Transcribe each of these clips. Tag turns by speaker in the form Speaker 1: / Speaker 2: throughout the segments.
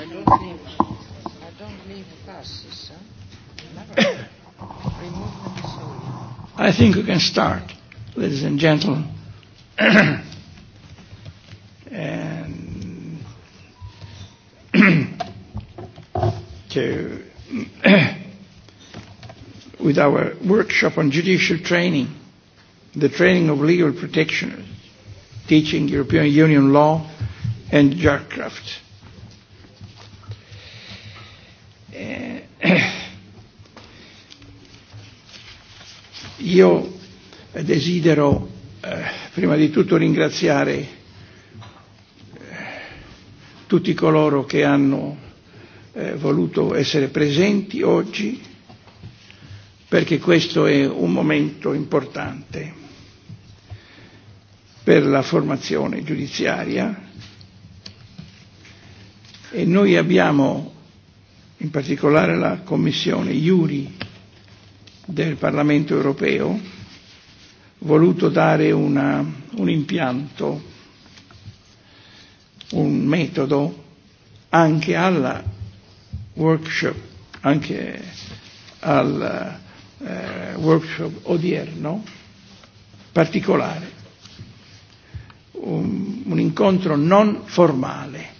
Speaker 1: I don't I don't I think we can start, ladies and gentlemen. and to with our workshop on judicial training, the training of legal protectioners, teaching European Union law and jarcraft. Io desidero prima di tutto ringraziare tutti coloro che hanno voluto essere presenti oggi perché questo è un momento importante per la formazione giudiziaria e noi abbiamo in particolare la Commissione Iuri del Parlamento europeo, voluto dare una, un impianto, un metodo anche alla workshop, anche al workshop odierno particolare, un incontro non formale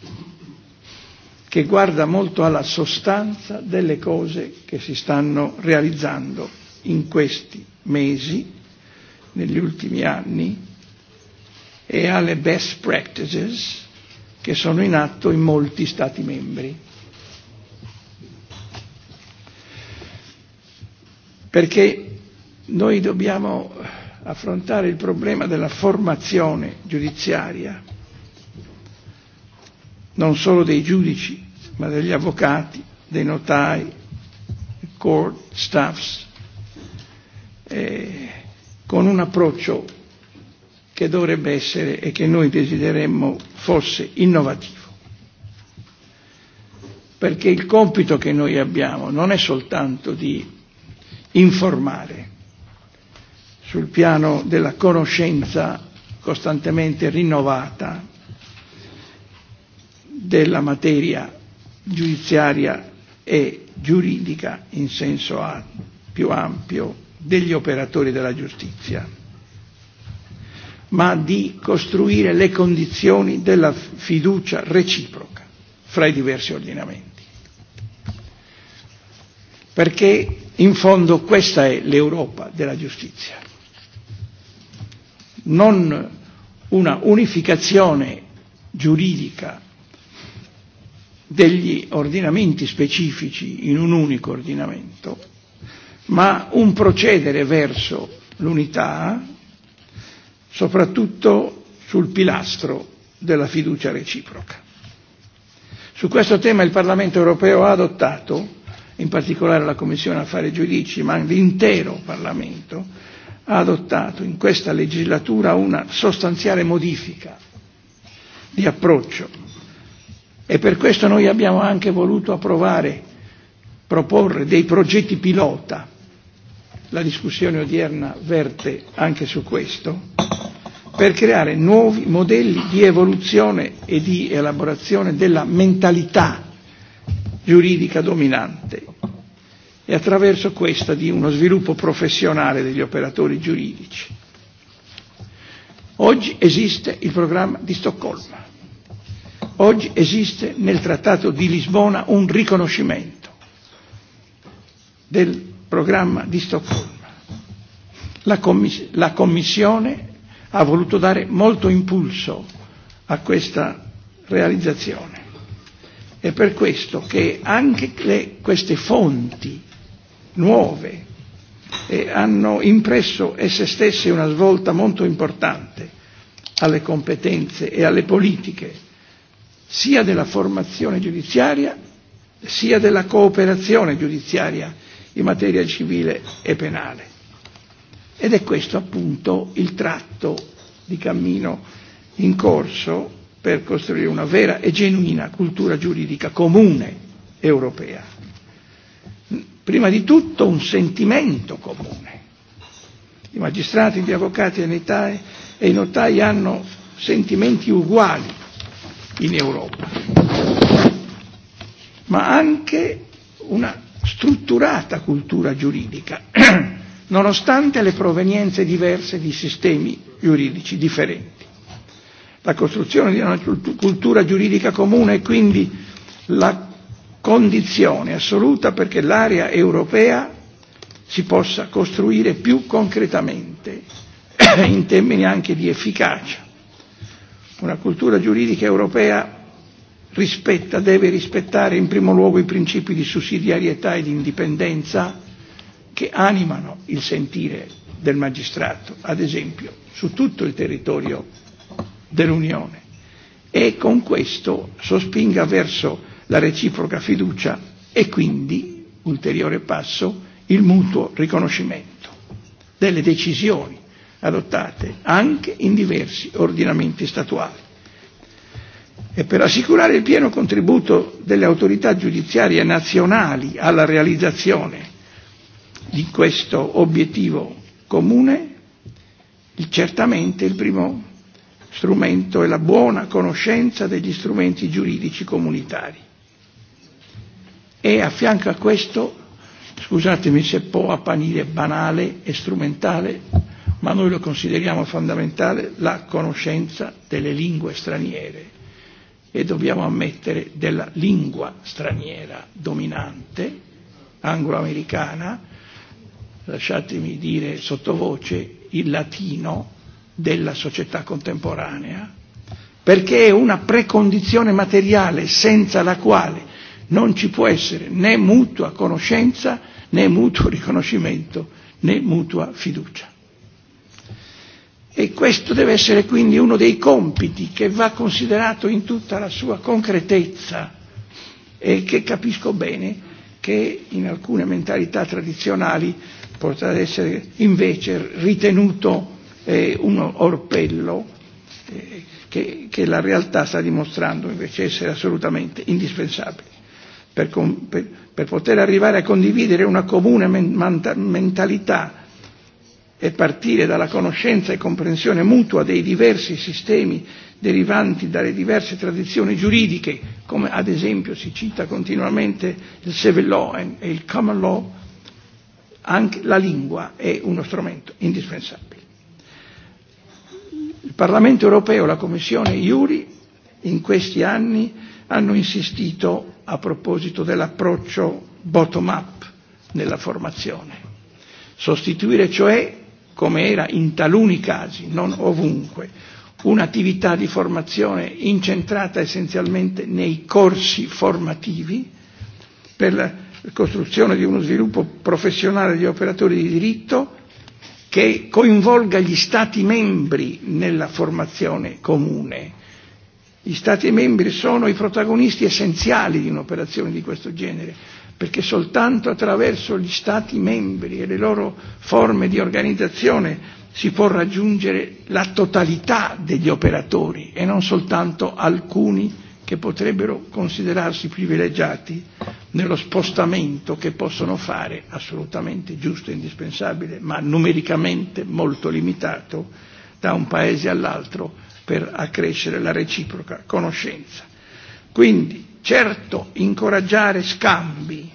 Speaker 1: che guarda molto alla sostanza delle cose che si stanno realizzando in questi mesi, negli ultimi anni, e alle best practices che sono in atto in molti Stati membri. Perché noi dobbiamo affrontare il problema della formazione giudiziaria, non solo dei giudici, ma degli avvocati, dei notai, court staffs, eh, con un approccio che dovrebbe essere e che noi desideremmo fosse innovativo. Perché il compito che noi abbiamo non è soltanto di informare sul piano della conoscenza costantemente rinnovata della materia giudiziaria e giuridica in senso più ampio degli operatori della giustizia, ma di costruire le condizioni della fiducia reciproca fra i diversi ordinamenti. Perché in fondo questa è l'Europa della giustizia, non una unificazione giuridica degli ordinamenti specifici in un unico ordinamento, ma un procedere verso l'unità, soprattutto sul pilastro della fiducia reciproca. Su questo tema il Parlamento europeo ha adottato, in particolare la Commissione Affari Giudici, ma l'intero Parlamento, ha adottato in questa legislatura una sostanziale modifica di approccio e per questo noi abbiamo anche voluto approvare, proporre dei progetti pilota, la discussione odierna verte anche su questo, per creare nuovi modelli di evoluzione e di elaborazione della mentalità giuridica dominante e attraverso questa di uno sviluppo professionale degli operatori giuridici. Oggi esiste il programma di Stoccolma Oggi esiste nel Trattato di Lisbona un riconoscimento del programma di Stoccolma. La Commissione ha voluto dare molto impulso a questa realizzazione. È per questo che anche queste fonti nuove hanno impresso esse stesse una svolta molto importante alle competenze e alle politiche sia della formazione giudiziaria sia della cooperazione giudiziaria in materia civile e penale. Ed è questo appunto il tratto di cammino in corso per costruire una vera e genuina cultura giuridica comune europea. Prima di tutto un sentimento comune. I magistrati, gli avvocati e i notai hanno sentimenti uguali in Europa, ma anche una strutturata cultura giuridica, nonostante le provenienze diverse di sistemi giuridici differenti. La costruzione di una cultura giuridica comune è quindi la condizione assoluta perché l'area europea si possa costruire più concretamente in termini anche di efficacia Una cultura giuridica europea rispetta, deve rispettare in primo luogo i principi di sussidiarietà e di indipendenza che animano il sentire del magistrato, ad esempio, su tutto il territorio dell'Unione e con questo sospinga verso la reciproca fiducia e quindi, ulteriore passo, il mutuo riconoscimento delle decisioni adottate anche in diversi ordinamenti statuali. E per assicurare il pieno contributo delle autorità giudiziarie nazionali alla realizzazione di questo obiettivo comune, certamente il primo strumento è la buona conoscenza degli strumenti giuridici comunitari. E a fianco a questo, scusatemi se può apparire banale e strumentale, ma noi lo consideriamo fondamentale la conoscenza delle lingue straniere e dobbiamo ammettere della lingua straniera dominante angloamericana, lasciatemi dire sottovoce, il latino della società contemporanea, perché è una precondizione materiale senza la quale non ci può essere né mutua conoscenza né mutuo riconoscimento né mutua fiducia e questo deve essere quindi uno dei compiti che va considerato in tutta la sua concretezza e che capisco bene che in alcune mentalità tradizionali potrà essere invece ritenuto un orpello che che la realtà sta dimostrando invece essere assolutamente indispensabile per per poter arrivare a condividere una comune mentalità e partire dalla conoscenza e comprensione mutua dei diversi sistemi derivanti dalle diverse tradizioni giuridiche, come ad esempio si cita continuamente il civil law e il common law, anche la lingua è uno strumento indispensabile. Il Parlamento europeo la Commissione Iuri in questi anni hanno insistito a proposito dell'approccio bottom-up nella formazione. Sostituire cioè come era in taluni casi, non ovunque, un'attività di formazione incentrata essenzialmente nei corsi formativi per la costruzione di uno sviluppo professionale di operatori di diritto che coinvolga gli Stati membri nella formazione comune. Gli Stati membri sono i protagonisti essenziali di un'operazione di questo genere perché soltanto attraverso gli Stati membri e le loro forme di organizzazione si può raggiungere la totalità degli operatori e non soltanto alcuni che potrebbero considerarsi privilegiati nello spostamento che possono fare, assolutamente giusto e indispensabile, ma numericamente molto limitato, da un paese all'altro per accrescere la reciproca conoscenza. Quindi certo incoraggiare scambi,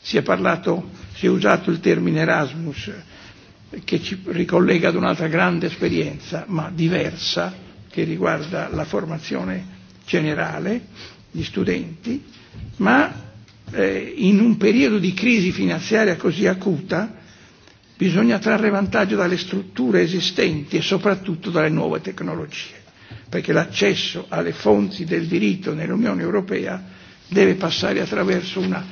Speaker 1: si è parlato, si è usato il termine Erasmus che ci ricollega ad un'altra grande esperienza, ma diversa, che riguarda la formazione generale di studenti, ma in un periodo di crisi finanziaria così acuta bisogna trarre vantaggio dalle strutture esistenti e soprattutto dalle nuove tecnologie, perché l'accesso alle fonti del diritto nell'Unione Europea deve passare attraverso una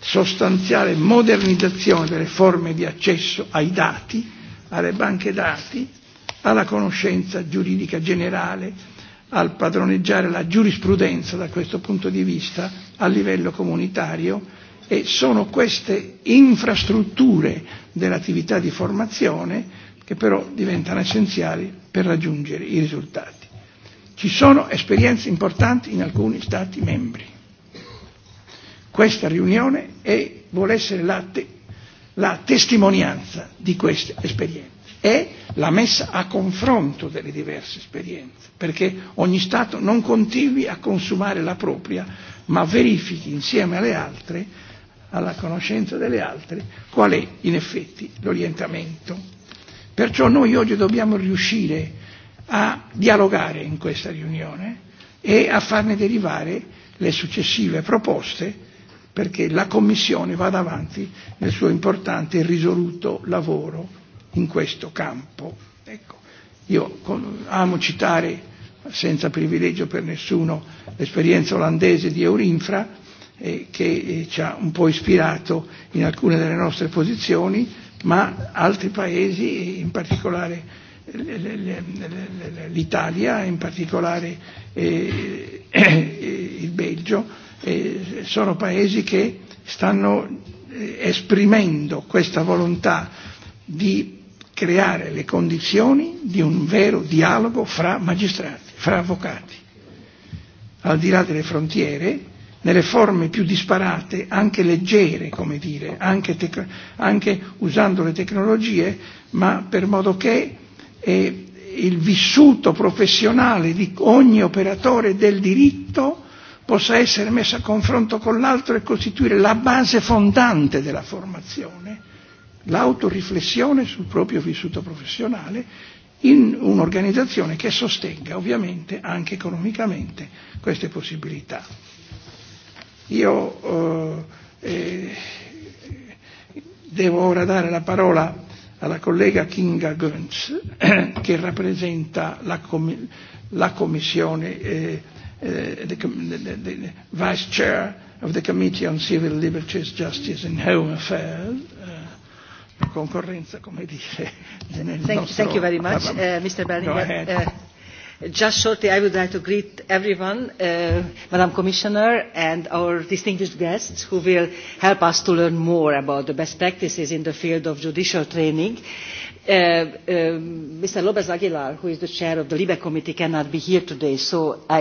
Speaker 1: sostanziale modernizzazione delle forme di accesso ai dati, alle banche dati, alla conoscenza giuridica generale, al padroneggiare la giurisprudenza da questo punto di vista a livello comunitario e sono queste infrastrutture dell'attività di formazione che però diventano essenziali per raggiungere i risultati. Ci sono esperienze importanti in alcuni Stati membri Questa riunione è, vuole essere la, la testimonianza di queste esperienze e la messa a confronto delle diverse esperienze, perché ogni Stato non continui a consumare la propria, ma verifichi insieme alle altre, alla conoscenza delle altre, qual è in effetti l'orientamento. Perciò noi oggi dobbiamo riuscire a dialogare in questa riunione e a farne derivare le successive proposte perché la Commissione vada avanti nel suo importante e risoluto lavoro in questo campo. Ecco, io amo citare senza privilegio per nessuno l'esperienza olandese di Eurinfra che ci ha un po' ispirato in alcune delle nostre posizioni, ma altri paesi, in particolare l'Italia, in particolare il Belgio, sono paesi che stanno esprimendo questa volontà di creare le condizioni di un vero dialogo fra magistrati, fra avvocati, al di là delle frontiere, nelle forme più disparate, anche leggere, come dire, anche, anche usando le tecnologie, ma per modo che il vissuto professionale di ogni operatore del diritto possa essere messa a confronto con l'altro e costituire la base fondante della formazione, l'autoriflessione sul proprio vissuto professionale in un'organizzazione che sostenga ovviamente anche economicamente queste possibilità. Io devo ora dare la parola alla collega Kinga Gönz che rappresenta la Commissione the Vice Chair of the Committee on Civil Liberties, Justice and Home Affairs. Concorrenza, Thank you very much, Mr. Berninger.
Speaker 2: Just shortly, I would like to greet everyone, Madam Commissioner and our distinguished guests who will help us to learn more about the best practices in the field of judicial training Mr. López Aguilar, who is the chair of the LIBE committee, cannot be here today, so I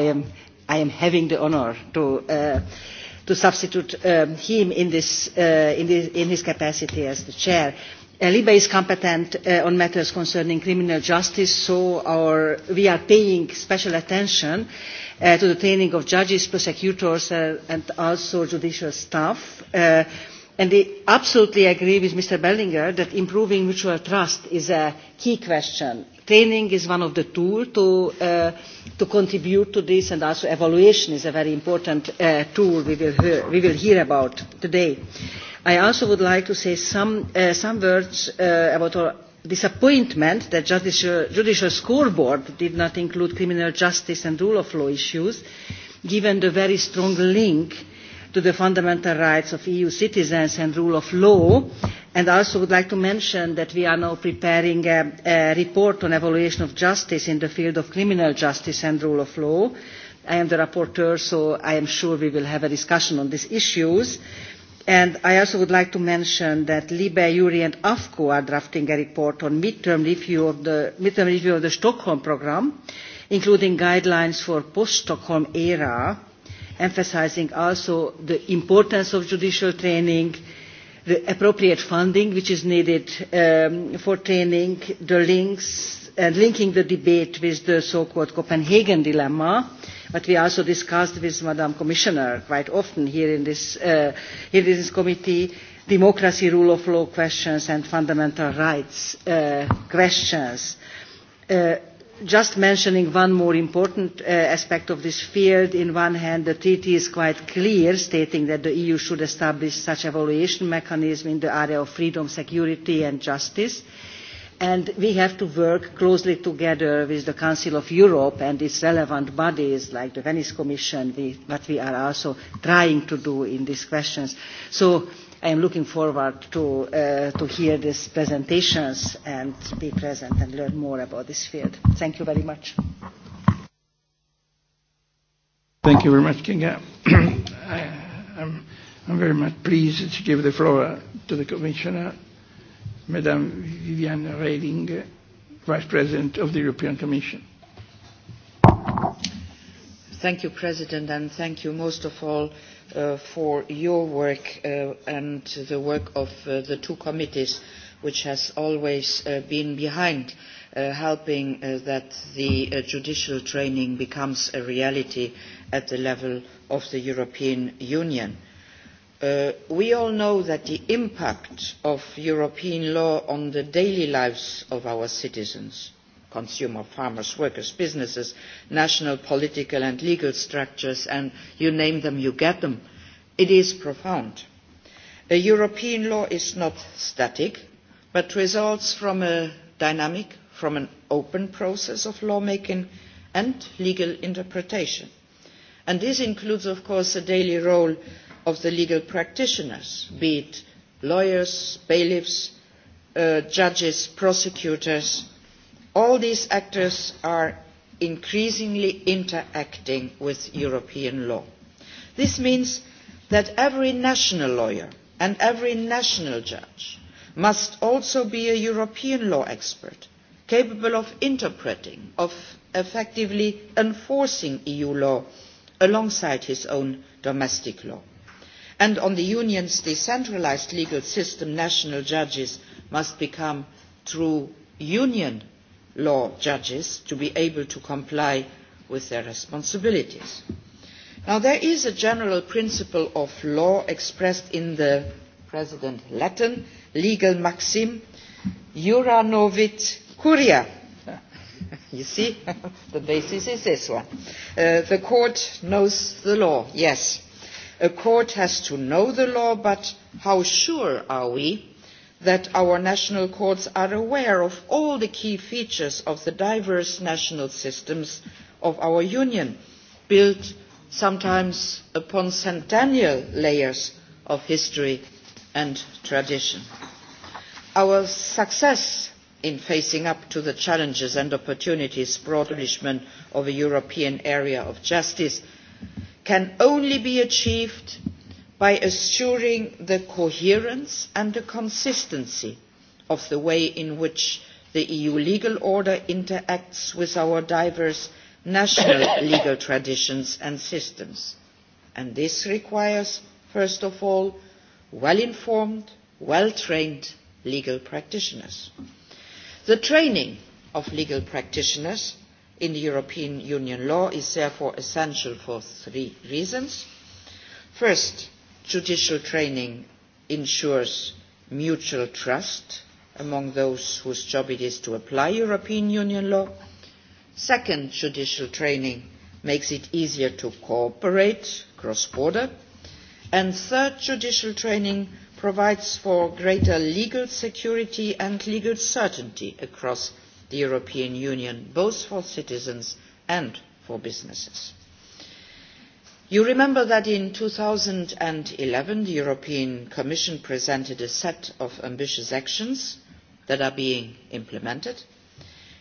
Speaker 2: am having the honour to substitute him in his capacity as the chair. LIBE is competent on matters concerning criminal justice, so we are paying special attention to the training of judges, prosecutors, and also judicial staff I absolutely agree with Mr. Bellinger that improving mutual trust is a key question. Training is one of the tools to contribute to this and also evaluation is a very important tool we will hear about today. I also would like to say some words about our disappointment that the judicial scoreboard did not include criminal justice and rule of law issues given the very strong link to the fundamental rights of EU citizens and rule of law. And I also would like to mention that we are now preparing a report on evaluation of justice in the field of criminal justice and rule of law. I am the rapporteur, so I am sure we will have a discussion on these issues. And I also would like to mention that Libe, Juri and AFCO are drafting a report on mid-term review of the Stockholm programme, including guidelines for post-Stockholm era Emphasising also the importance of judicial training, the appropriate funding which is needed for training, the links and linking the debate with the so-called Copenhagen dilemma, but we also discussed with Madam Commissioner quite often here in this committee, democracy, rule of law questions and fundamental rights questions just mentioning one more important aspect of this field on one hand the treaty is quite clear stating that the eu should establish such evaluation mechanism in the area of freedom security and justice and we have to work closely together with the council of europe and its relevant bodies like the venice commission what we are also trying to do in these questions. so I am looking forward to to hear these presentations and be present and learn more about this field. Thank you very much.
Speaker 3: Thank
Speaker 1: you very much, Kinga. I'm I'm very much pleased to give the floor to the Commissioner, Madame Viviane Reding, Vice President of the European Commission.
Speaker 4: Thank you, President, and thank you most of all for your work and the work of the two committees which has always been behind helping that the judicial training becomes a reality at the level of the European Union. We all know that the impact of European law on the daily lives of our citizens consumer farmers workers businesses national political and legal structures and you name them you get them it is profound. european law is not static but results from a dynamic from an open process of law making and legal interpretation and this includes of course the daily role of the legal practitioners be it lawyers bailiffs judges prosecutors all these actors are increasingly interacting with european law. this means that every national lawyer and every national judge must also be a european law expert capable of interpreting of effectively enforcing eu law alongside his own domestic law and on the union's decentralised legal system national judges must become true union law judges to be able to comply with their responsibilities. there is a general principle of law expressed in the President Latin legal maxim, jura novit curia. You see, the basis is this one. The court knows the law, yes. A court has to know the law, but how sure are we that our national courts are aware of all the key features of the diverse national systems of our union built sometimes upon centennial layers of history and tradition. our success in facing up to the challenges and opportunities brought by the of a european area of justice can only be achieved by assuring the coherence and the consistency of the way in which the eu legal order interacts with our diverse national legal traditions and systems and this requires first of all well informed well trained legal practitioners. the training of legal practitioners in european union law is therefore essential for three reasons first Judicial training ensures mutual trust among those whose job it is to apply European Union law. Second, judicial training makes it easier to cooperate cross-border. And third, judicial training provides for greater legal security and legal certainty across the European Union, both for citizens and for businesses you remember that in 2011 the european commission presented a set of ambitious actions that are being implemented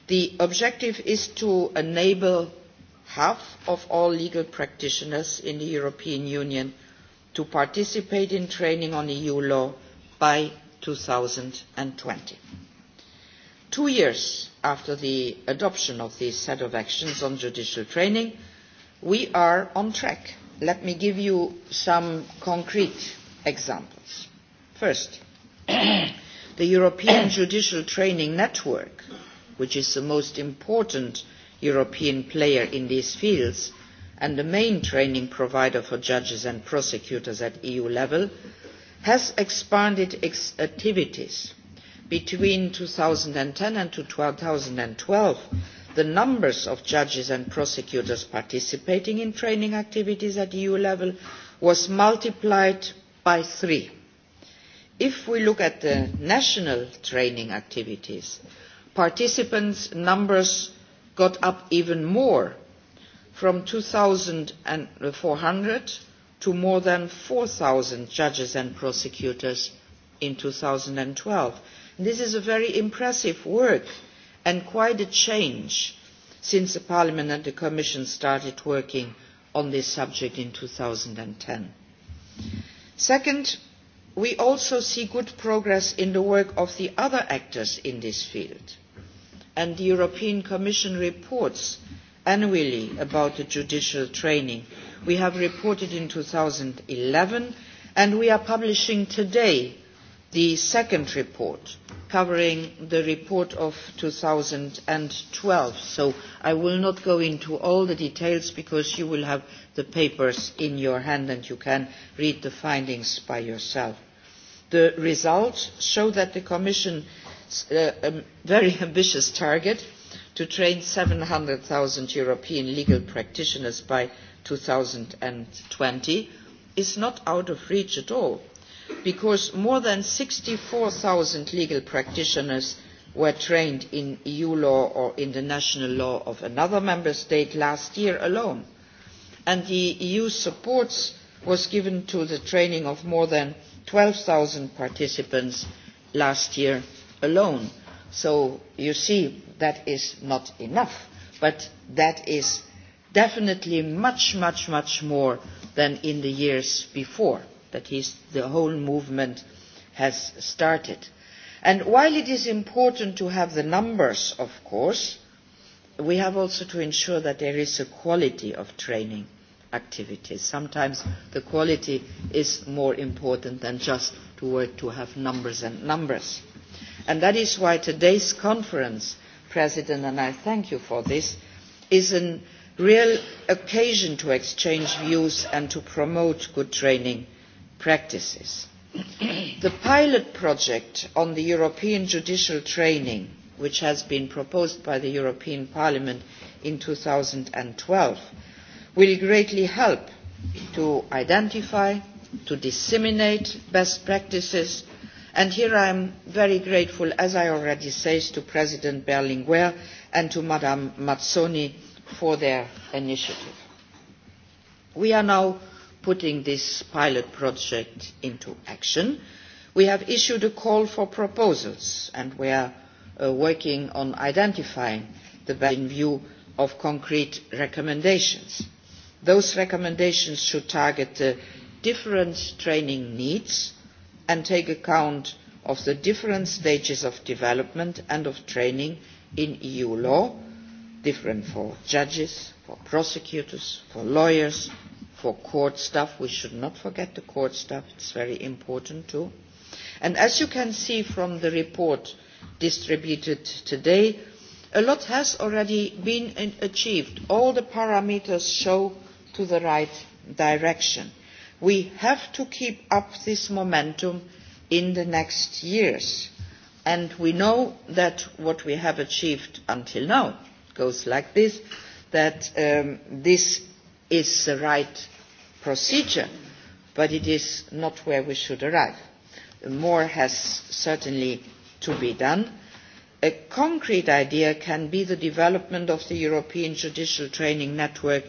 Speaker 4: the objective is to enable half of all legal practitioners in the european union to participate in training on eu law by 2020 two years after the adoption of this set of actions on judicial training we are on track Let me give you some concrete examples. First, the European Judicial Training Network, which is the most important European player in these fields and the main training provider for judges and prosecutors at EU level, has expanded its activities between 2010 and 2012 the numbers of judges and prosecutors participating in training activities at eu level was multiplied by three. if we look at the national training activities participants' numbers got up even more from 2,400 to more than 4,000 judges and prosecutors in. 2012. and this is a very impressive work and quite a change since Parliament and the Commission started working on this subject in 2010. Second, we also see good progress in the work of the other actors in this field, and the European Commission reports annually about the judicial training. We have reported in 2011 and we are publishing today the second report covering the report of 2012 so i will not go into all the details because you will have the papers in your hand and you can read the findings by yourself the results show that the commission's very ambitious target to train 700000 european legal practitioners by 2020 is not out of reach at all because more than sixty zero legal practitioners were trained in EU law or in the national law of another member state last year alone. And the EU support was given to the training of more than zero participants last year alone. So you see that is not enough, but that is definitely much, much, much more than in the years before that is the whole movement has started. And while it is important to have the numbers, of course, we have also to ensure that there is a quality of training activities. Sometimes the quality is more important than just to work to have numbers and numbers. And that is why today's conference, President, and I thank you for this, is a real occasion to exchange views and to promote good training practices. The pilot project on the European judicial training, which has been proposed by the European Parliament in 2012, will greatly help to identify, to disseminate best practices, and here I am very grateful, as I already said, to President Berlinguer and to Madame Mazzoni for their initiative. We are now putting this pilot project into action. We have issued a call for proposals and we are working on identifying the best in view of concrete recommendations. Those recommendations should target the different training needs and take account of the different stages of development and of training in EU law, different for judges, for prosecutors, for lawyers, for court stuff, We should not forget the court staff. It's very important too. And as you can see from the report distributed today, a lot has already been achieved. All the parameters show to the right direction. We have to keep up this momentum in the next years. And we know that what we have achieved until now goes like this, that this is the right procedure, but it is not where we should arrive. More has certainly to be done. A concrete idea can be the development of the European Judicial Training Network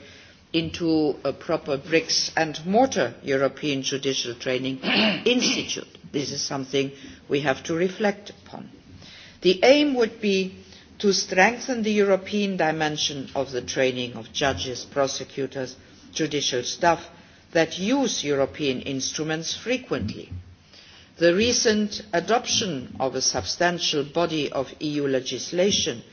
Speaker 4: into a proper bricks and mortar European Judicial Training Institute. This is something we have to reflect upon. The aim would be to strengthen the European dimension of the training of judges, prosecutors, and judicial staff that use European instruments frequently. The recent adoption of a substantial body of EU legislation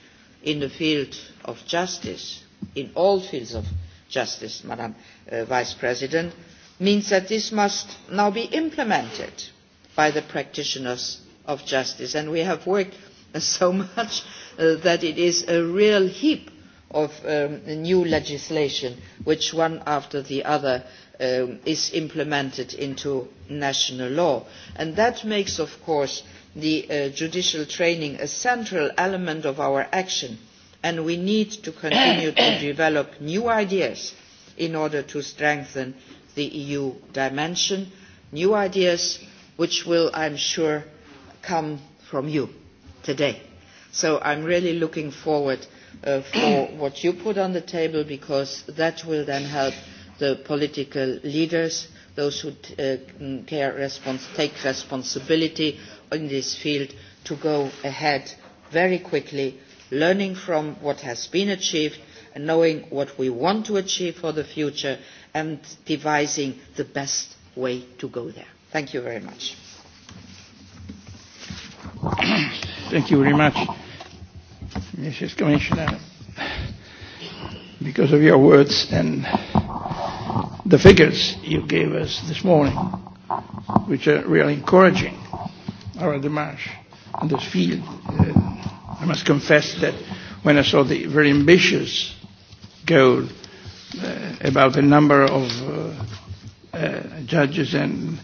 Speaker 4: in the field of justice, in all fields of justice, Madam Vice President, means that this must now be implemented by the practitioners of justice. And we have worked so much that it is a real heap of new legislation which one after the other is implemented into national law and that makes of course the judicial training a central element of our action and we need to continue to develop new ideas in order to strengthen the eu dimension new ideas which will i am sure come from you today. So I'm really looking forward for what you put on the table because that will then help the political leaders, those who take responsibility in this field, to go ahead very quickly, learning from what has been achieved and knowing what we want to achieve for the future and devising the best way to go there. Thank you very much.
Speaker 1: Thank you very much, Mrs. Commissioner, because of your words and the figures you gave us this morning, which are really encouraging our demarche in this field. I must confess that when I saw the very ambitious goal about the number of judges and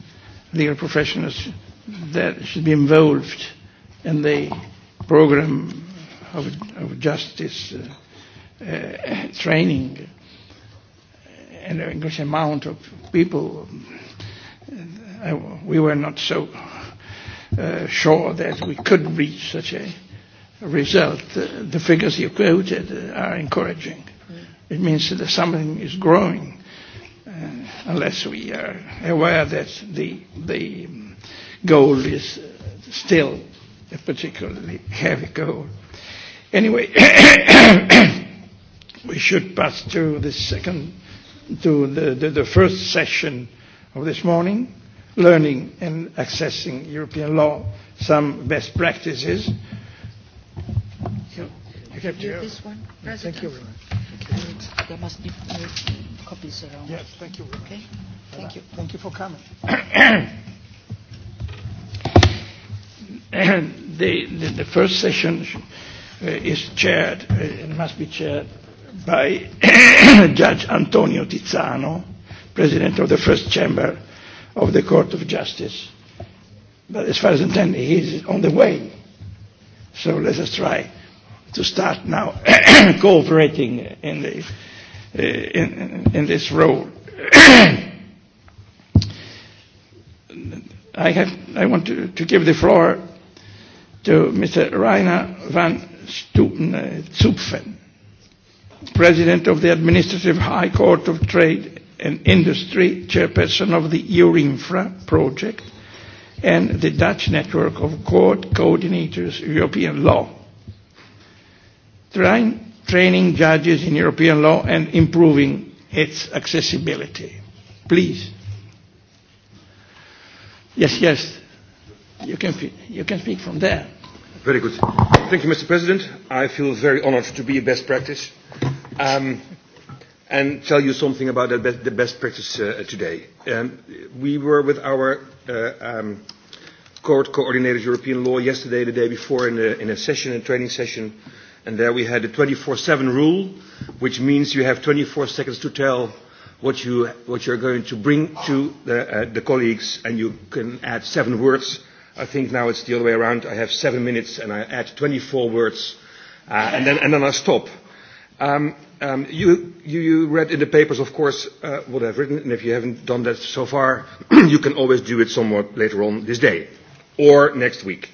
Speaker 1: legal professionals that should be involved and the program of, of justice uh, training and a amount of people. we were not so uh, sure that we could reach such a result. the figures you quoted are encouraging. It means that something is growing unless we are aware that the, the goal is still particularly heavy goal. Anyway, we should pass to the second, to the, the, the first session of this morning, learning and accessing European law, some best practices.
Speaker 5: You, have to this one. Thank you very much. And there must be copies around. Yes, thank you. Okay,
Speaker 1: thank you. Thank you for coming the, the first session is chaired, uh, must be chaired by Judge Antonio Tizzano, President of the First Chamber of the Court of Justice. But as far as I understand, he is on the way. So let us try to start now cooperating in, the, in, in this role. I, have, I want to, to give the floor to Mr. Rainer van Zupfen, President of the Administrative High Court of Trade and Industry, Chairperson of the Eurinfra project, and the Dutch Network of Court Coordinators European Law. Training judges in European law and improving its accessibility.
Speaker 6: Please. Yes, yes. You can, you can speak from there. Very good. Thank you, Mr. President. I feel very honored to be a best practice and tell you something about the best practice today. we were with our um, court Coordinated European law yesterday, the day before, in a, in a session, a training session, and there we had a 24-7 rule, which means you have 24 seconds to tell what you what you're going to bring to the the colleagues and you can add seven words. I think now it's the other way around. I have seven minutes and I add 24 words and then and then I stop. You you read in the papers, of course, what I've written, and if you haven't done that so far, you can always do it somewhat later on this day or next week.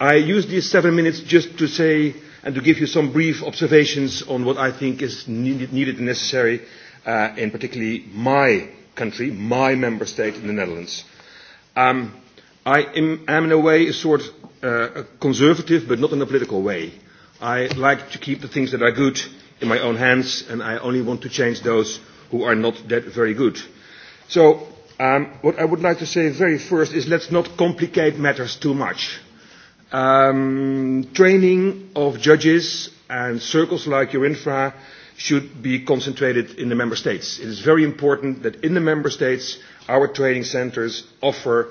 Speaker 6: I use these seven minutes just to say and to give you some brief observations on what I think is needed and necessary in particularly my country, my member state, in the Netherlands. I am in a way a sort of conservative, but not in a political way. I like to keep the things that are good in my own hands, and I only want to change those who are not that very good. So what I would like to say very first is let's not complicate matters too much. Um Training of judges and circles like Eurinfra should be concentrated in the member states. It is very important that in the member states our training centers offer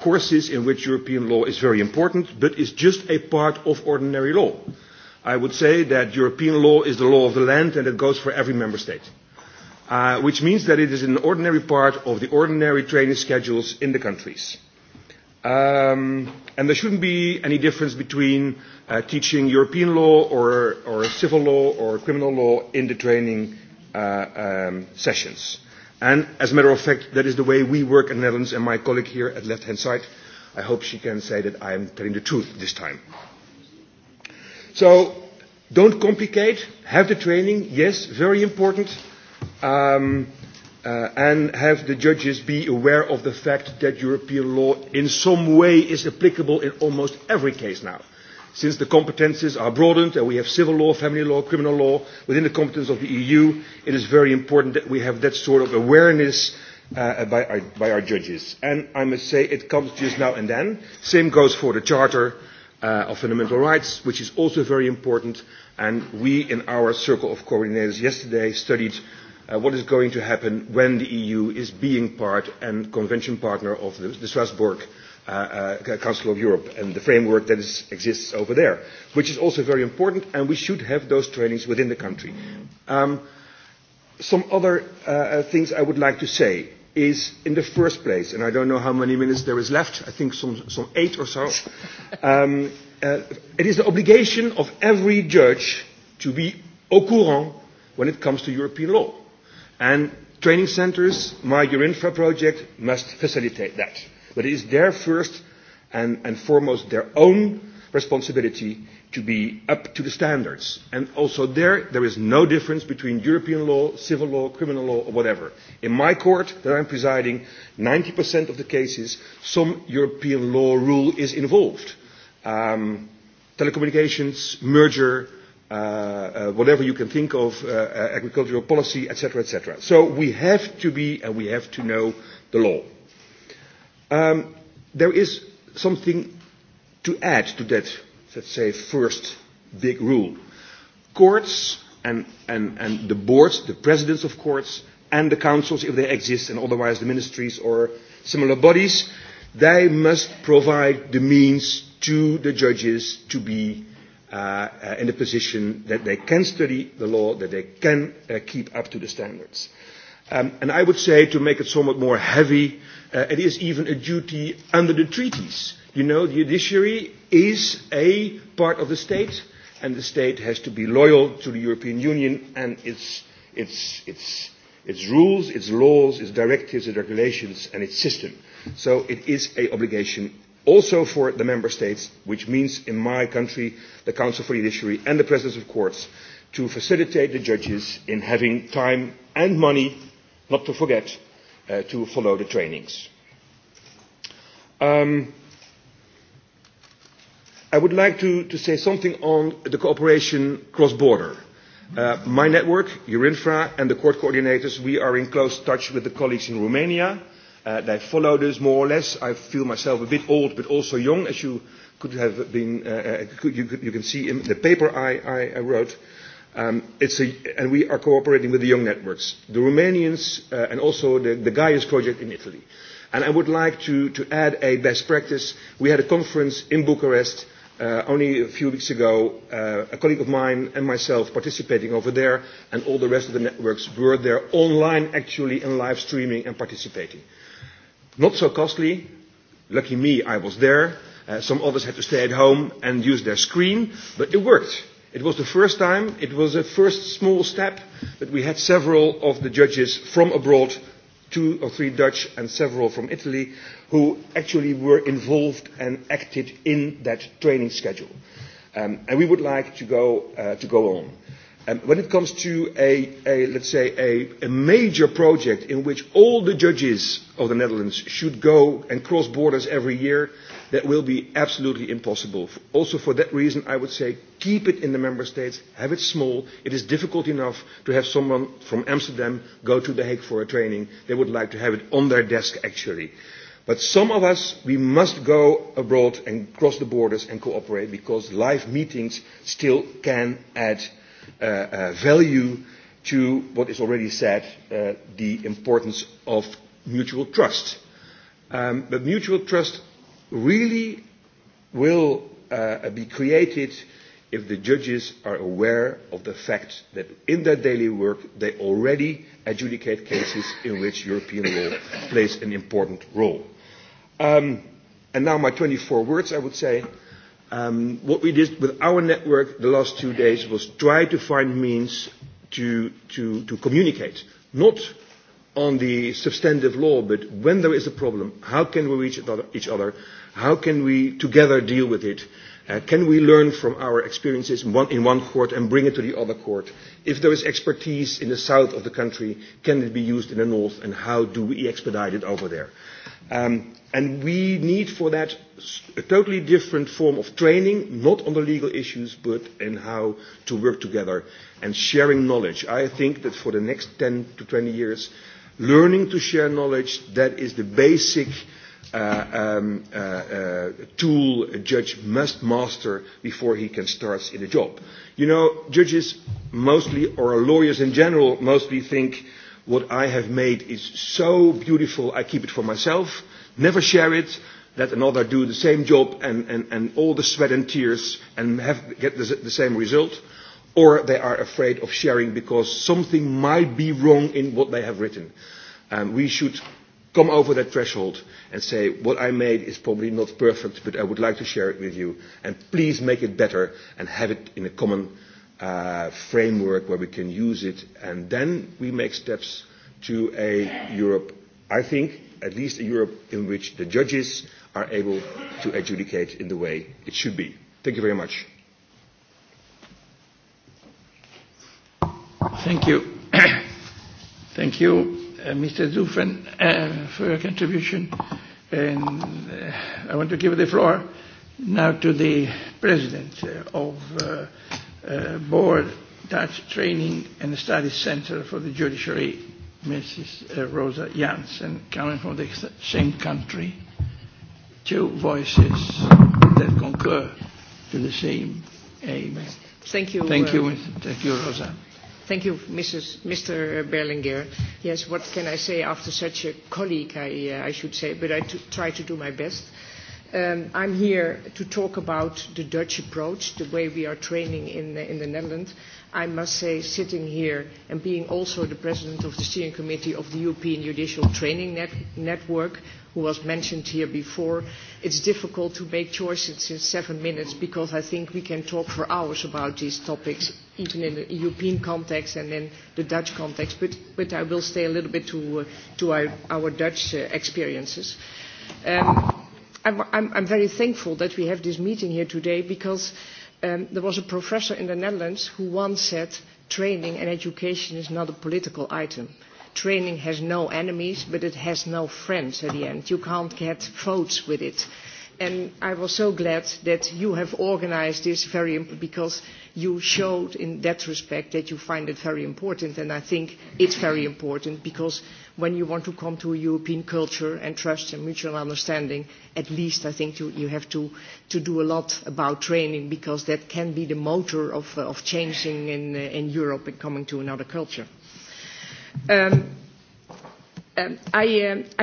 Speaker 6: courses in which European law is very important, but is just a part of ordinary law. I would say that European law is the law of the land and it goes for every member state, which means that it is an ordinary part of the ordinary training schedules in the countries. And there shouldn't be any difference between teaching European law or or civil law or criminal law in the training sessions. And as a matter of fact, that is the way we work in the Netherlands. And my colleague here at left hand side, I hope she can say that I am telling the truth this time. So don't complicate. Have the training. Yes, very important. Um and have the judges be aware of the fact that European law in some way is applicable in almost every case now. Since the competences are broadened and we have civil law, family law, criminal law within the competence of the EU, it is very important that we have that sort of awareness by our judges. And I must say it comes just now and then. Same goes for the Charter of Fundamental Rights, which is also very important. And we in our circle of coordinators yesterday studied what is going to happen when the EU is being part and convention partner of the Strasbourg Council of Europe and the framework that exists over there, which is also very important, and we should have those trainings within the country. Some other things I would like to say is, in the first place, and I don't know how many minutes there is left, I think some eight or so, it is the obligation of every judge to be au courant when it comes to European law. And training centres, my Eurinfra project, must facilitate that. But it is their first and foremost their own responsibility to be up to the standards. And also there, there is no difference between European law, civil law, criminal law, or whatever. In my court that I'm presiding, 90% of the cases, some European law rule is involved. Telecommunications, merger, whatever you can think of, agricultural policy, etc., etc. So we have to be and we have to know the law. There is something to add to that, let's say, first big rule. Courts and the boards, the presidents of courts, and the councils, if they exist, and otherwise the ministries or similar bodies, they must provide the means to the judges to be in a position that they can study the law, that they can keep up to the standards. And I would say, to make it somewhat more heavy, it is even a duty under the treaties. You know, the judiciary is a part of the state, and the state has to be loyal to the European Union and its its its its rules, its laws, its directives, its regulations, and its system. So it is an obligation also for the member states, which means in my country, the Council for Judiciary and the Presidents of Courts, to facilitate the judges in having time and money, not to forget, to follow the trainings. I would like to say something on the cooperation cross-border. My network, Eurinfra, and the court coordinators, we are in close touch with the colleagues in Romania They followed us more or less. I feel myself a bit old, but also young, as you could have been. You can see in the paper I wrote. It's a and we are cooperating with the young networks, the Romanians and also the Gaius project in Italy. And I would like to add a best practice. We had a conference in Bucharest only a few weeks ago. A colleague of mine and myself participating over there, and all the rest of the networks were there online actually in live streaming and participating. Not so costly. Lucky me, I was there. Some others had to stay at home and use their screen, but it worked. It was the first time, it was a first small step that we had several of the judges from abroad, two or three Dutch and several from Italy, who actually were involved and acted in that training schedule. And we would like to to go on. When it comes to a, let's say, a major project in which all the judges of the Netherlands should go and cross borders every year, that will be absolutely impossible. Also for that reason, I would say keep it in the member states, have it small. It is difficult enough to have someone from Amsterdam go to The Hague for a training. They would like to have it on their desk, actually. But some of us, we must go abroad and cross the borders and cooperate because live meetings still can add value to what is already said, the importance of mutual trust. But mutual trust really will be created if the judges are aware of the fact that in their daily work they already adjudicate cases in which European law plays an important role. And now my 24 words, I would say. What we did with our network the last two days was try to find means to to communicate, not on the substantive law, but when there is a problem, how can we reach each other? How can we together deal with it? Can we learn from our experiences in one court and bring it to the other court? If there is expertise in the south of the country, can it be used in the north, and how do we expedite it over there? And we need for that a totally different form of training, not on the legal issues, but in how to work together and sharing knowledge. I think that for the next 10 to 20 years, learning to share knowledge, that is the basic tool a judge must master before he can start in a job. You know, judges mostly, or lawyers in general, mostly think what I have made is so beautiful, I keep it for myself, never share it, let another do the same job and, and, all the sweat and tears and have, get the, same result, or they are afraid of sharing because something might be wrong in what they have written. we should come over that threshold and say, what I made is probably not perfect, but I would like to share it with you, and please make it better and have it in a common framework where we can use it, and then we make steps to a Europe, I think, at least a Europe in which the judges are able to adjudicate in the way it should be. Thank you very much. Thank you. Thank you,
Speaker 1: Mr. Zufen, for your contribution. And I want to give the floor now to the President of board, Dutch Training and Studies Center for the Judiciary, Mrs. Rosa Janssen, coming from the same country, two voices that concur to the same aim. Thank you. Thank you, thank you Rosa.
Speaker 7: Thank you, Mrs. Mr. Berlinguer. Yes, what can I say after such a colleague, I, I should say, but I try to do my best. I'm here to talk about the Dutch approach, the way we are training in the Netherlands. I must say, sitting here and being also the president of the steering committee of the European Judicial Training Network, who was mentioned here before, it's difficult to make choices in seven minutes because I think we can talk for hours about these topics, even in the European context and in the Dutch context. But I will stay a little bit to our Dutch experiences. I'm very thankful that we have this meeting here today because there was a professor in the Netherlands who once said training and education is not a political item. Training has no enemies, but it has no friends at the end. You can't get votes with it. And I was so glad that you have organised this very because you showed in that respect that you find it very important. And I think it's very important because when you want to come to a European culture and trust and mutual understanding, at least I think you have to do a lot about training because that can be the motor of changing in Europe and coming to another culture. I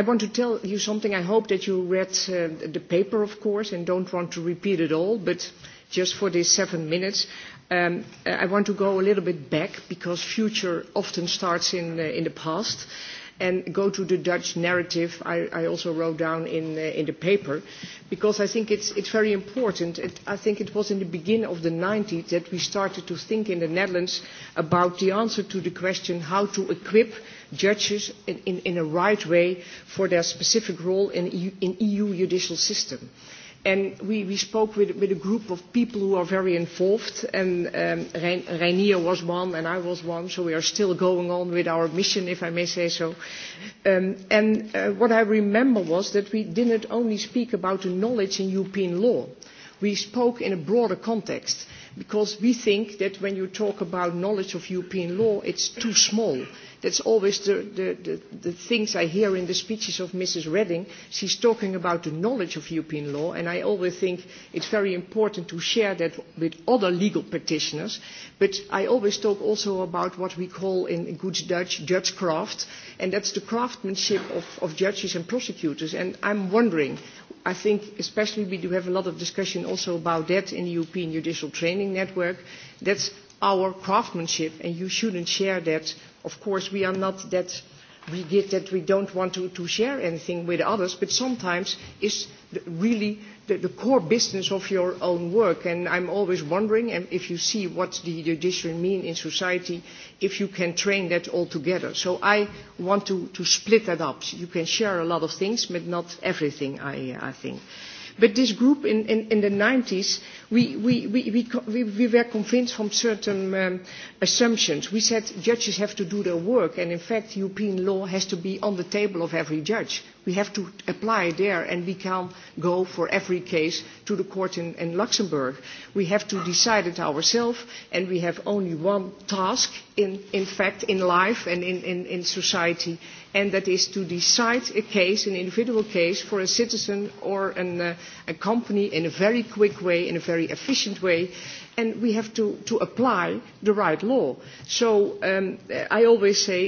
Speaker 7: want to tell you something. I hope that you read the paper, of course, and don't want to repeat it all, but just for these seven minutes, I want to go a little bit back because future often starts in the past and go to the Dutch narrative I also wrote down in the paper, because I think it's very important. I think it was in the beginning of the 90s that we started to think in the Netherlands about the answer to the question how to equip judges in a right way for their specific role in EU judicial system. And we spoke with a group of people who are very involved, and Rainier was one, and I was one, so we are still going on with our mission, if I may say so. And what I remember was that we didn't only speak about the knowledge in European law. We spoke in a broader context, because we think that when you talk about knowledge of European law, it's too small That is always the, the, things I hear in the speeches of Mrs. She is talking about the knowledge of European law, and I always think it is very important to share that with other legal practitioners. But I always talk also about what we call in good Dutch, judge craft, and is the craftsmanship of, judges and prosecutors. And am wondering, I think especially we do have a lot of discussion also about that in the European Judicial Training Network, that is our craftsmanship, and you shouldn't share that Of course, we are not that rigid that we don't want to share anything with others, but sometimes is really the core business of your own work. And I'm always wondering, if you see what the judiciary mean in society, if you can train that all together. So I want to split that up. You can share a lot of things, but not everything, I think. But this group in in the 90s, we we we we were convinced from certain assumptions. We said judges have to do their work, and in fact European law has to be on the table of every judge. We have to apply there, and we can go for every case to the court in Luxembourg. We have to decide it ourselves, and we have only one task in in fact in life and in in society and that is to decide a case, an individual case, for a citizen or a company in a very quick way, in a very efficient way, and we have to apply the right law. So I always say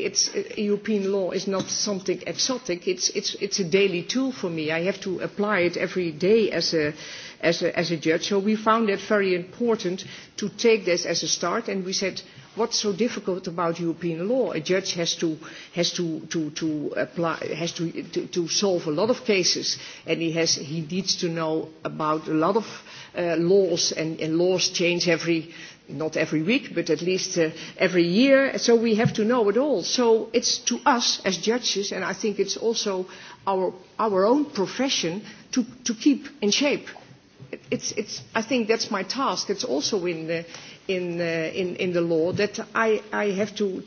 Speaker 7: European law is not something exotic, it's a daily tool for me. I have to apply it every day as a judge. So we found it very important to take this as a start, and we said What's so difficult about European law? A judge has to has to to to apply has to to solve a lot of cases, and he has he needs to know about a lot of laws, and laws change every not every week, but at least every year. So we have to know it all. So it's to us as judges, and I think it's also our our own profession to to keep in shape. It's I think that's my task. It's also in in in the law that I I have to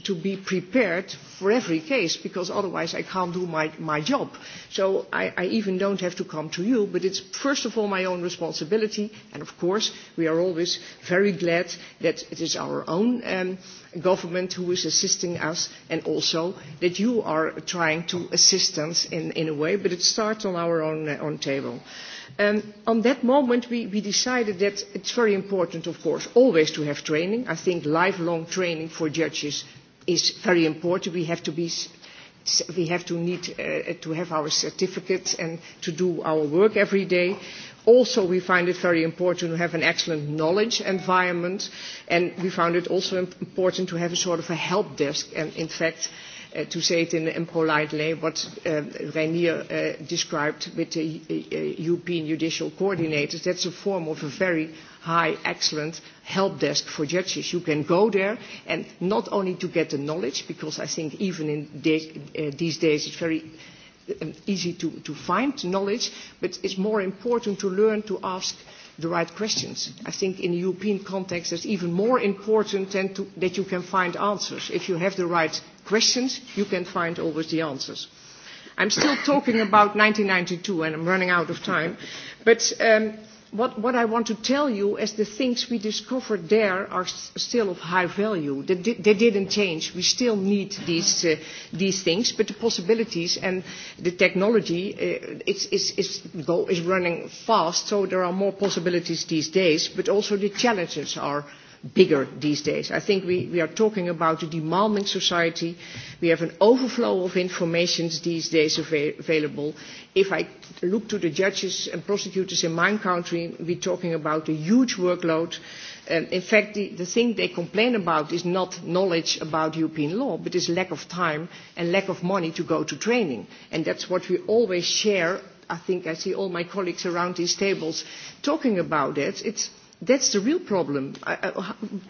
Speaker 7: to be prepared for every case because otherwise I can't do my my job. So I I even don't have to come to you, but it's first of all my own responsibility and of course we are always very glad that it is our own government who is assisting us and also that you are trying to assist us in in a way, but it starts on our own table. On that moment we we decided that it's very important of course always to have training. I think lifelong training for judges is very important. We have to be we have to need to have our certificates and to do our work every day. Also, we find it very important to have an excellent knowledge environment, and we found it also important to have a sort of a help desk. And in fact, to say it in a polite way, what Rainier described with the European judicial coordinators, that's a form of a very high, excellent help desk for judges. You can go there and not only to get the knowledge, because I think even in these days it's very easy to find knowledge, but it's more important to learn to ask the right questions. I think in the European context it's even more important than that you can find answers. If you have the right questions, you can find always the answers. I'm still talking about 1992 and I'm running out of time, but what I want to tell you is the things we discovered there are still of high value. They didn't change. We still need these things, but the possibilities and the technology is running fast, so there are more possibilities these days, but also the challenges are bigger these days. I think we, are talking about a demanding society. We have an overflow of information these days available. If I look to the judges and prosecutors in my country, we're talking about a huge workload. in fact, the, the thing they complain about is not knowledge about European law, but is lack of time and lack of money to go to training. And that's what we always share. I think I see all my colleagues around these tables talking about it. It's That's the real problem.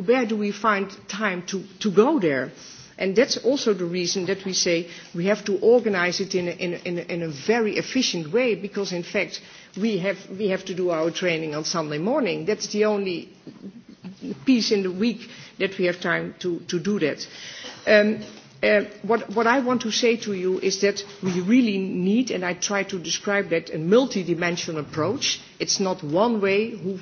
Speaker 7: Where do we find time to go there? And that's also the reason that we say we have to organize it in a very efficient way, because in fact we have to do our training on Sunday morning. That's the only piece in the week that we have time to do that. What I want to say to you is that we really need, and I try to describe that, a multi-dimensional approach. It's not one way who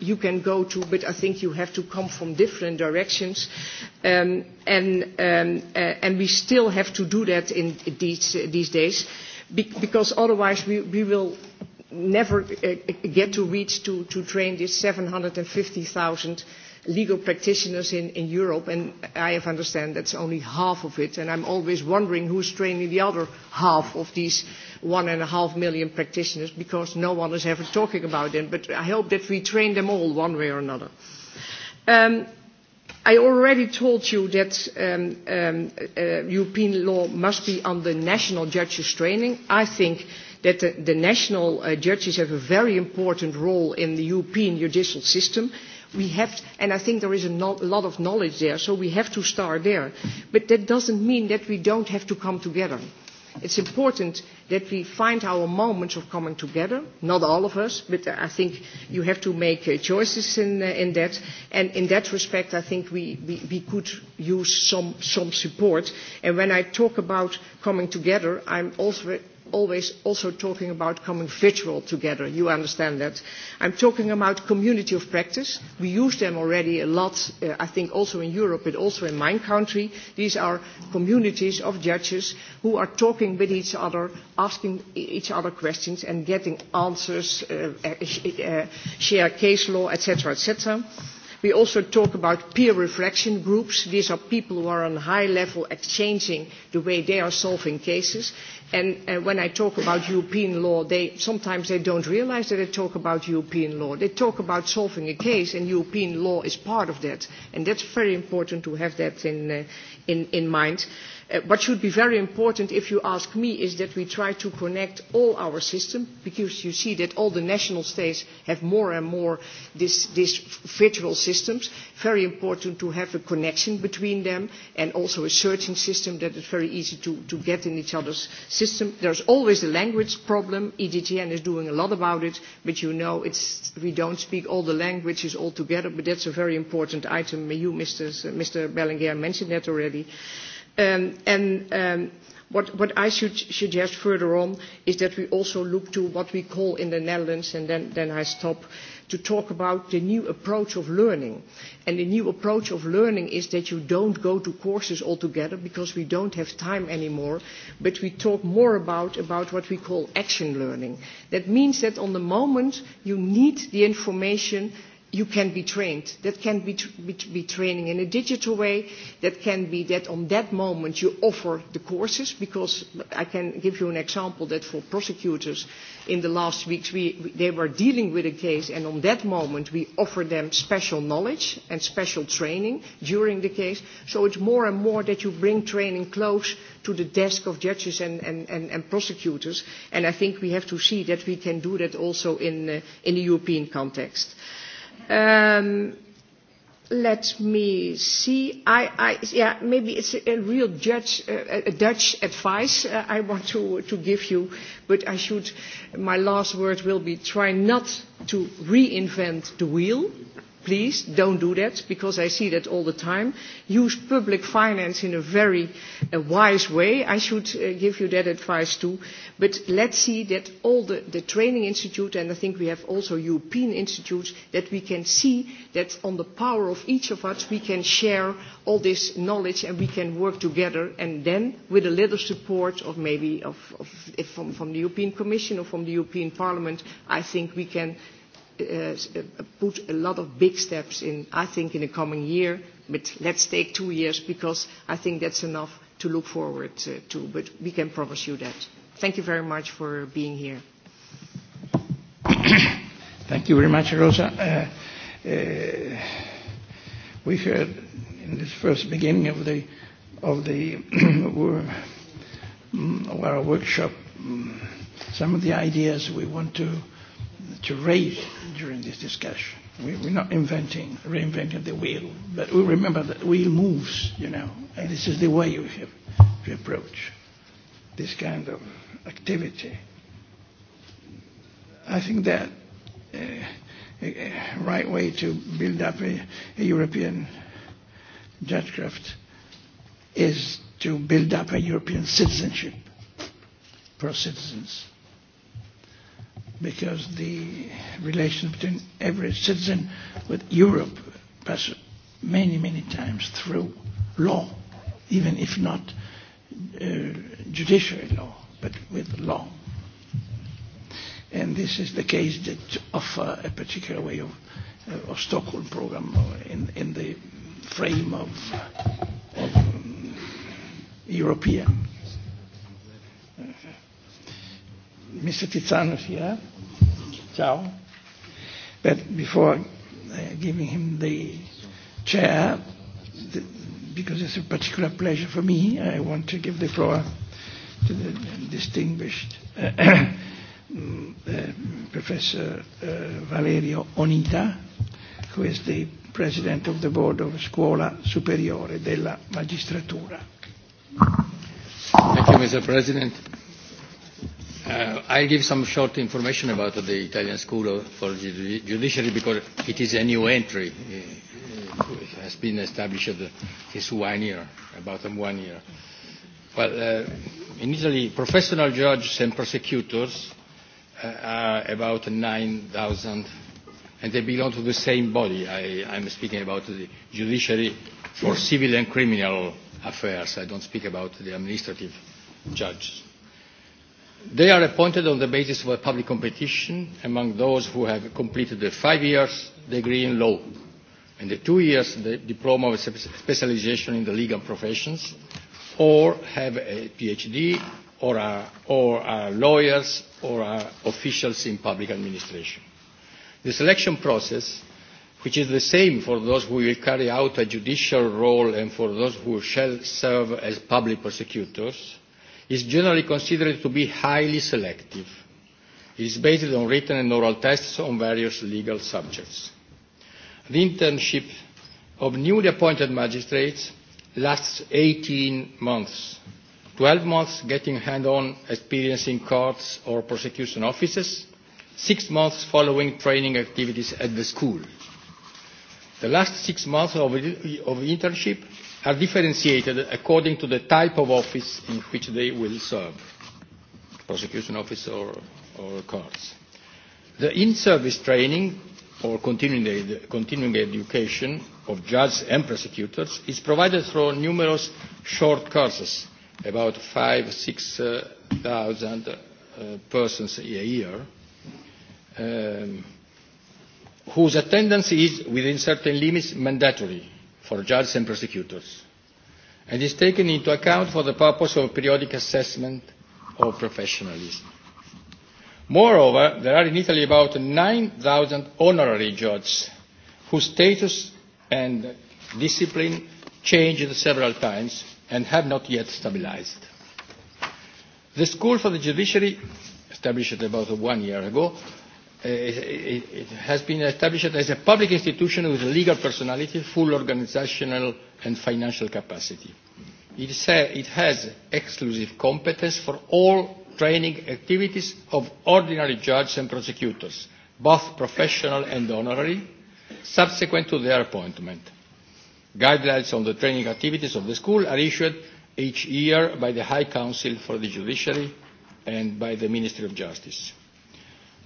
Speaker 7: you can go to, but I think you have to come from different directions. And we still have to do that in these days, because otherwise we will never get to reach to train these 750,000 legal practitioners in Europe, and I have understand that's only half of it, and I'm always wondering who's training the other half of these one and a half million practitioners, because no one is ever talking about them. But I hope that we train them all one way or another. I already told you that European law must be under national judges' training. I think that the national judges have a very important role in the European judicial system we have and i think there is a lot of knowledge there so we have to start there but that doesn't mean that we don't have to come together it's important that we find our moments of coming together not all of us but i think you have to make choices in in that and in that respect i think we we could use some some support and when i talk about coming together i'm also always also talking about coming virtual together. You understand that. I'm talking about community of practice. We use them already a lot, I think also in Europe, but also in my country. These are communities of judges who are talking with each other, asking each other questions and getting answers, share case law, etc., etc. We also talk about peer reflection groups. These are people who are on high level exchanging the way they are solving cases. And when I talk about European law, they sometimes they don't realize that I talk about European law. They talk about solving a case, and European law is part of that. And that's very important to have that in mind. What should be very important, if you ask me, is that we try to connect all our systems, because you see that all the national states have more and more these virtual systems. Very important to have a connection between them and also a searching system that is very easy to get in each other's system. There's always a language problem. EDTN is doing a lot about it, but you know we don't speak all the languages altogether. together, but that's a very important item. You, Mr. Bellinger, mentioned that already. And what I should suggest further on is that we also look to what we call in the Netherlands, and then I stop, to talk about the new approach of learning. And the new approach of learning is that you don't go to courses altogether because we don't have time anymore, but we talk more about what we call action learning. That means that on the moment you need the information you can be trained. That can be training in a digital way. That can be that on that moment you offer the courses because I can give you an example that for prosecutors in the last weeks they were dealing with a case and on that moment we offer them special knowledge and special training during the case. So it's more and more that you bring training close to the desk of judges and prosecutors and I think we have to see that we can do that also in the European context. Um Let me see. I, I, yeah, maybe it's a real judge, a Dutch advice I want to to give you, but I should. My last word will be try not to reinvent the wheel please don't do that because I see that all the time. Use public finance in a very wise way. I should give you that advice too. But let's see that all the training institute and I think we have also European institutes that we can see that on the power of each of us we can share all this knowledge and we can work together and then with a little support of maybe of from the European Commission or from the European Parliament I think we can put a lot of big steps in, I think, in the coming year. But let's take two years because I think that's enough to look forward to. But we can promise you that. Thank you very much for being here.
Speaker 1: Thank you very much, Rosa. We heard in this first beginning of the of the our workshop some of the ideas we want to to raise during this discussion. We, we're not inventing, reinventing the wheel, but we remember that the wheel moves, you know, and this is the way we have to approach this kind of activity. I think that a right way to build up a, a European judgecraft is to build up a European citizenship for citizens because the relation between every citizen with Europe pass many, many times through law, even if not judiciary law, but with law. And this is the case that offer a particular way of, of Stockholm program in, in the frame of, European. Mr. Tizanos here. Ciao. But before giving him the chair, because it's a particular pleasure for me, I want to give the floor to the distinguished Professor Valerio Onita, who is the President of the Board of Scuola Superiore della Magistratura.
Speaker 8: Thank you, Mr. President. I'll give some short information about the Italian School for Judiciary because it is a new entry. It has been established this one year, about one year. Well, in Italy, professional judges and prosecutors are about 9,000, and they belong to the same body. I I'm speaking about the judiciary for civil and criminal affairs. I don't speak about the administrative judges They are appointed on the basis of a public competition among those who have completed the five years degree in law and the two years diploma of specialization in the legal professions or have a PhD or are lawyers or are officials in public administration. The selection process, which is the same for those who will carry out a judicial role and for those who shall serve as public prosecutors, is generally considered to be highly selective. It is based on written and oral tests on various legal subjects. The internship of newly appointed magistrates lasts 18 months, 12 months getting hand-on experience in courts or prosecution offices, six months following training activities at the school. The last six months of internship are differentiated according to the type of office in which they will serve, prosecution office or courts. The in-service training or continuing education of judges and prosecutors is provided through numerous short courses, about 5000 thousand persons a year, whose attendance is, within certain limits, mandatory for judges and prosecutors and is taken into account for the purpose of periodic assessment of professionalism. Moreover, there are in Italy about 9,000 honorary judges whose status and discipline changed several times and have not yet stabilized. The School for the Judiciary, established about one year ago, it has been established as a public institution with legal personality, full organizational and financial capacity. It has exclusive competence for all training activities of ordinary judges and prosecutors, both professional and honorary, subsequent to their appointment. Guidelines on the training activities of the school are issued each year by the High Council for the Judiciary and by the Ministry of Justice.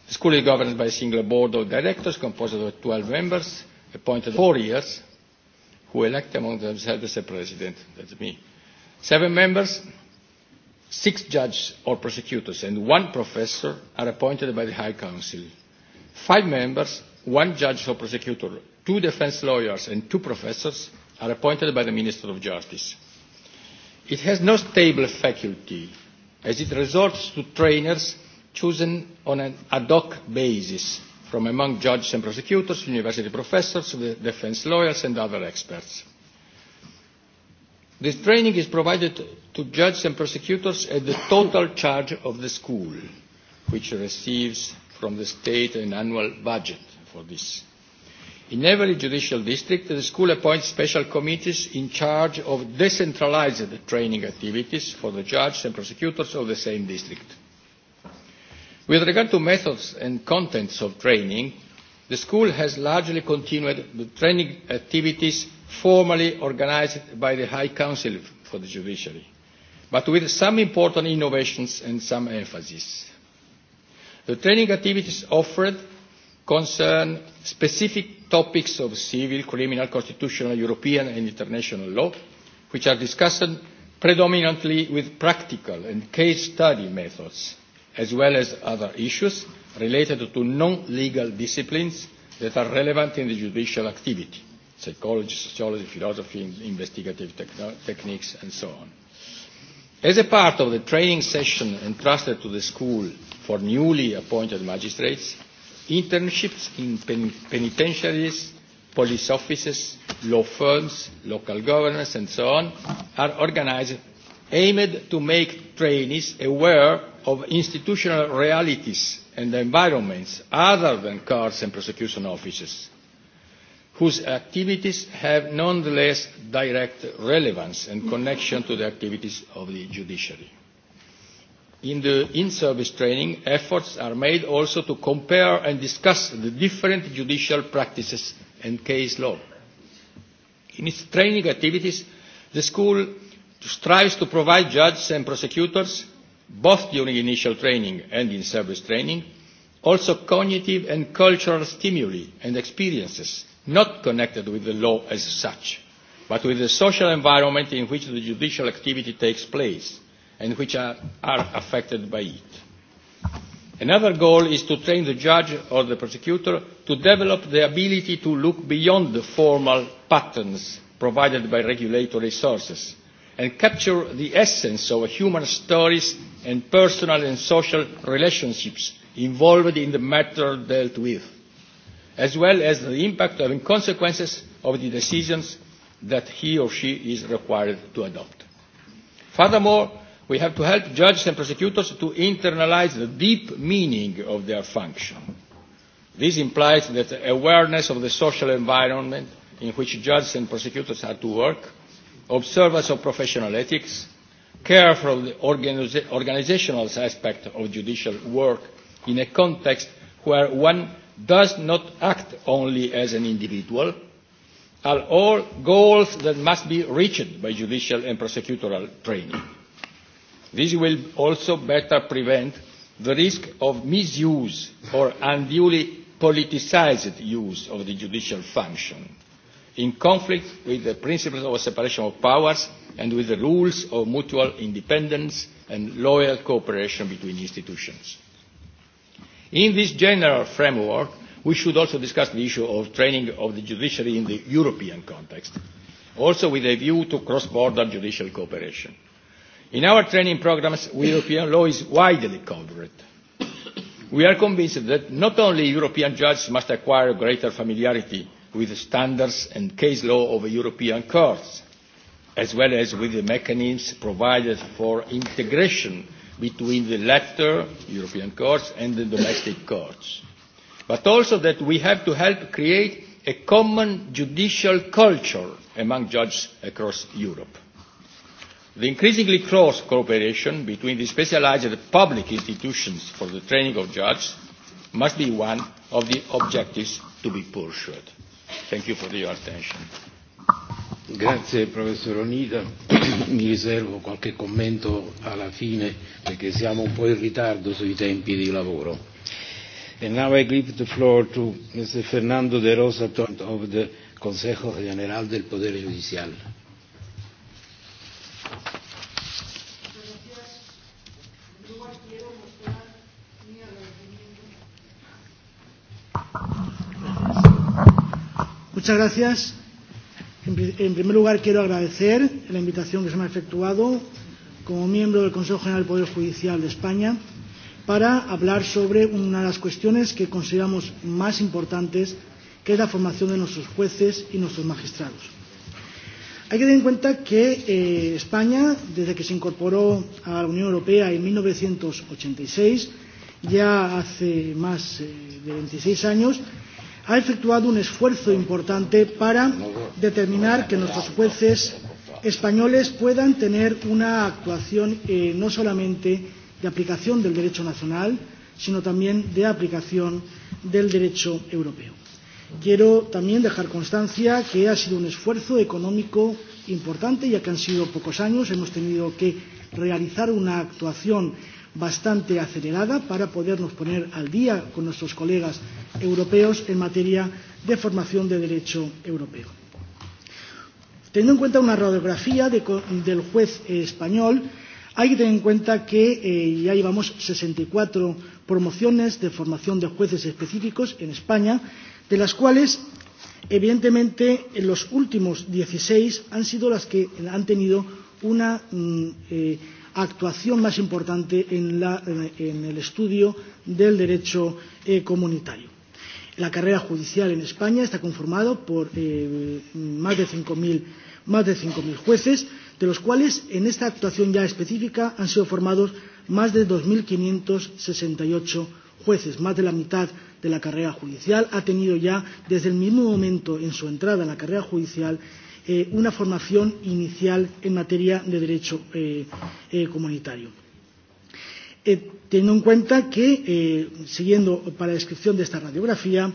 Speaker 8: The school is governed by a single board of directors composed of 12 members appointed four years who elect among themselves a president. That's me. Seven members, six judges or prosecutors and one professor are appointed by the High Council. Five members, one judge or prosecutor, two defense lawyers and two professors are appointed by the Minister of Justice. It has no stable faculty as it resorts to trainers chosen on an ad hoc basis from among judges and prosecutors, university professors, defense lawyers and other experts. This training is provided to judges and prosecutors at the total charge of the school, which receives from the state an annual budget for this. In every judicial district, the school appoints special committees in charge of decentralized training activities for the judges and prosecutors of the same district. With regard to methods and contents of training, the school has largely continued the training activities formally organised by the High Council for the Judiciary, but with some important innovations and some emphasis. The training activities offered concern specific topics of civil, criminal, constitutional, European and international law, which are discussed predominantly with practical and case study methods as well as other issues related to non-legal disciplines that are relevant in the judicial activity, psychology, sociology, philosophy, investigative techniques, and so on. As a part of the training session entrusted to the school for newly appointed magistrates, internships in penitentiaries, police offices, law firms, local governments, and so on, are organized aimed to make trainees aware of institutional realities and environments other than courts and prosecution offices, whose activities have nonetheless direct relevance and connection to the activities of the judiciary. In the in-service training, efforts are made also to compare and discuss the different judicial practices and case law. In its training activities, the school strives to provide judges and prosecutors both during initial training and in service training, also cognitive and cultural stimuli and experiences not connected with the law as such, but with the social environment in which the judicial activity takes place and which are affected by it. Another goal is to train the judge or the prosecutor to develop the ability to look beyond the formal patterns provided by regulatory sources and capture the essence of human stories and personal and social relationships involved in the matter dealt with, as well as the impact and consequences of the decisions that he or she is required to adopt. Furthermore, we have to help judges and prosecutors to internalize the deep meaning of their function. This implies that awareness of the social environment in which judges and prosecutors have to work observance of professional ethics, care for the organizational aspect of judicial work in a context where one does not act only as an individual, are all goals that must be reached by judicial and prosecutorial training. This will also better prevent the risk of misuse or unduly politicised use of the judicial function in conflict with the principles of separation of powers and with the rules of mutual independence and loyal cooperation between institutions. In this general framework, we should also discuss the issue of training of the judiciary in the European context, also with a view to cross-border judicial cooperation. In our training programmes, European law is widely covered. We are convinced that not only European judges must acquire greater familiarity with the standards and case law of European courts, as well as with the mechanisms provided for integration between the latter, European courts, and the domestic courts. But also that we have to help create a common judicial culture among judges across Europe. The increasingly close cooperation between the specialized public institutions for the training of judges must be one of the objectives to be pursued. Thank you for your attention.
Speaker 9: Grazie professor Onida, mi riservo qualche commento alla fine perché siamo un po' in ritardo sui tempi di lavoro. And now I give the floor to Mr. Fernando de Rosa of the Consejo General del Poder Judicial.
Speaker 5: Muchas gracias. En primer lugar, quiero agradecer la invitación que se me ha efectuado como miembro del Consejo General del Poder Judicial de España para hablar sobre una de las cuestiones que consideramos más importantes, que es la formación de nuestros jueces y nuestros magistrados. Hay que tener en cuenta que España, desde que se incorporó a la Unión Europea en 1986, ya hace más de 26 años, ha efectuado un esfuerzo importante para determinar que nuestros jueces españoles puedan tener una actuación no solamente de aplicación del derecho nacional, sino también de aplicación del derecho europeo. Quiero también dejar constancia que ha sido un esfuerzo económico importante, ya que han sido pocos años, hemos tenido que realizar una actuación bastante acelerada para podernos poner al día con nuestros colegas europeos en materia de formación de derecho europeo. Teniendo en cuenta una radiografía del juez español, hay que tener en cuenta que ya llevamos 64 promociones de formación de jueces específicos en España, de las cuales, evidentemente, en los últimos 16 han sido las que han tenido una actuación más importante en, la, en el estudio del derecho comunitario. La carrera judicial en España está conformada por más de más de 5.000 jueces, de los cuales en esta actuación ya específica han sido formados más de 2.568 jueces. Más de la mitad de la carrera judicial ha tenido ya desde el mismo momento en su entrada en la carrera judicial una formación inicial en materia de derecho comunitario. Teniendo en cuenta que, siguiendo para la descripción de esta radiografía,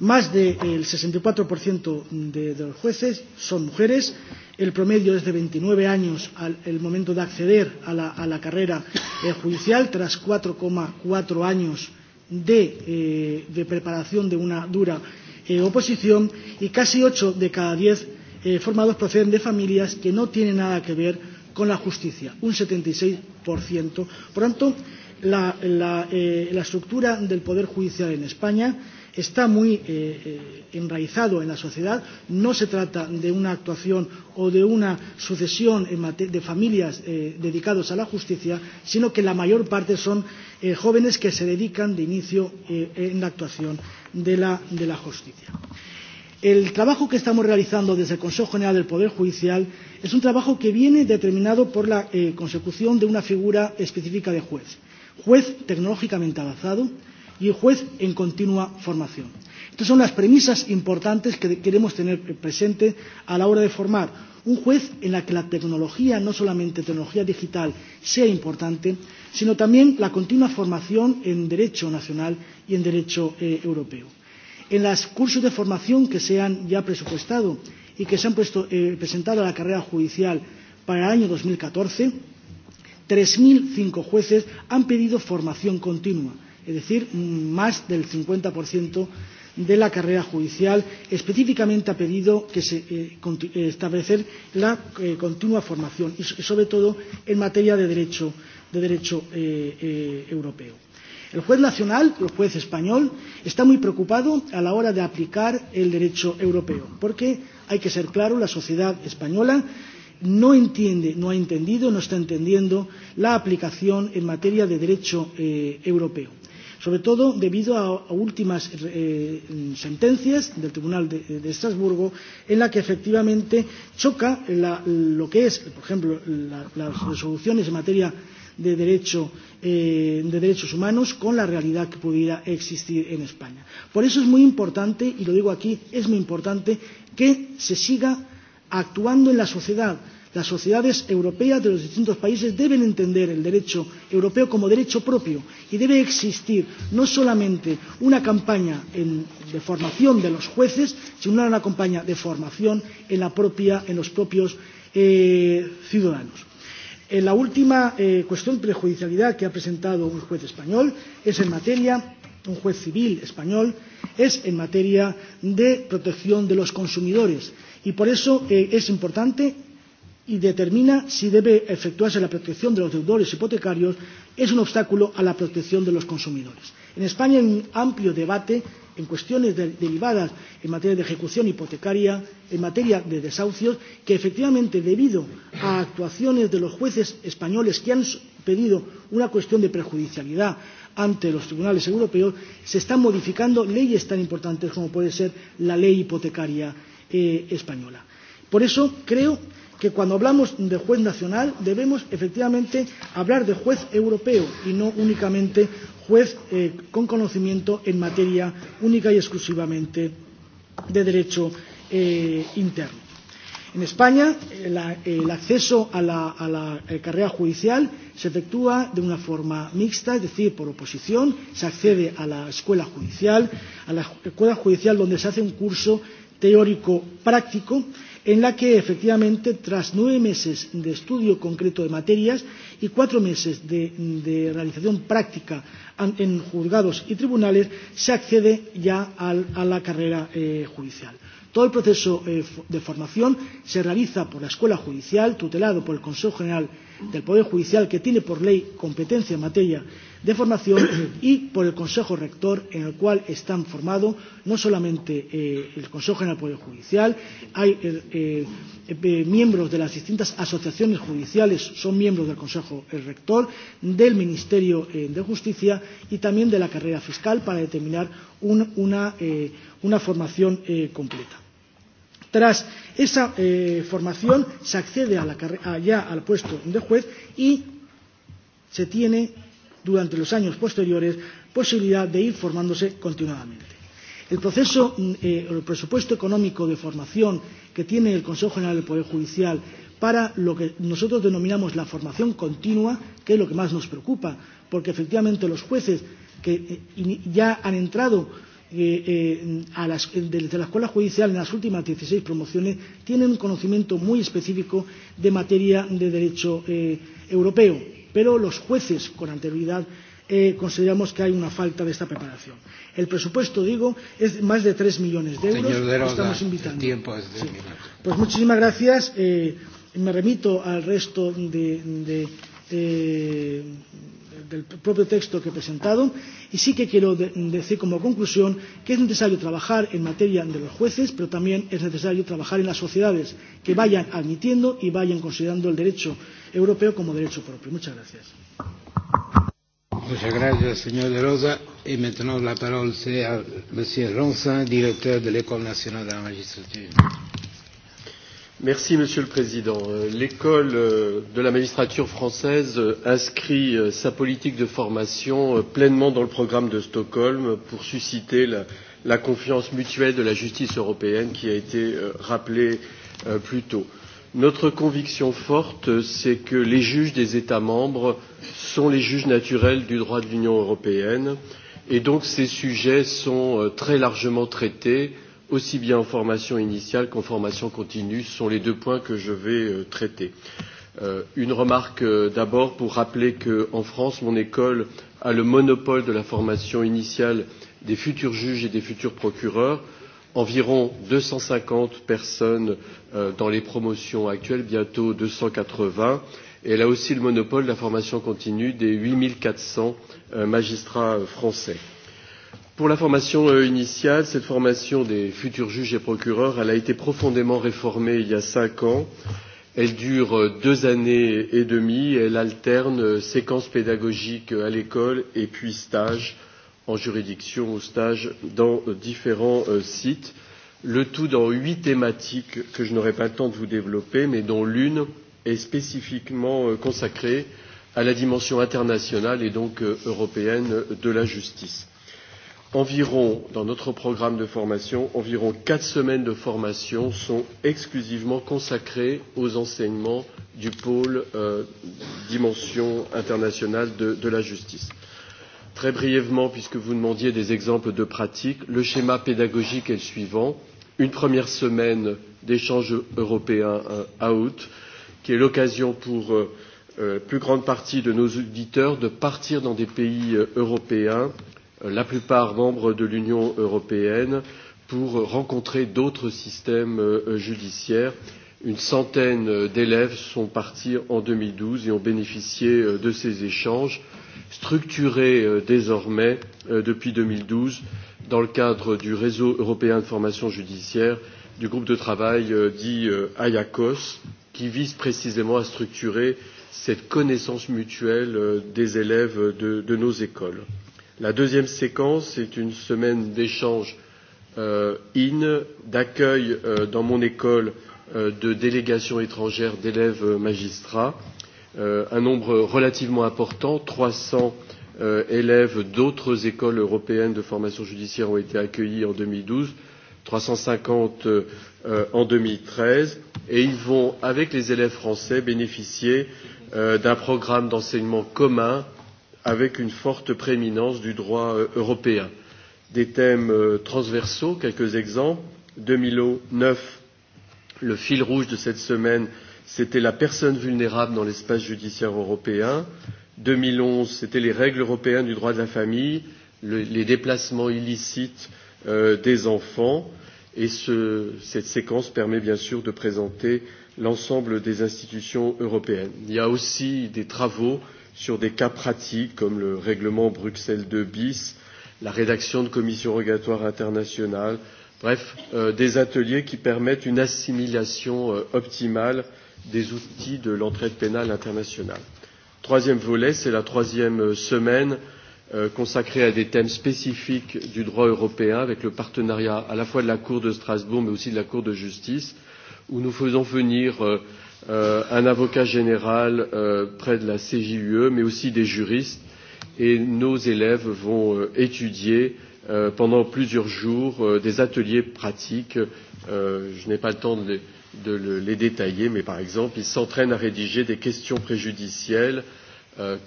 Speaker 5: más del 64% de los jueces son mujeres, el promedio es de 29 años al momento de acceder a la, a la carrera judicial, tras 4,4 años de, de preparación de una dura oposición, y casi 8 de cada 10 eh, formados proceden de familias que no tienen nada que ver con la justicia, un 76%. Por tanto, la, la, eh, la estructura del Poder Judicial en España está muy eh, enraizado en la sociedad. No se trata de una actuación o de una sucesión de familias eh, dedicadas a la justicia, sino que la mayor parte son jóvenes que se dedican de inicio eh, en la actuación de la, de la justicia. El trabajo que estamos realizando desde el Consejo General del Poder Judicial es un trabajo que viene determinado por la consecución de una figura específica de juez, juez tecnológicamente avanzado y juez en continua formación. Estas son las premisas importantes que queremos tener presente a la hora de formar un juez en la que la tecnología, no solamente tecnología digital, sea importante, sino también la continua formación en derecho nacional y en derecho europeo en los cursos de formación que se han ya presupuestado y que se han puesto, presentado a la carrera judicial para el año 2014, 3.005 jueces han pedido formación continua, es decir, más del 50% de la carrera judicial específicamente ha pedido que se establecer la continua formación y sobre todo en materia de derecho de derecho europeo El juez nacional, el juez español, está muy preocupado a la hora de aplicar el derecho europeo, porque hay que ser claro, la sociedad española no entiende, no ha entendido, no está entendiendo la aplicación en materia de derecho europeo, sobre todo debido a últimas sentencias del Tribunal de Estrasburgo en la que efectivamente choca lo que es, por ejemplo, las resoluciones en materia de, derecho, de derechos humanos con la realidad que pudiera existir en España. Por eso es muy importante, y lo digo aquí, es muy importante que se siga actuando en la sociedad. Las sociedades europeas de los distintos países deben entender el derecho europeo como derecho propio y debe existir no solamente una campaña de formación de los jueces, sino una campaña de formación en los propios ciudadanos la última cuestión de prejudicialidad que ha presentado un juez español es en materia, un juez civil español, es en materia de protección de los consumidores. Y por eso es importante y determina si debe efectuarse la protección de los deudores hipotecarios es un obstáculo a la protección de los consumidores. En España hay un amplio debate en cuestiones derivadas en materia de ejecución hipotecaria, en materia de desahucios, que efectivamente, debido a actuaciones de los jueces españoles que han pedido una cuestión de prejudicialidad ante los tribunales europeos, se están modificando leyes tan importantes como puede ser la ley hipotecaria española. Por eso creo que cuando hablamos de juez nacional debemos efectivamente hablar de juez europeo y no únicamente juez con conocimiento en materia única y exclusivamente de derecho interno. En España el acceso a la carrera judicial se efectúa de una forma mixta, es decir, por oposición, se accede a la escuela judicial, a la escuela judicial donde se hace un curso teórico práctico en la que efectivamente tras nueve meses de estudio concreto de materias y cuatro meses de, de realización práctica en juzgados y tribunales se accede ya a la carrera judicial. Todo el proceso de formación se realiza por la Escuela Judicial, tutelado por el Consejo General del Poder Judicial, que tiene por ley competencia en materia de formación y por el Consejo Rector, en el cual están formados no solamente el Consejo General del Poder Judicial, hay miembros de las distintas asociaciones judiciales, son miembros del Consejo Rector, del Ministerio de Justicia y también de la carrera fiscal para determinar una formación completa. Tras esa formación se accede a la, ya al puesto de juez y se tiene durante los años posteriores posibilidad de ir formándose continuadamente. El proceso, el presupuesto económico de formación que tiene el Consejo General del Poder Judicial para lo que nosotros denominamos la formación continua, que es lo que más nos preocupa, porque efectivamente los jueces que ya han entrado a las, desde la Escuela Judicial en las últimas 16 promociones tienen un conocimiento muy específico de materia de derecho europeo pero los jueces con anterioridad consideramos que hay una falta de esta preparación. El presupuesto, digo, es más de 3 millones de euros. Señor estamos invitando. Pues muchísimas gracias. Eh, me remito al resto de, de, del propio texto que he presentado y sí que quiero decir como conclusión que es necesario trabajar en materia de los jueces, pero también es necesario trabajar en las sociedades que vayan admitiendo y vayan considerando el derecho europeo como derecho propio. Muchas gracias.
Speaker 9: Muchas gracias, señor De Rosa. Et maintenant, la parole c'est à Monsieur Ronsin, directeur de l'École nationale de la magistrature.
Speaker 10: Merci, Monsieur le Président. L'École de la magistrature française inscrit sa politique de formation pleinement dans le programme de Stockholm pour susciter la confiance mutuelle de la justice européenne qui a été rappelée plus tôt Notre conviction forte, c'est que les juges des États membres sont les juges naturels du droit de l'Union européenne et donc ces sujets sont très largement traités, aussi bien en formation initiale qu'en formation continue. Ce sont les deux points que je vais traiter. Une remarque d'abord pour rappeler qu'en France, mon école a le monopole de la formation initiale des futurs juges et des futurs procureurs environ deux cent cinquante personnes dans les promotions actuelles, bientôt deux cent 280. Et elle a aussi le monopole de la formation continue des huit 8400 magistrats français. Pour la formation initiale, cette formation des futurs juges et procureurs, elle a été profondément réformée il y a cinq ans. Elle dure deux années et demie. Elle alterne séquences pédagogiques à l'école et puis stages en juridiction, au stage, dans différents sites, le tout dans huit thématiques que je n'aurai pas le temps de vous développer, mais dont l'une est spécifiquement consacrée à la dimension internationale et donc européenne de la justice. Environ, dans notre programme de formation, environ quatre semaines de formation sont exclusivement consacrées aux enseignements du pôle dimension internationale de la justice. Très brièvement, puisque vous demandiez des exemples de pratiques, le schéma pédagogique est le suivant. Une première semaine d'échanges européens à août, qui est l'occasion pour la plus grande partie de nos auditeurs de partir dans des pays européens, la plupart membres de l'Union européenne, pour rencontrer d'autres systèmes judiciaires. Une centaine d'élèves sont partis en 2012 et ont bénéficié de ces échanges structurée désormais depuis 2012 dans le cadre du réseau européen de formation judiciaire du groupe de travail dit IACOS qui vise précisément à structurer cette connaissance mutuelle des élèves de nos écoles. La deuxième séquence est une semaine d'échange in, d'accueil dans mon école de délégations étrangères d'élèves magistrats un nombre relativement important 300 élèves d'autres écoles européennes de formation judiciaire ont été accueillis en 2012 350 en 2013 et ils vont avec les élèves français bénéficier d'un programme d'enseignement commun avec une forte prééminence du droit européen des thèmes transversaux quelques exemples 2009 le fil rouge de cette semaine c'était la personne vulnérable dans l'espace judiciaire européen. 2011, c'était les règles européennes du droit de la famille, les déplacements illicites des enfants. Et cette séquence permet bien sûr de présenter l'ensemble des institutions européennes. Il y a aussi des travaux sur des cas pratiques comme le règlement Bruxelles 2 bis, la rédaction de commissions rogatoires internationales, bref, des ateliers qui permettent une assimilation optimale des outils de l'entraide pénale internationale. Troisième volet, c'est la troisième semaine consacrée à des thèmes spécifiques du droit européen avec le partenariat à la fois de la Cour de Strasbourg mais aussi de la Cour de justice où nous faisons venir un avocat général près de la CJUE mais aussi des juristes et nos élèves vont étudier pendant plusieurs jours des ateliers pratiques. Je n'ai pas le temps de les de les détailler, mais par exemple, ils s'entraînent à rédiger des questions préjudicielles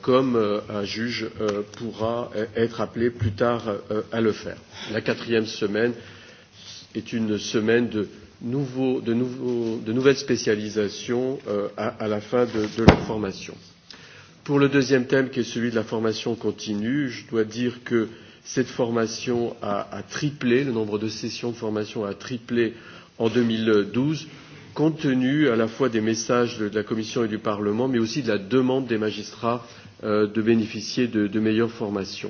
Speaker 10: comme un juge pourra être appelé plus tard à le faire. La quatrième semaine est une semaine de nouvelles spécialisations à la fin de leur formation. Pour le deuxième thème, qui est celui de la formation continue, je dois dire que cette formation a triplé, le nombre de sessions de formation a triplé en 2012 compte tenu à la fois des messages de la Commission et du Parlement, mais aussi de la demande des magistrats de bénéficier de meilleures formations.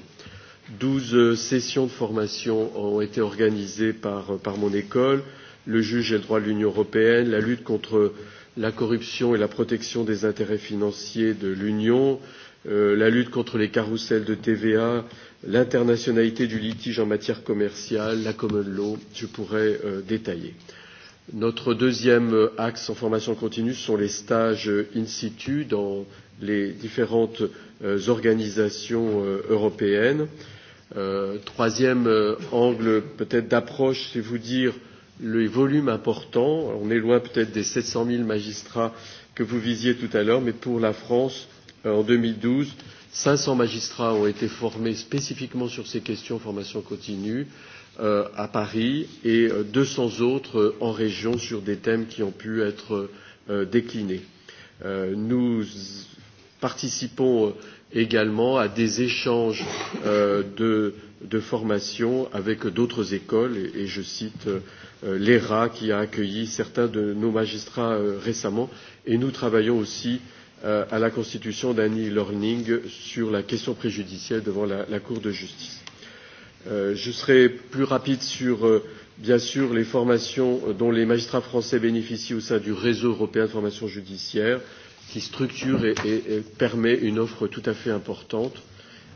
Speaker 10: Douze sessions de formation ont été organisées par mon école le juge et le droit de l'Union européenne, la lutte contre la corruption et la protection des intérêts financiers de l'Union, la lutte contre les carousels de TVA, l'internationalité du litige en matière commerciale, la common law, je pourrais détailler. Notre deuxième axe en formation continue sont les stages in situ dans les différentes organisations européennes. Troisième angle peut-être d'approche, c'est vous dire les volumes importants. On est loin peut-être des 700 000 magistrats que vous visiez tout à l'heure, mais pour la France, en 2012, 500 magistrats ont été formés spécifiquement sur ces questions formation continue à Paris et 200 autres en région sur des thèmes qui ont pu être déclinés. Nous participons également à des échanges de de formation avec d'autres écoles et je cite l'ERA qui a accueilli certains de nos magistrats récemment et nous travaillons aussi à la constitution d'un e-learning sur la question préjudicielle devant la Cour de justice. Je serai plus rapide sur, bien sûr, les formations dont les magistrats français bénéficient au sein du réseau européen de formation judiciaire, qui structure et permet une offre tout à fait importante.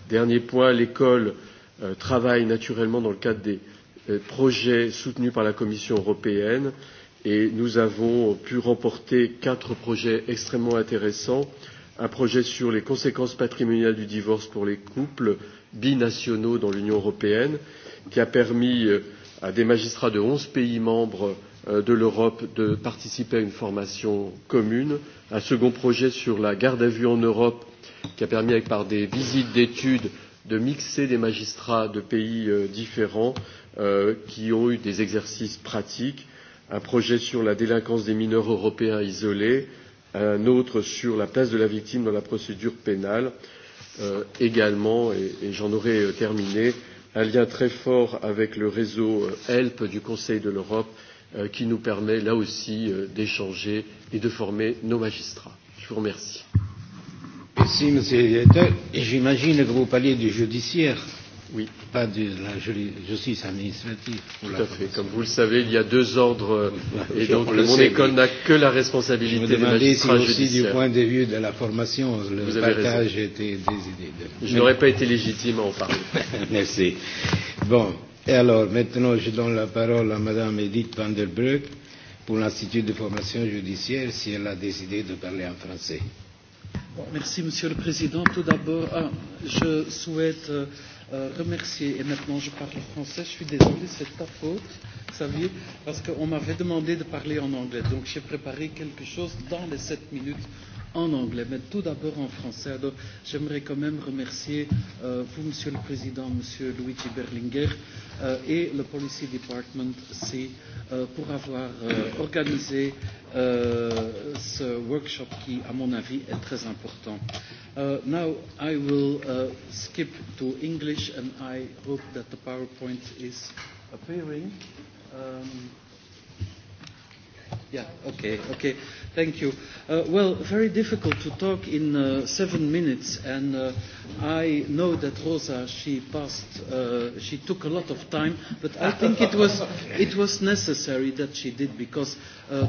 Speaker 10: Dernier point, l'école travaille naturellement dans le cadre des projets soutenus par la Commission européenne et nous avons pu remporter quatre projets extrêmement intéressants. Un projet sur les conséquences patrimoniales du divorce pour les couples, binationaux dans l'Union européenne, qui a permis à des magistrats de onze pays membres de l'Europe de participer à une formation commune, un second projet sur la garde à vue en Europe, qui a permis, par des visites d'études, de mixer des magistrats de pays différents qui ont eu des exercices pratiques, un projet sur la délinquance des mineurs européens isolés, un autre sur la place de la victime dans la procédure pénale, également, et j'en aurai terminé, un lien très fort avec le réseau HELP du Conseil de l'Europe qui nous permet là aussi d'échanger et de former nos magistrats. Je vous remercie. Merci, Monsieur le
Speaker 9: J'imagine que vous parliez du judiciaire Oui, pas de la justice administrative.
Speaker 10: Tout à fait. Comme vous le savez, il y a deux ordres et donc mon école n'a que la responsabilité des magistrats aussi du point
Speaker 9: de vue de la formation, le partage
Speaker 10: était des idées. Je n'aurais pas été légitime à en parler. Merci.
Speaker 9: Bon, et alors maintenant je donne la parole à Madame Edith van der Breuk pour l'Institut de formation judiciaire si elle a décidé de parler en français.
Speaker 3: Merci Monsieur le Président. Tout d'abord, je souhaite remercier. Et maintenant, je parle français. Je suis désolé, c'est ta faute, Xavier, parce qu'on m'avait demandé de parler en anglais. Donc, j'ai préparé quelque chose dans les sept minutes en anglais. Mais tout d'abord en français. Alors, j'aimerais quand même remercier vous, Monsieur le Président, Monsieur Luigi Berlinguer, et le Policy Department C pour avoir organisé ce workshop qui, à mon avis, est très important. Now I will skip to English and I hope that the PowerPoint is appearing. Um, Yeah, okay, okay. Thank you. Well, very difficult to talk in seven minutes, and I know that Rosa, she passed, she took a lot of time, but I think it was it was necessary that she did because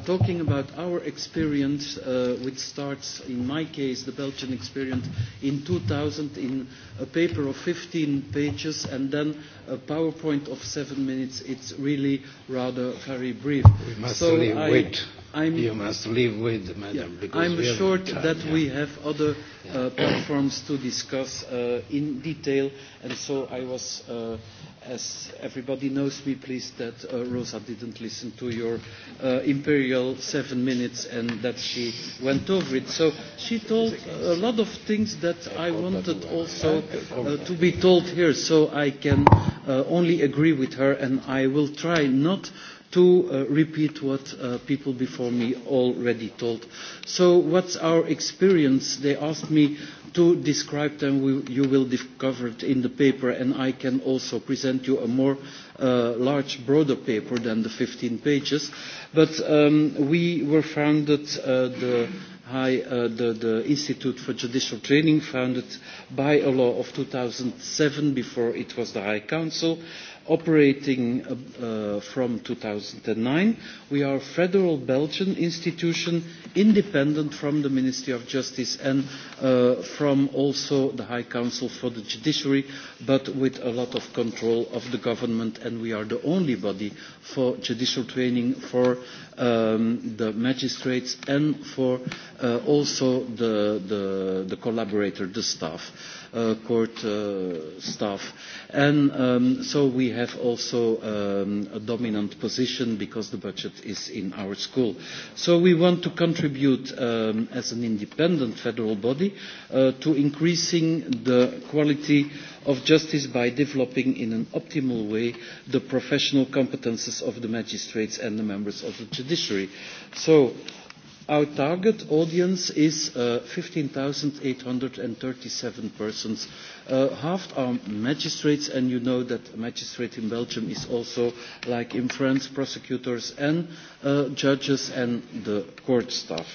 Speaker 3: talking about our experience, which starts in my case, the Belgian experience, in 2000 in a paper of 15 pages and then a PowerPoint of seven minutes, it's really rather very brief. So You must live with, Madam, because I'm sure that we have other platforms to discuss in detail, and so I was, as everybody knows me, pleased that Rosa didn't listen to your imperial seven minutes and that she went over it. So she told a lot of things that I wanted also to be told here, so I can only agree with her, and I will try not to repeat what people before me already told. So what's our experience? They asked me to describe them. You will discover it in the paper, and I can also present you a more large, broader paper than the 15 pages. But we were founded, the the Institute for Judicial Training, founded by a law of 2007, before it was the High Council operating from 2009. We are a federal Belgian institution independent from the Ministry of Justice and from also the High Council for the Judiciary, but with a lot of control of the government, and we are the only body for judicial training for the magistrates and for also the collaborator, the staff court staff. And so we have also a dominant position because the budget is in our school. So we want to contribute as an independent federal body to increasing the quality of justice by developing in an optimal way the professional competences of the magistrates and the members of the judiciary. So Our target audience is 15,837 persons. Half are magistrates, and you know that a magistrate in Belgium is also, like in France, prosecutors and judges and the court staff.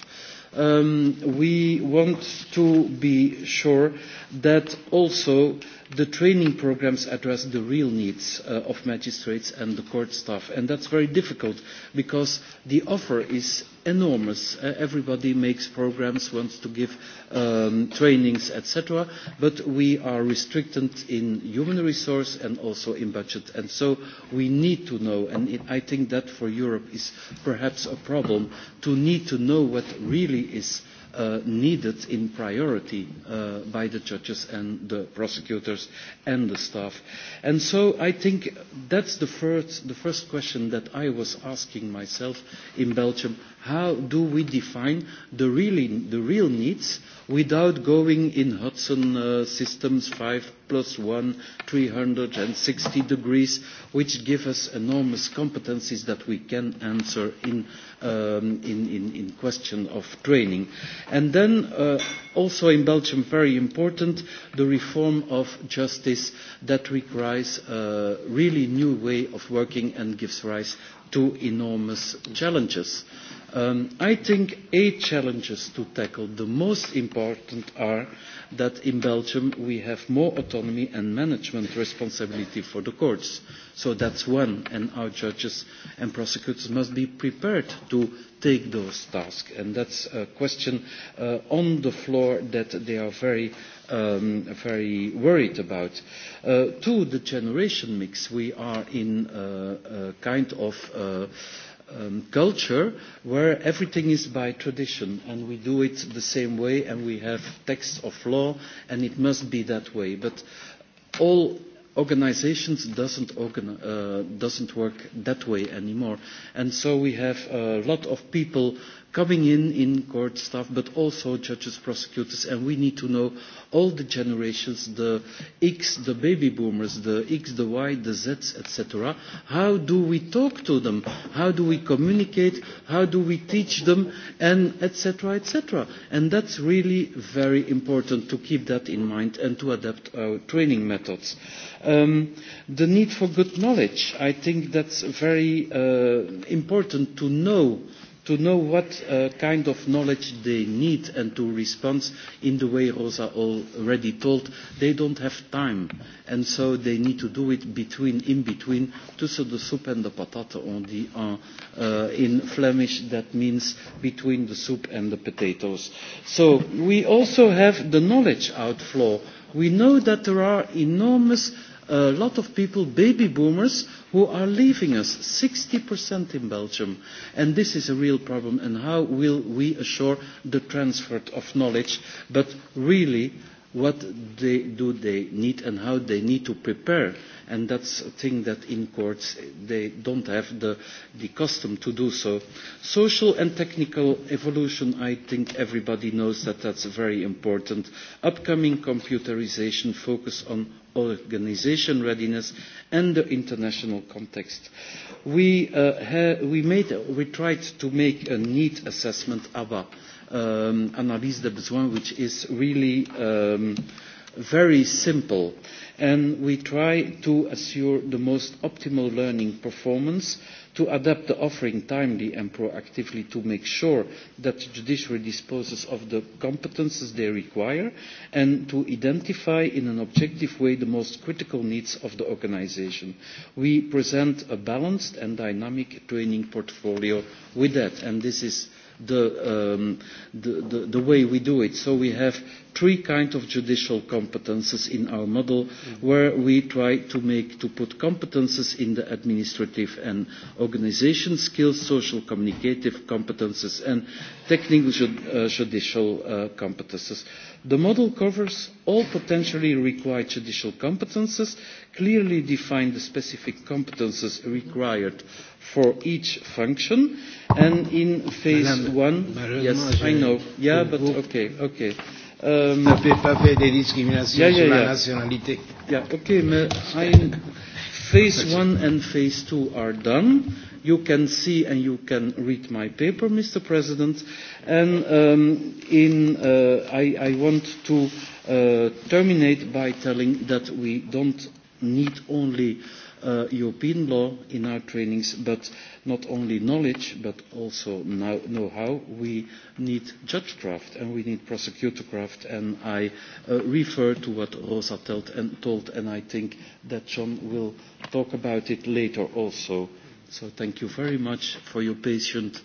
Speaker 3: We want to be sure that also the training programs address the real needs of magistrates and the court staff. And that's very difficult because the offer is enormous. Everybody makes programs, wants to give trainings, etc. But we are restricted in human resource and also in budget. And so we need to know, and I think that for Europe is perhaps a problem, to need to know what really is needed in priority by the judges and the prosecutors and the staff. And so I think that's the first question that I was asking myself in Belgium how do we define the real needs without going in Hudson systems 5 plus 1, 360 degrees, which give us enormous competencies that we can answer in question of training. And then also in Belgium, very important, the reform of justice that requires a really new way of working and gives rise two enormous challenges. I think eight challenges to tackle. The most important are that in Belgium we have more autonomy and management responsibility for the courts. So that's one, and our judges and prosecutors must be prepared to take those tasks. And that's a question on the floor that they are very very worried about. To the generation mix, we are in a kind of culture where everything is by tradition and we do it the same way and we have texts of law and it must be that way. But all organizations doesn't doesn't work that way anymore. And so we have a lot of people coming in in court staff, but also judges, prosecutors, and we need to know all the generations, the X, the baby boomers, the X, the Y, the Z, etc. How do we talk to them? How do we communicate? How do we teach them? And etc. etc. And that's really very important to keep that in mind and to adapt our training methods. The need for good knowledge, I think that's very important to know to know what kind of knowledge they need and to respond in the way Rosa already told. They don't have time, and so they need to do it between, in between, tussen the soup and the patate, on in Flemish. That means between the soup and the potatoes. So we also have the knowledge outflow. We know that there are enormous a lot of people, baby boomers, who are leaving us, 60% in Belgium. And this is a real problem. And how will we assure the transfer of knowledge, but really what they do they need and how they need to prepare and that's a thing that in courts they don't have the custom to do so. Social and technical evolution, I think everybody knows that that's very important. Upcoming computerization focus on organisation readiness and the international context. We tried to make a neat assessment, ABBA, analyse de besoins, which is really very simple and we try to assure the most optimal learning performance to adapt the offering timely and proactively to make sure that the judiciary disposes of the competences they require and to identify in an objective way the most critical needs of the organisation. We present a balanced and dynamic training portfolio with that and this is the way we do it. So we have three kinds of judicial competences in our model where we try to make to put competences in the administrative and organisation skills, social communicative competences and technical judicial competences. The model covers all potentially required judicial competences, clearly defines the specific competences required for each function, and in phase one, yes, I know, yeah, but okay, okay. Ne fait pas faire des discriminations sur la nationalité. Okay, phase one and phase two are done. You can see and you can read my paper, Mr. President. And in I want to terminate by telling that we don't need only European law in our trainings, but not only knowledge, but also know-how. We need judge craft and we need prosecutor craft and I refer to what Rosa told, and I think that John will talk about it later also. So thank you very much for your patient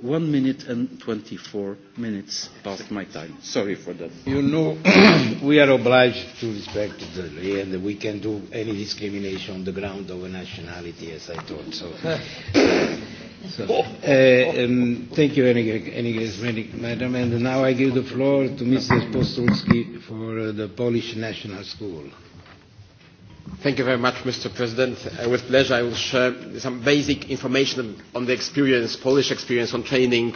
Speaker 3: one minute and 24 minutes past my time. Sorry for that. You know, we are obliged
Speaker 9: to respect the law and we can do any discrimination on the ground of nationality, as I thought. So, thank you, Madam. And now I give the floor to Mr. Postulski for the Polish National
Speaker 11: School. Thank you very much, Mr. President. With pleasure, I will share some basic information on the experience, Polish experience on training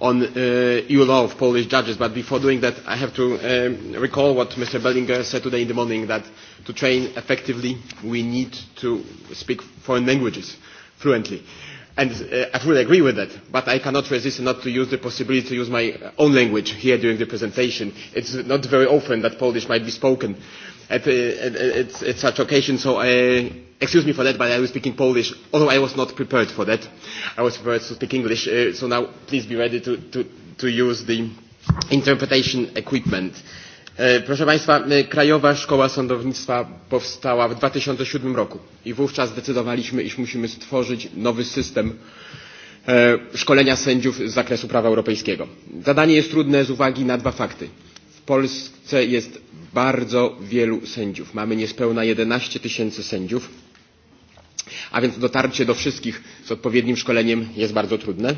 Speaker 11: on EU law of Polish judges. But before doing that, I have to recall what Mr. Bellinger said today in the morning, that to train effectively, we need to speak foreign languages fluently. And I fully agree with that, but I cannot resist not to use the possibility to use my own language here during the presentation. It's not very often that Polish might be spoken at, at, at such occasion, so I excuse me for that, but I was speaking Polish, although I was not prepared for that. I was prepared to speak English, so now please be ready to, to, to use the interpretation equipment. Proszę Państwa, Krajowa Szkoła Sądownictwa powstała w 2007 roku i wówczas zdecydowaliśmy, iż musimy stworzyć nowy system szkolenia sędziów z zakresu prawa europejskiego. Zadanie jest trudne z uwagi na dwa fakty. W Polsce jest bardzo wielu sędziów. Mamy niespełna 11 tysięcy sędziów, a więc dotarcie do wszystkich z odpowiednim szkoleniem jest bardzo trudne.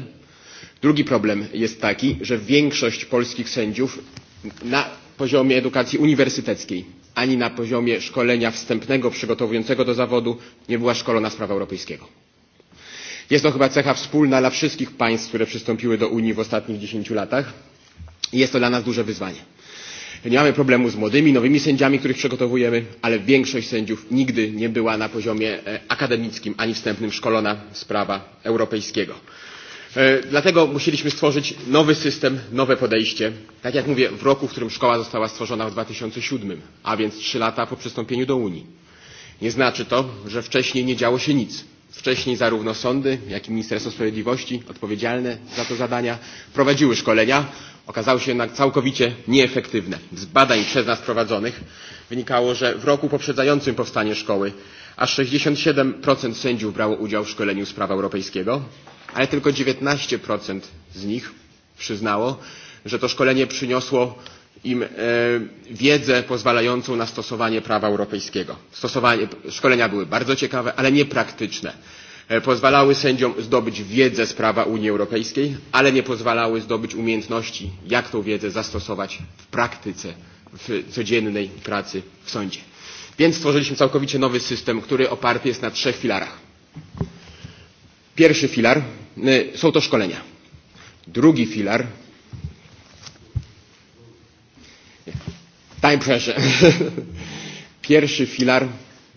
Speaker 11: Drugi problem jest taki, że większość polskich sędziów na poziomie edukacji uniwersyteckiej ani na poziomie szkolenia wstępnego przygotowującego do zawodu nie była szkolona z prawa europejskiego. Jest to chyba cecha wspólna dla wszystkich państw, które przystąpiły do Unii w ostatnich dziesięciu latach i jest to dla nas duże wyzwanie. Nie mamy problemu z młodymi, nowymi sędziami, których przygotowujemy, ale większość sędziów nigdy nie była na poziomie akademickim ani wstępnym szkolona z prawa europejskiego. Dlatego musieliśmy stworzyć nowy system, nowe podejście. Tak jak mówię, w roku, w którym szkoła została stworzona w 2007, a więc trzy lata po przystąpieniu do Unii. Nie znaczy to, że wcześniej nie działo się nic. Wcześniej zarówno sądy, jak i Ministerstwo Sprawiedliwości odpowiedzialne za to zadania prowadziły szkolenia, okazały się jednak całkowicie nieefektywne. Z badań przez nas prowadzonych wynikało, że w roku poprzedzającym powstanie szkoły aż 67% sędziów brało udział w szkoleniu z prawa europejskiego, ale tylko 19% z nich przyznało, że to szkolenie przyniosło im wiedzę pozwalającą na stosowanie prawa europejskiego. Stosowanie, szkolenia były bardzo ciekawe, ale niepraktyczne pozwalały sędziom zdobyć wiedzę z prawa Unii Europejskiej, ale nie pozwalały zdobyć umiejętności, jak tą wiedzę zastosować w praktyce, w codziennej pracy w sądzie. Więc stworzyliśmy całkowicie nowy system, który oparty jest na trzech filarach. Pierwszy filar są to szkolenia. Drugi filar time pressure. Pierwszy filar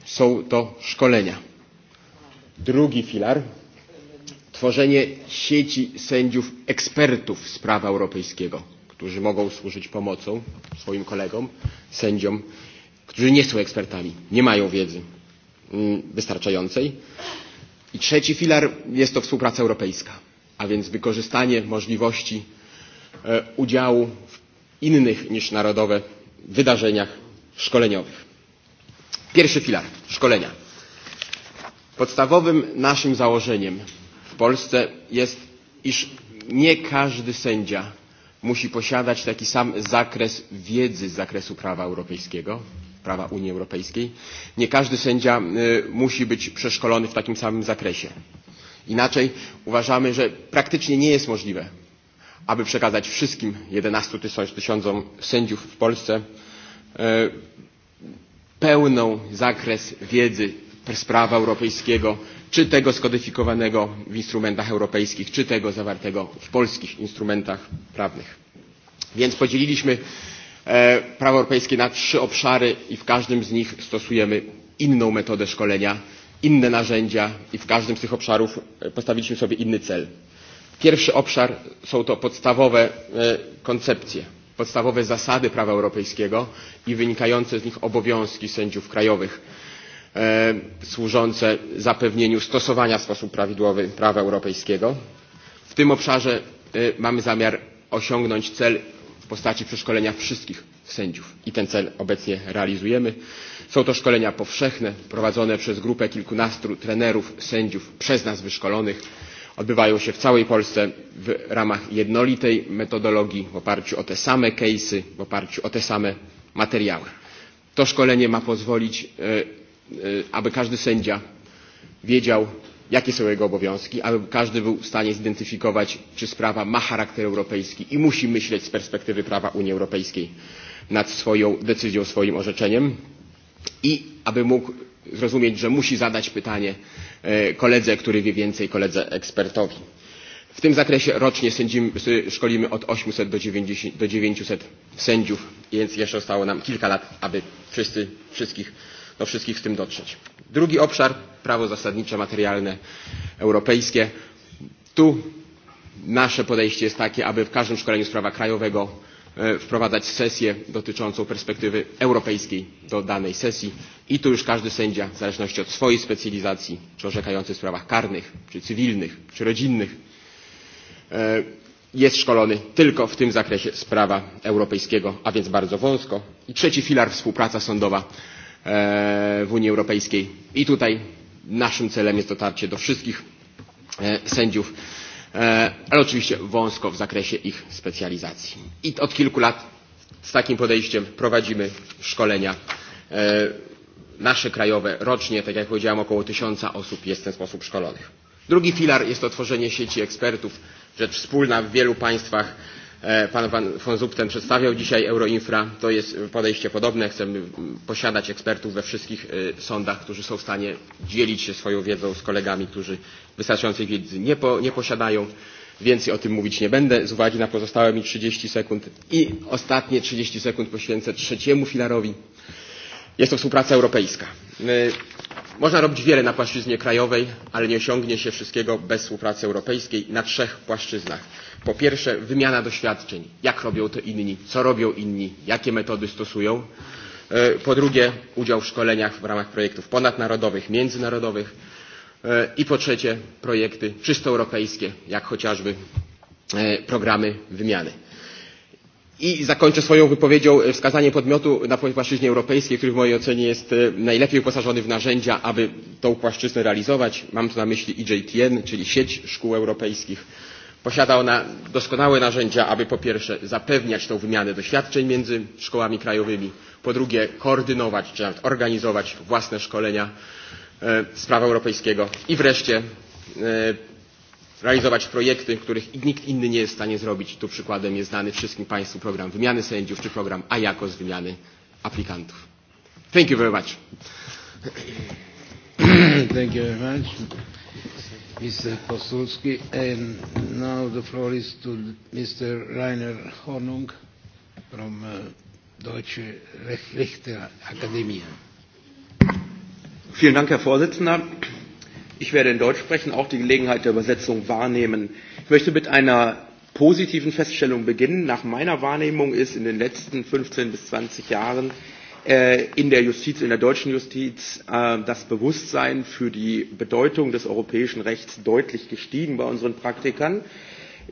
Speaker 11: są to szkolenia. Drugi filar tworzenie sieci sędziów ekspertów z prawa europejskiego, którzy mogą służyć pomocą swoim kolegom, sędziom, którzy nie są ekspertami, nie mają wiedzy wystarczającej. I trzeci filar jest to współpraca europejska, a więc wykorzystanie możliwości udziału w innych niż narodowe wydarzeniach szkoleniowych. Pierwszy filar szkolenia Podstawowym naszym założeniem w Polsce jest, iż nie każdy sędzia musi posiadać taki sam zakres wiedzy z zakresu prawa europejskiego, prawa Unii Europejskiej. Nie każdy sędzia musi być przeszkolony w takim samym zakresie. Inaczej uważamy, że praktycznie nie jest możliwe, aby przekazać wszystkim 11 tysiącom sędziów w Polsce pełną zakres wiedzy prawa europejskiego, czy tego skodyfikowanego w instrumentach europejskich, czy tego zawartego w polskich instrumentach prawnych. Więc podzieliliśmy prawo europejskie na trzy obszary i w każdym z nich stosujemy inną metodę szkolenia, inne narzędzia i w każdym z tych obszarów postawiliśmy sobie inny cel. Pierwszy obszar są to podstawowe koncepcje, podstawowe zasady prawa europejskiego i wynikające z nich obowiązki sędziów krajowych służące zapewnieniu stosowania w sposób prawidłowy prawa europejskiego. W tym obszarze mamy zamiar osiągnąć cel w postaci przeszkolenia wszystkich sędziów i ten cel obecnie realizujemy. Są to szkolenia powszechne prowadzone przez grupę kilkunastu trenerów sędziów przez nas wyszkolonych. Odbywają się w całej Polsce w ramach jednolitej metodologii w oparciu o te same case'y, w oparciu o te same materiały. To szkolenie ma pozwolić aby każdy sędzia wiedział, jakie są jego obowiązki, aby każdy był w stanie zidentyfikować, czy sprawa ma charakter europejski i musi myśleć z perspektywy prawa Unii Europejskiej nad swoją decyzją, swoim orzeczeniem i aby mógł zrozumieć, że musi zadać pytanie koledze, który wie więcej, koledze ekspertowi. W tym zakresie rocznie szkolimy od 800 do 900 sędziów, więc jeszcze zostało nam kilka lat, aby wszyscy, wszystkich do wszystkich w tym dotrzeć. Drugi obszar, prawo zasadnicze, materialne, europejskie. Tu nasze podejście jest takie, aby w każdym szkoleniu sprawa krajowego wprowadzać sesję dotyczącą perspektywy europejskiej do danej sesji i tu już każdy sędzia, w zależności od swojej specjalizacji, czy orzekający w sprawach karnych, czy cywilnych, czy rodzinnych, jest szkolony tylko w tym zakresie sprawa europejskiego, a więc bardzo wąsko. I trzeci filar, współpraca sądowa w Unii Europejskiej. I tutaj naszym celem jest dotarcie do wszystkich sędziów, ale oczywiście wąsko w zakresie ich specjalizacji. I od kilku lat z takim podejściem prowadzimy szkolenia nasze krajowe rocznie, tak jak powiedziałem, około tysiąca osób jest w ten sposób szkolonych. Drugi filar jest to tworzenie sieci ekspertów, rzecz wspólna w wielu państwach pan, pan von Zupten przedstawiał dzisiaj Euroinfra. To jest podejście podobne. Chcemy posiadać ekspertów we wszystkich sądach, którzy są w stanie dzielić się swoją wiedzą z kolegami, którzy wystarczającej wiedzy nie, nie posiadają. Więcej o tym mówić nie będę z uwagi na pozostałe mi 30 sekund. I ostatnie 30 sekund poświęcę trzeciemu filarowi. Jest to współpraca europejska. Można robić wiele na płaszczyźnie krajowej, ale nie osiągnie się wszystkiego bez współpracy europejskiej na trzech płaszczyznach. Po pierwsze, wymiana doświadczeń. Jak robią to inni, co robią inni, jakie metody stosują. Po drugie, udział w szkoleniach w ramach projektów ponadnarodowych, międzynarodowych. I po trzecie, projekty czysto europejskie, jak chociażby programy wymiany. I zakończę swoją wypowiedzią wskazanie podmiotu na płaszczyźnie europejskiej, który w mojej ocenie jest najlepiej uposażony w narzędzia, aby tą płaszczyznę realizować. Mam tu na myśli IJTN, czyli sieć szkół europejskich. Posiada ona doskonałe narzędzia, aby po pierwsze zapewniać tą wymianę doświadczeń między szkołami krajowymi, po drugie koordynować czy nawet organizować własne szkolenia z prawa europejskiego i wreszcie realizować projekty, których nikt inny nie jest w stanie zrobić. Tu przykładem jest znany wszystkim Państwu program wymiany sędziów czy program AJAKO z wymiany aplikantów. Thank you very much.
Speaker 9: Thank you very much. Mr. Kosulski. And now the floor is to Mr. Rainer Hornung from uh, Deutsche Rechte
Speaker 12: Akademie. Vielen Dank, Herr Vorsitzender ich werde in Deutsch sprechen, auch die Gelegenheit der Übersetzung wahrnehmen. Ich möchte mit einer positiven Feststellung beginnen. Nach meiner Wahrnehmung ist in den letzten 15 bis 20 Jahren in der Justiz, in der deutschen Justiz, das Bewusstsein für die Bedeutung des europäischen Rechts deutlich gestiegen bei unseren Praktikern.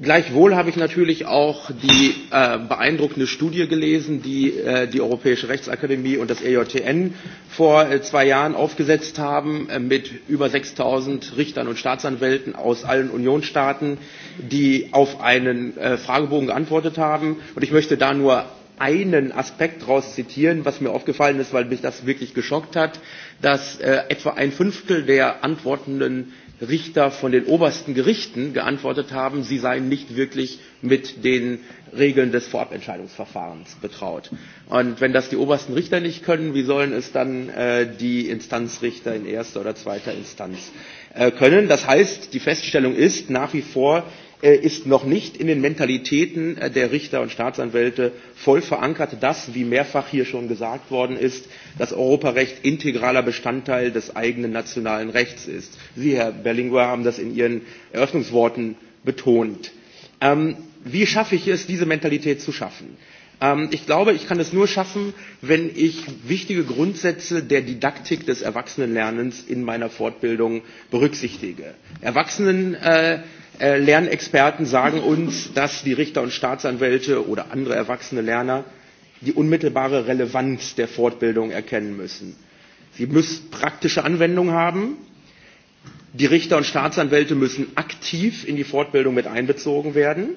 Speaker 12: Gleichwohl habe ich natürlich auch die beeindruckende Studie gelesen, die die Europäische Rechtsakademie und das EJTN vor zwei Jahren aufgesetzt haben, mit über 6000 Richtern und Staatsanwälten aus allen Unionsstaaten, die auf einen Fragebogen geantwortet haben. Und ich möchte da nur einen Aspekt daraus zitieren, was mir aufgefallen ist, weil mich das wirklich geschockt hat, dass etwa ein Fünftel der Antwortenden Richter von den obersten Gerichten geantwortet haben, sie seien nicht wirklich mit den Regeln des Vorabentscheidungsverfahrens betraut. Und wenn das die obersten Richter nicht können, wie sollen es dann die Instanzrichter in erster oder zweiter Instanz können? Das heißt, die Feststellung ist nach wie vor, ist noch nicht in den Mentalitäten der Richter und Staatsanwälte voll verankert, dass, wie mehrfach hier schon gesagt worden ist, das Europarecht integraler Bestandteil des eigenen nationalen Rechts ist. Sie, Herr Berlinguer, haben das in Ihren Eröffnungsworten betont. Wie schaffe ich es, diese Mentalität zu schaffen? Ich glaube, ich kann es nur schaffen, wenn ich wichtige Grundsätze der Didaktik des Erwachsenenlernens in meiner Fortbildung berücksichtige. Erwachsenen Lernexperten sagen uns, dass die Richter und Staatsanwälte oder andere erwachsene Lerner die unmittelbare Relevanz der Fortbildung erkennen müssen. Sie muss praktische Anwendung haben. Die Richter und Staatsanwälte müssen aktiv in die Fortbildung mit einbezogen werden.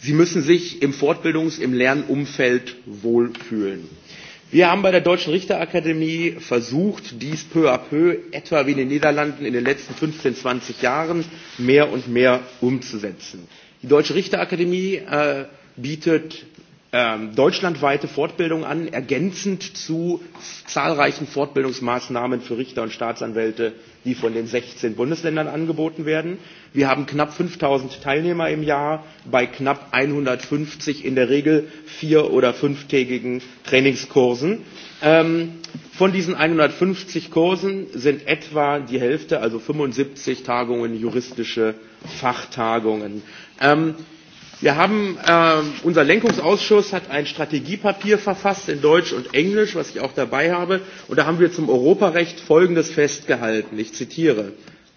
Speaker 12: Sie müssen sich im Fortbildungs-, im Lernumfeld wohlfühlen. Wir haben bei der Deutschen Richterakademie versucht, dies peu à peu, etwa wie in den Niederlanden in den letzten 15, 20 Jahren, mehr und mehr umzusetzen. Die Deutsche Richterakademie bietet deutschlandweite Fortbildung an, ergänzend zu zahlreichen Fortbildungsmaßnahmen für Richter und Staatsanwälte, die von den 16 Bundesländern angeboten werden. Wir haben knapp 5000 Teilnehmer im Jahr bei knapp 150 in der Regel vier- oder fünftägigen Trainingskursen. Von diesen 150 Kursen sind etwa die Hälfte, also 75 Tagungen, juristische Fachtagungen. Wir haben, unser Lenkungsausschuss hat ein Strategiepapier verfasst in Deutsch und Englisch, was ich auch dabei habe. Und da haben wir zum Europarecht Folgendes festgehalten. Ich zitiere.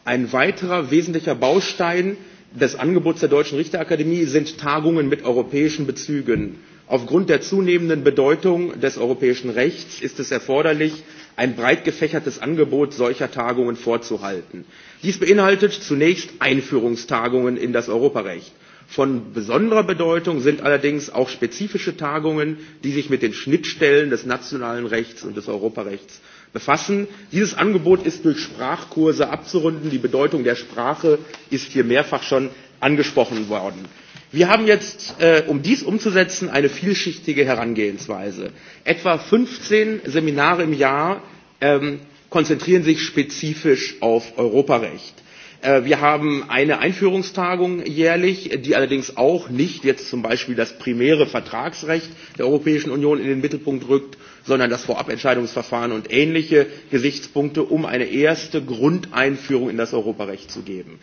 Speaker 12: Ein weiterer wesentlicher Baustein des Angebots der Deutschen Richterakademie sind Tagungen mit europäischen Bezügen. Aufgrund der zunehmenden Bedeutung des europäischen Rechts ist es erforderlich, ein breit gefächertes Angebot solcher Tagungen vorzuhalten. Dies beinhaltet zunächst Einführungstagungen in das Europarecht. Von besonderer Bedeutung sind allerdings auch spezifische Tagungen, die sich mit den Schnittstellen des nationalen Rechts und des Europarechts befassen. Dieses Angebot ist durch Sprachkurse abzurunden. Die Bedeutung der Sprache ist hier mehrfach schon angesprochen worden. Wir haben jetzt, um dies umzusetzen, eine vielschichtige Herangehensweise. Etwa 15 Seminare im Jahr konzentrieren sich spezifisch auf Europarecht. Wir haben eine Einführungstagung jährlich, die allerdings auch nicht jetzt zum Beispiel das primäre Vertragsrecht der Europäischen Union in den Mittelpunkt rückt, sondern das Vorabentscheidungsverfahren und ähnliche Gesichtspunkte, um eine erste Grundeinführung in das Europarecht zu geben.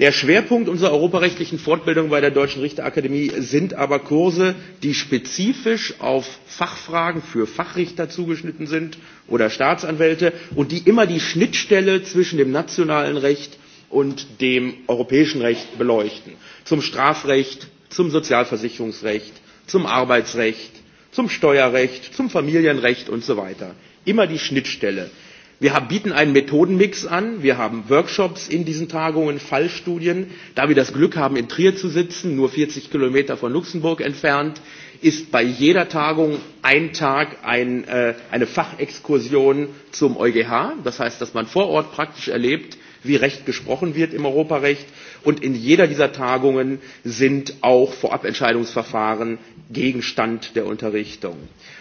Speaker 12: Der Schwerpunkt unserer europarechtlichen Fortbildung bei der Deutschen Richterakademie sind aber Kurse, die spezifisch auf Fachfragen für Fachrichter zugeschnitten sind oder Staatsanwälte und die immer die Schnittstelle zwischen dem nationalen Recht und dem europäischen Recht beleuchten. Zum Strafrecht, zum Sozialversicherungsrecht, zum Arbeitsrecht, zum Steuerrecht, zum Familienrecht und so weiter. Immer die Schnittstelle. Wir bieten einen Methodenmix an. Wir haben Workshops in diesen Tagungen, Fallstudien. Da wir das Glück haben, in Trier zu sitzen, nur 40 Kilometer von Luxemburg entfernt, ist bei jeder Tagung ein Tag eine Fachexkursion zum EuGH. Das heißt, dass man vor Ort praktisch erlebt, wie Recht gesprochen wird im Europarecht. Und in jeder dieser Tagungen sind auch Vorabentscheidungsverfahren Gegenstand der Unterrichtung.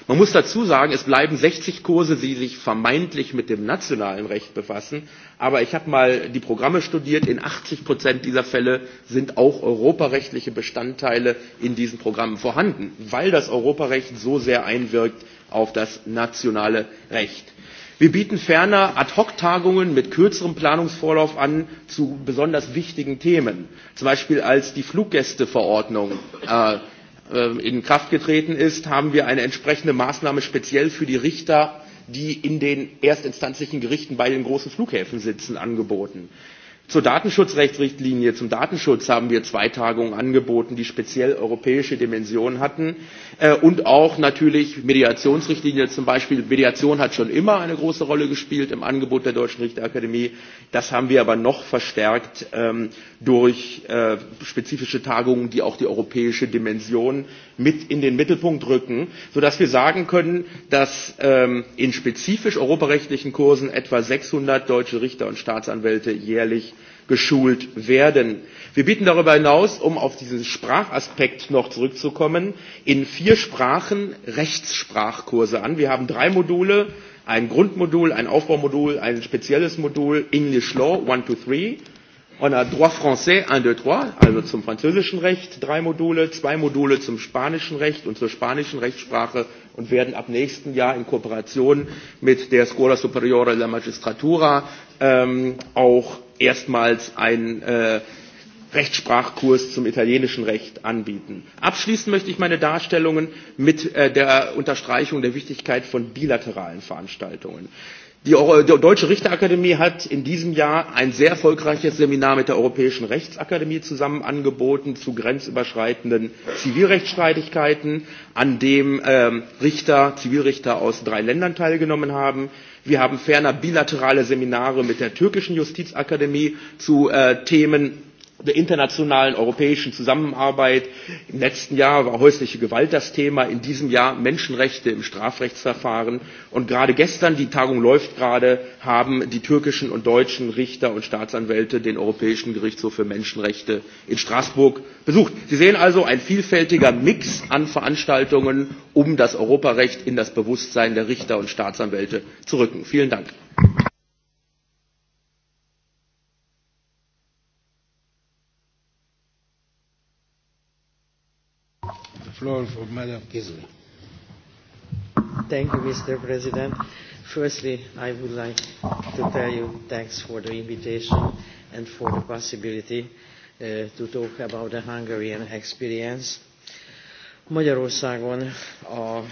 Speaker 12: Man muss dazu sagen, es bleiben 60 Kurse, die sich vermeintlich mit dem nationalen Recht befassen. Aber ich habe mal die Programme studiert. In 80 dieser Fälle sind auch europarechtliche Bestandteile in diesen Programmen vorhanden, weil das Europarecht so sehr einwirkt auf das nationale Recht. Wir bieten ferner Ad-Hoc-Tagungen mit kürzerem Planungsvorlauf an zu besonders wichtigen Themen. Zum Beispiel als die Fluggästeverordnung in Kraft getreten ist, haben wir eine entsprechende Maßnahme speziell für die Richter, die in den erstinstanzlichen Gerichten bei den großen Flughäfen sitzen, angeboten. Zur Datenschutzrechtsrichtlinie, zum Datenschutz haben wir zwei Tagungen angeboten, die speziell europäische Dimensionen hatten und auch natürlich Mediationsrichtlinie zum Beispiel. Mediation hat schon immer eine große Rolle gespielt im Angebot der Deutschen Richterakademie. Das haben wir aber noch verstärkt durch spezifische Tagungen, die auch die europäische Dimension mit in den Mittelpunkt rücken, sodass wir sagen können, dass in spezifisch europarechtlichen Kursen etwa 600 deutsche Richter und Staatsanwälte jährlich geschult werden. Wir bieten darüber hinaus, um auf diesen Sprachaspekt noch zurückzukommen, in vier Sprachen Rechtssprachkurse an. Wir haben drei Module, ein Grundmodul, ein Aufbaumodul, ein spezielles Modul, English Law, 1 to 3. On a Droit Français, 1, 2, 3, also zum französischen Recht, drei Module, zwei Module zum spanischen Recht und zur spanischen Rechtssprache und werden ab nächsten Jahr in Kooperation mit der Scuola Superiore della Magistratura auch erstmals einen Rechtssprachkurs zum italienischen Recht anbieten. Abschließend möchte ich meine Darstellungen mit der Unterstreichung der Wichtigkeit von bilateralen Veranstaltungen. Die Deutsche Richterakademie hat in diesem Jahr ein sehr erfolgreiches Seminar mit der Europäischen Rechtsakademie zusammen angeboten zu grenzüberschreitenden Zivilrechtsstreitigkeiten, an dem Richter, Zivilrichter aus drei Ländern teilgenommen haben. Wir haben ferner bilaterale Seminare mit der türkischen Justizakademie zu Themen der internationalen europäischen Zusammenarbeit. Im letzten Jahr war häusliche Gewalt das Thema, in diesem Jahr Menschenrechte im Strafrechtsverfahren. Und gerade gestern, die Tagung läuft gerade, haben die türkischen und deutschen Richter und Staatsanwälte den Europäischen Gerichtshof für Menschenrechte in Straßburg besucht. Sie sehen also ein vielfältiger Mix an Veranstaltungen, um das Europarecht in das Bewusstsein der Richter und Staatsanwälte zu rücken. Vielen Dank.
Speaker 13: Madam Thank you, Mr. President. Firstly, I would like to tell you thanks for the invitation and for the possibility to talk about the Hungarian experience. Magyarországon a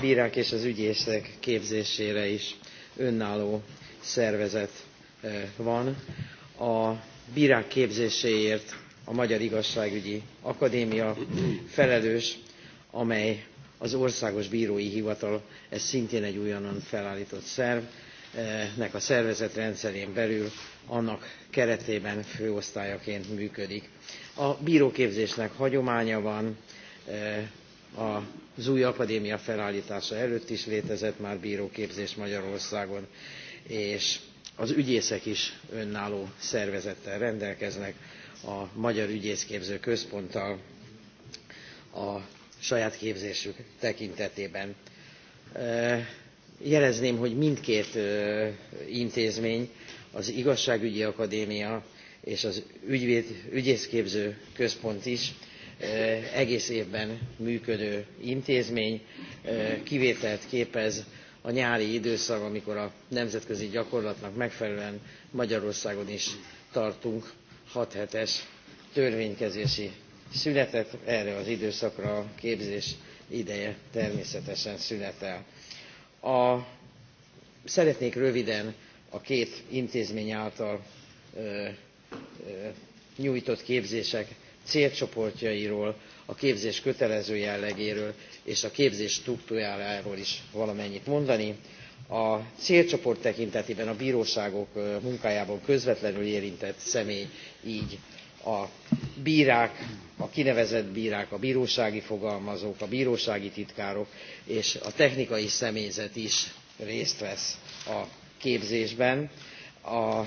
Speaker 13: bírák és az ügyészek képzésére is önálló szervezet van. A bírák képzéséért a Magyar Igazságügyi Akadémia felelős, amely az Országos Bírói Hivatal, ez szintén egy újonnan felállított szerv, nek a rendszerén belül annak keretében főosztályaként működik. A bíróképzésnek hagyománya van, az új akadémia felállítása előtt is létezett már bíróképzés Magyarországon, és az ügyészek is önálló szervezettel rendelkeznek, a Magyar Ügyészképző Központtal a saját képzésük tekintetében. Jelezném, hogy mindkét intézmény, az Igazságügyi Akadémia és az ügyvéd, ügyészképző központ is egész évben működő intézmény, kivételt képez a nyári időszak, amikor a nemzetközi gyakorlatnak megfelelően Magyarországon is tartunk 6 es törvénykezési született erre az időszakra a képzés ideje természetesen születel. A, szeretnék röviden a két intézmény által ö, ö, nyújtott képzések célcsoportjairól, a képzés kötelező jellegéről és a képzés struktúrájáról is valamennyit mondani. A célcsoport tekintetében a bíróságok munkájában közvetlenül érintett személy így a bírák, a kinevezett bírák, a bírósági fogalmazók, a bírósági titkárok és a technikai személyzet is részt vesz a képzésben, a,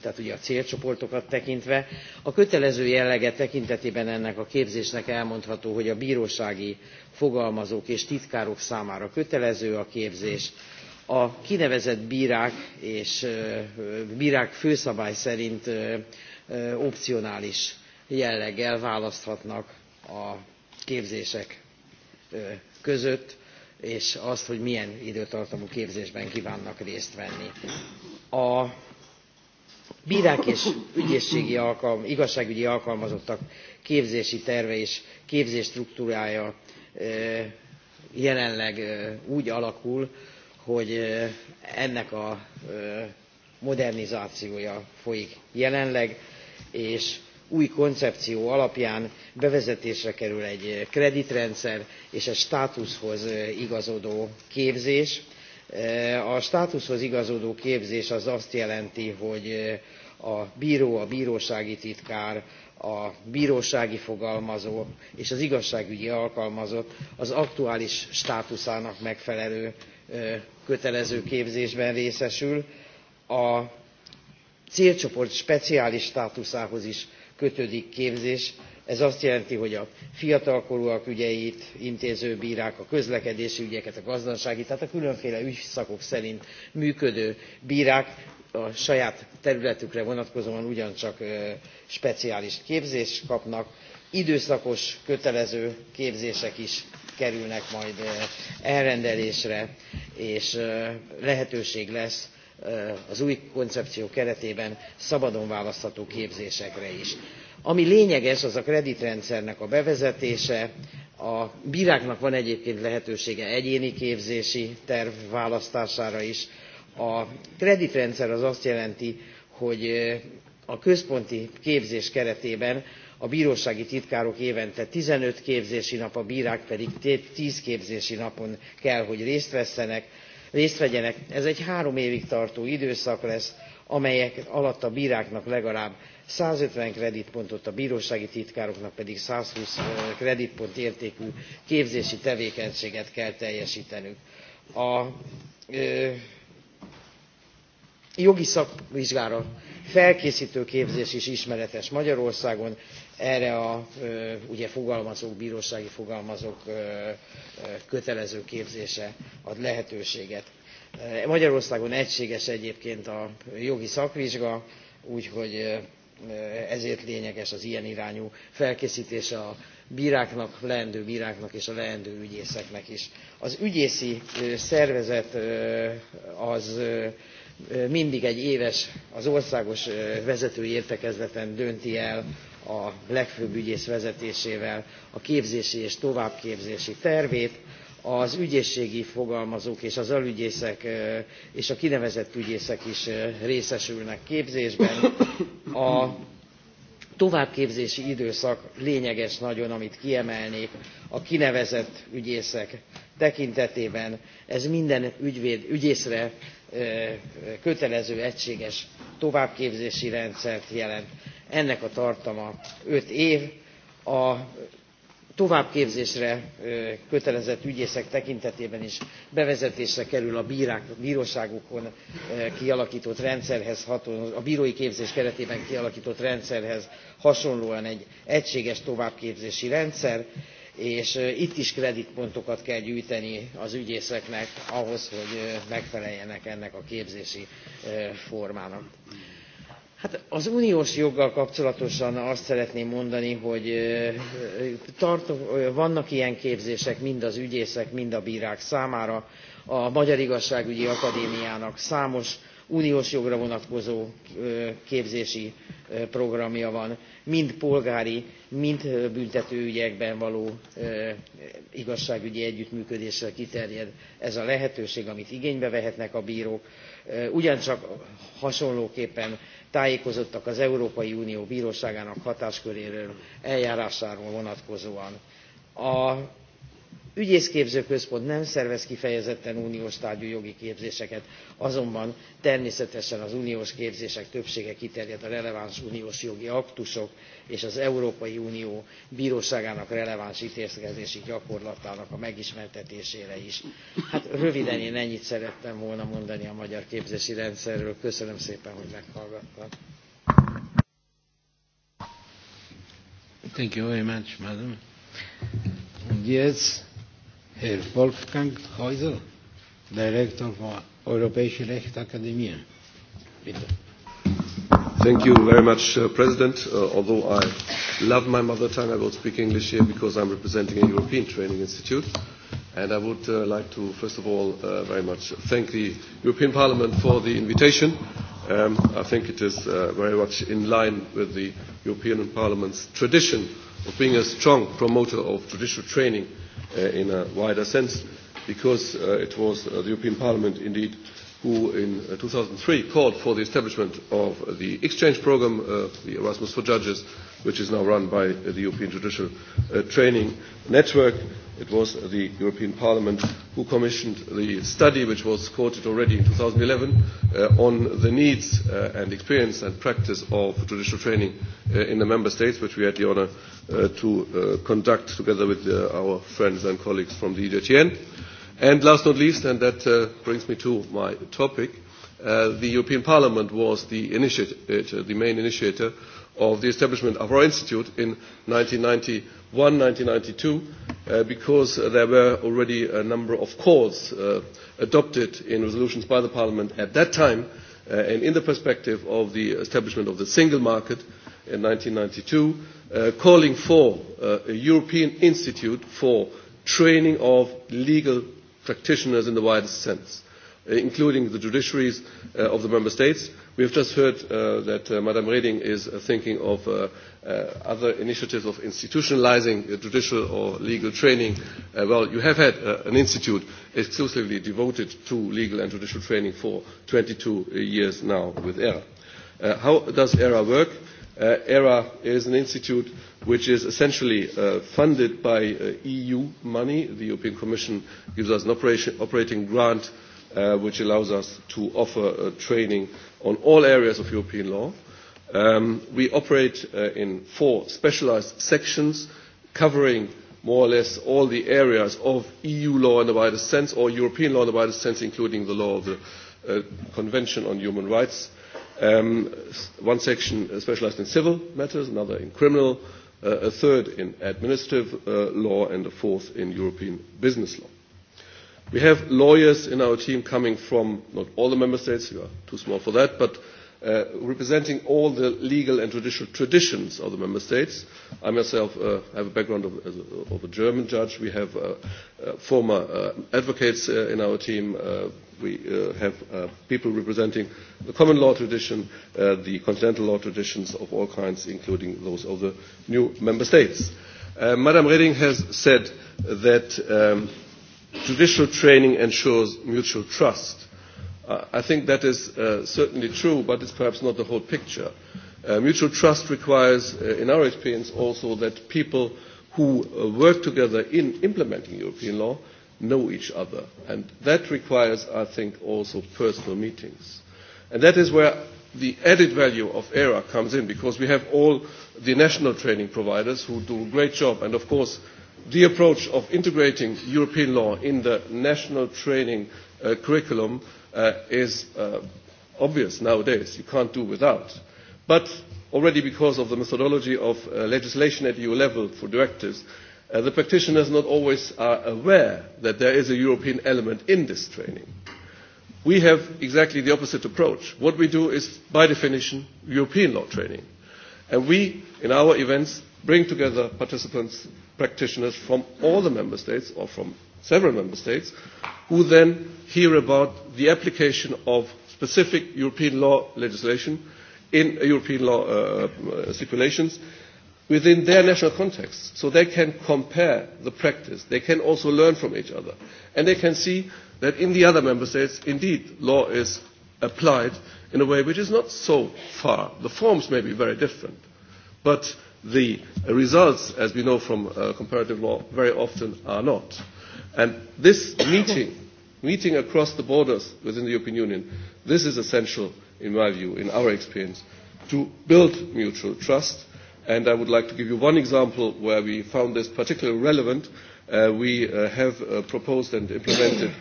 Speaker 13: tehát ugye a célcsoportokat tekintve. A kötelező jellege tekintetében ennek a képzésnek elmondható, hogy a bírósági fogalmazók és titkárok számára kötelező a képzés, a kinevezett bírák és bírák főszabály szerint opcionális jelleggel választhatnak a képzések között, és azt, hogy milyen időtartamú képzésben kívánnak részt venni. A bírák és ügyészségi alkalm, igazságügyi alkalmazottak képzési terve és képzés struktúrája jelenleg úgy alakul, hogy ennek a modernizációja folyik jelenleg, és új koncepció alapján bevezetésre kerül egy kreditrendszer és egy státuszhoz igazodó képzés. A státuszhoz igazodó képzés az azt jelenti, hogy a bíró, a bírósági titkár, a bírósági fogalmazó és az igazságügyi alkalmazott az aktuális státuszának megfelelő kötelező képzésben részesül, a célcsoport speciális státuszához is kötődik képzés. Ez azt jelenti, hogy a fiatalkorúak ügyeit intéző bírák, a közlekedési ügyeket, a gazdasági, tehát a különféle ügyszakok szerint működő bírák a saját területükre vonatkozóan ugyancsak speciális képzést kapnak. Időszakos kötelező képzések is kerülnek majd elrendelésre, és lehetőség lesz az új koncepció keretében szabadon választható képzésekre is. Ami lényeges, az a kreditrendszernek a bevezetése, a bíráknak van egyébként lehetősége egyéni képzési terv választására is. A kreditrendszer az azt jelenti, hogy a központi képzés keretében a bírósági titkárok évente 15 képzési nap, a bírák pedig 10 képzési napon kell, hogy részt, vesztenek, részt vegyenek. Ez egy három évig tartó időszak lesz, amelyek alatt a bíráknak legalább 150 kreditpontot, a bírósági titkároknak pedig 120 kreditpont értékű képzési tevékenységet kell teljesítenük. A jogi szakvizsgára felkészítő képzés is ismeretes Magyarországon, erre a ugye fogalmazók, bírósági fogalmazók kötelező képzése ad lehetőséget. Magyarországon egységes egyébként a jogi szakvizsga, úgyhogy ezért lényeges az ilyen irányú felkészítése a bíráknak, leendő bíráknak és a leendő ügyészeknek is. Az ügyészi szervezet az mindig egy éves, az országos vezetői értekezleten dönti el a legfőbb ügyész vezetésével a képzési és továbbképzési tervét, az ügyészségi fogalmazók és az alügyészek és a kinevezett ügyészek is részesülnek képzésben. A továbbképzési időszak lényeges nagyon, amit kiemelnék a kinevezett ügyészek tekintetében. Ez minden ügyvéd, ügyészre kötelező egységes továbbképzési rendszert jelent ennek a tartama öt év a továbbképzésre kötelezett ügyészek tekintetében is bevezetésre kerül a bírák, bíróságokon kialakított rendszerhez, a bírói képzés keretében kialakított rendszerhez hasonlóan egy egységes továbbképzési rendszer, és itt is kreditpontokat kell gyűjteni az ügyészeknek ahhoz, hogy megfeleljenek ennek a képzési formának. Hát az uniós joggal kapcsolatosan azt szeretném mondani, hogy tartunk, vannak ilyen képzések mind az ügyészek, mind a bírák számára. A Magyar Igazságügyi Akadémiának számos uniós jogra vonatkozó képzési programja van, mind polgári, mind büntetőügyekben való igazságügyi együttműködéssel kiterjed ez a lehetőség, amit igénybe vehetnek a bírók. Ugyancsak hasonlóképpen tájékozottak az Európai Unió Bíróságának hatásköréről eljárásáról vonatkozóan. A ügyészképzőközpont nem szervez kifejezetten uniós tárgyú jogi képzéseket, azonban természetesen az uniós képzések többsége kiterjed a releváns uniós jogi aktusok és az Európai Unió bíróságának releváns ítézkedési gyakorlatának a megismertetésére is. Hát röviden én ennyit szerettem volna mondani a magyar képzési rendszerről. Köszönöm szépen, hogy meghallgattam.
Speaker 9: Thank you very much, madam. yes. Herr Wolfgang Häusel, Director for Europäische Rechtsakademie. Bitte.
Speaker 14: Thank you very
Speaker 15: much, President. although I love my mother tongue, I will speak English here because I'm representing a European training institute. And I would like to, first of all, very much thank the European Parliament for the invitation. I think it is very much in line with the European Parliament's tradition of being a strong promoter of judicial training in a wider sense because it was the European Parliament indeed who in 2003 called for the establishment of the exchange program, the Erasmus for Judges, which is now run by the European Judicial Training Network. It was the European Parliament who commissioned the study, which was quoted already in 2011, on the needs and experience and practice of judicial training in the Member States, which we had the honour to conduct together with our friends and colleagues from the EJTN. And last not least, and that brings me to my topic, the European Parliament was the the main initiator of the establishment of our institute in 1991, 1992, because there were already a number of calls adopted in resolutions by the Parliament at that time, and in the perspective of the establishment of the single market in 1992, calling for a European institute for training of legal practitioners in the widest sense, including the judiciaries of the member states. We have just heard that Madam Reding is thinking of other initiatives of institutionalizing judicial or legal training. Well, you have had an institute exclusively devoted to legal and judicial training for 22 years now with ERA. How does ERA work? ERA is an institute which is essentially funded by EU money. The European Commission gives us an operating grant which allows us to offer training on all areas of European law. We operate in four specialized sections covering more or less all the areas of EU law in the widest sense or European law in the widest sense, including the law of the Convention on Human Rights. One section specialized in civil matters, another in criminal a third in administrative law and a fourth in European business law. We have lawyers in our team coming from not all the member states, you are too small for that, but representing all the legal and judicial traditions of the member states. I myself have a background of a German judge. We have former advocates in our team, we have people representing the common law tradition, the continental law traditions of all kinds, including those of the new member states. Madam Reding has said that judicial training ensures mutual trust. I think that is certainly true, but it's perhaps not the whole picture. Mutual trust requires, in our experience, also that people who work together in implementing European law know each other. And that requires, I think, also personal meetings. And that is where the added value of ERA comes in, because we have all the national training providers who do a great job. And of course, the approach of integrating European law in the national training curriculum is obvious nowadays. You can't do without. But already because of the methodology of legislation at EU level for directives, The practitioners not always are aware that there is a European element in this training. We have exactly the opposite approach. What we do is, by definition, European law training. And we, in our events, bring together participants, practitioners from all the member states or from several member states, who then hear about the application of specific European law legislation in European law stipulations within their national context so they can compare the practice they can also learn from each other and they can see that in the other member states indeed law is applied in a way which is not so far the forms may be very different but the results as we know from comparative law very often are not and this meeting meeting across the borders within the European Union this is essential in my view in our experience to build mutual trust And I would like to give you one example where we found this particularly relevant. We have proposed and implemented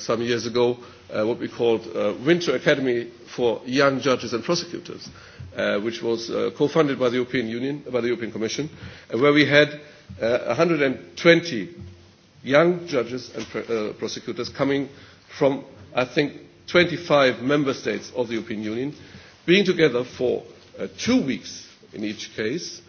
Speaker 15: some years ago what we called Winter Academy for Young Judges and Prosecutors, which was co-funded by the European Union, by the European Commission, where we had 120 young judges and prosecutors coming from, I think, 25 member states of the European Union, being together for two weeks in each case,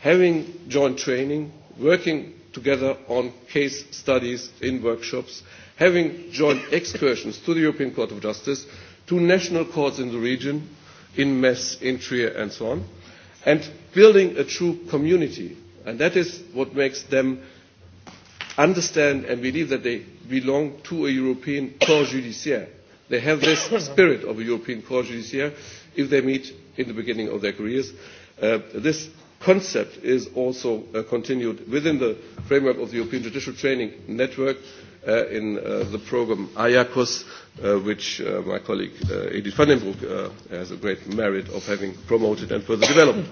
Speaker 15: having joint training, working together on case studies in workshops, having joint excursions to the European Court of Justice, to national courts in the region, in Metz, in Trier, and so on, and building a true community. And that is what makes them understand and believe that they belong to a European corps judiciaire. They have this spirit of a European corps judiciaire if they meet in the beginning of their careers. This concept is also continued within the framework of the European Judicial Training Network in the program IACOS, which my colleague Edith van has a great merit of having promoted and further developed.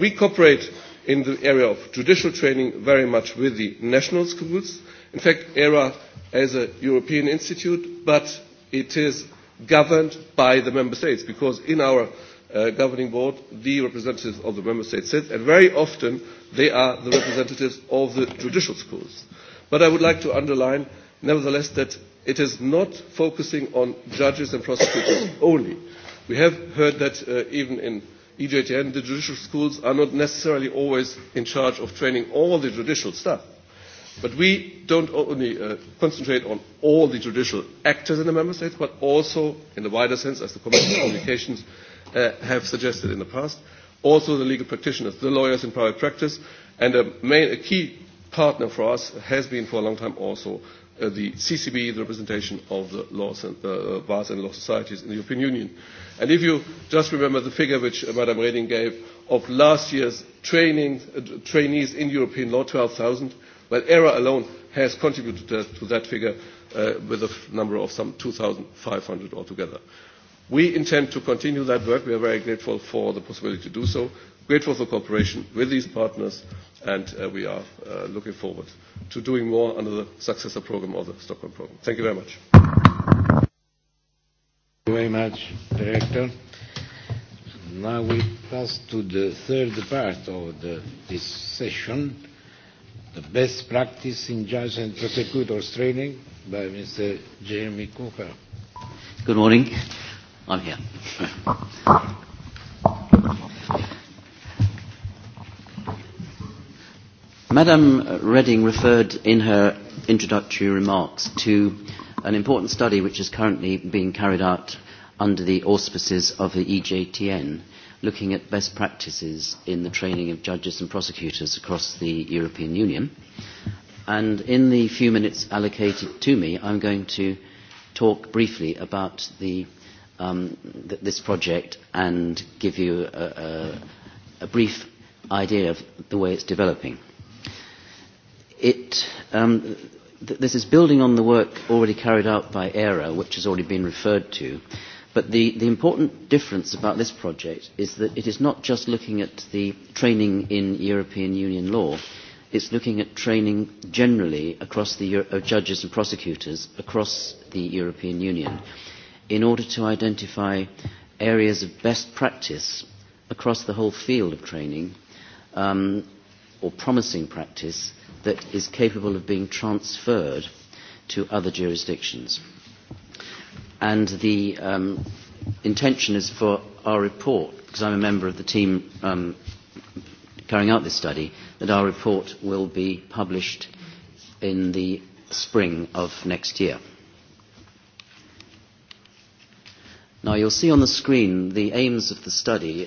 Speaker 15: We cooperate in the area of judicial training very much with the national schools. In fact, ERA is a European institute, but it is governed by the member states because in our governing board the representatives of the member states sit, and very often they are the representatives of the judicial schools. But I would like to underline, nevertheless, that it is not focusing on judges and prosecutors only. We have heard that even in EJTN, the judicial schools are not necessarily always in charge of training all the judicial staff. But we don't only concentrate on all the judicial actors in the member states, but also, in the wider sense, as the Commission of Communications have suggested in the past, also the legal practitioners, the lawyers in private practice, and a key partner for us has been for a long time also the CCB, the representation of the laws and bars and law societies in the European Union. And if you just remember the figure which Madam Reding gave of last year's training trainees in European law, 12,000, well, ERA alone has contributed to that figure with a number of some 2,500 altogether. We intend to continue that work. We are very grateful for the possibility to do so, grateful for cooperation with these partners, and we are looking forward to doing more under the successor program of the Stockholm program. Thank you very much. Thank you very much, Director.
Speaker 9: Now we pass to the third part of this session, the best practice in judge and prosecutors training by Mr. Jeremy Cooper.
Speaker 16: Good morning. I'm here. Madam Redding referred in her introductory remarks to an important study which is currently being carried out under the auspices of the EJTN, looking at best practices in the training of judges and prosecutors across the European Union. And in the few minutes allocated to me, I'm going to talk briefly about the this project and give you a brief idea of the way it's developing. This is building on the work already carried out by ERA, which has already been referred to. But the important difference about this project is that it is not just looking at the training in European Union law. It's looking at training generally across the judges and prosecutors across the European Union in order to identify areas of best practice across the whole field of training or promising practice that is capable of being transferred to other jurisdictions. And the intention is for our report, because I'm a member of the team carrying out this study, that our report will be published in the spring of next year. Now you'll see on the screen the aims of the study.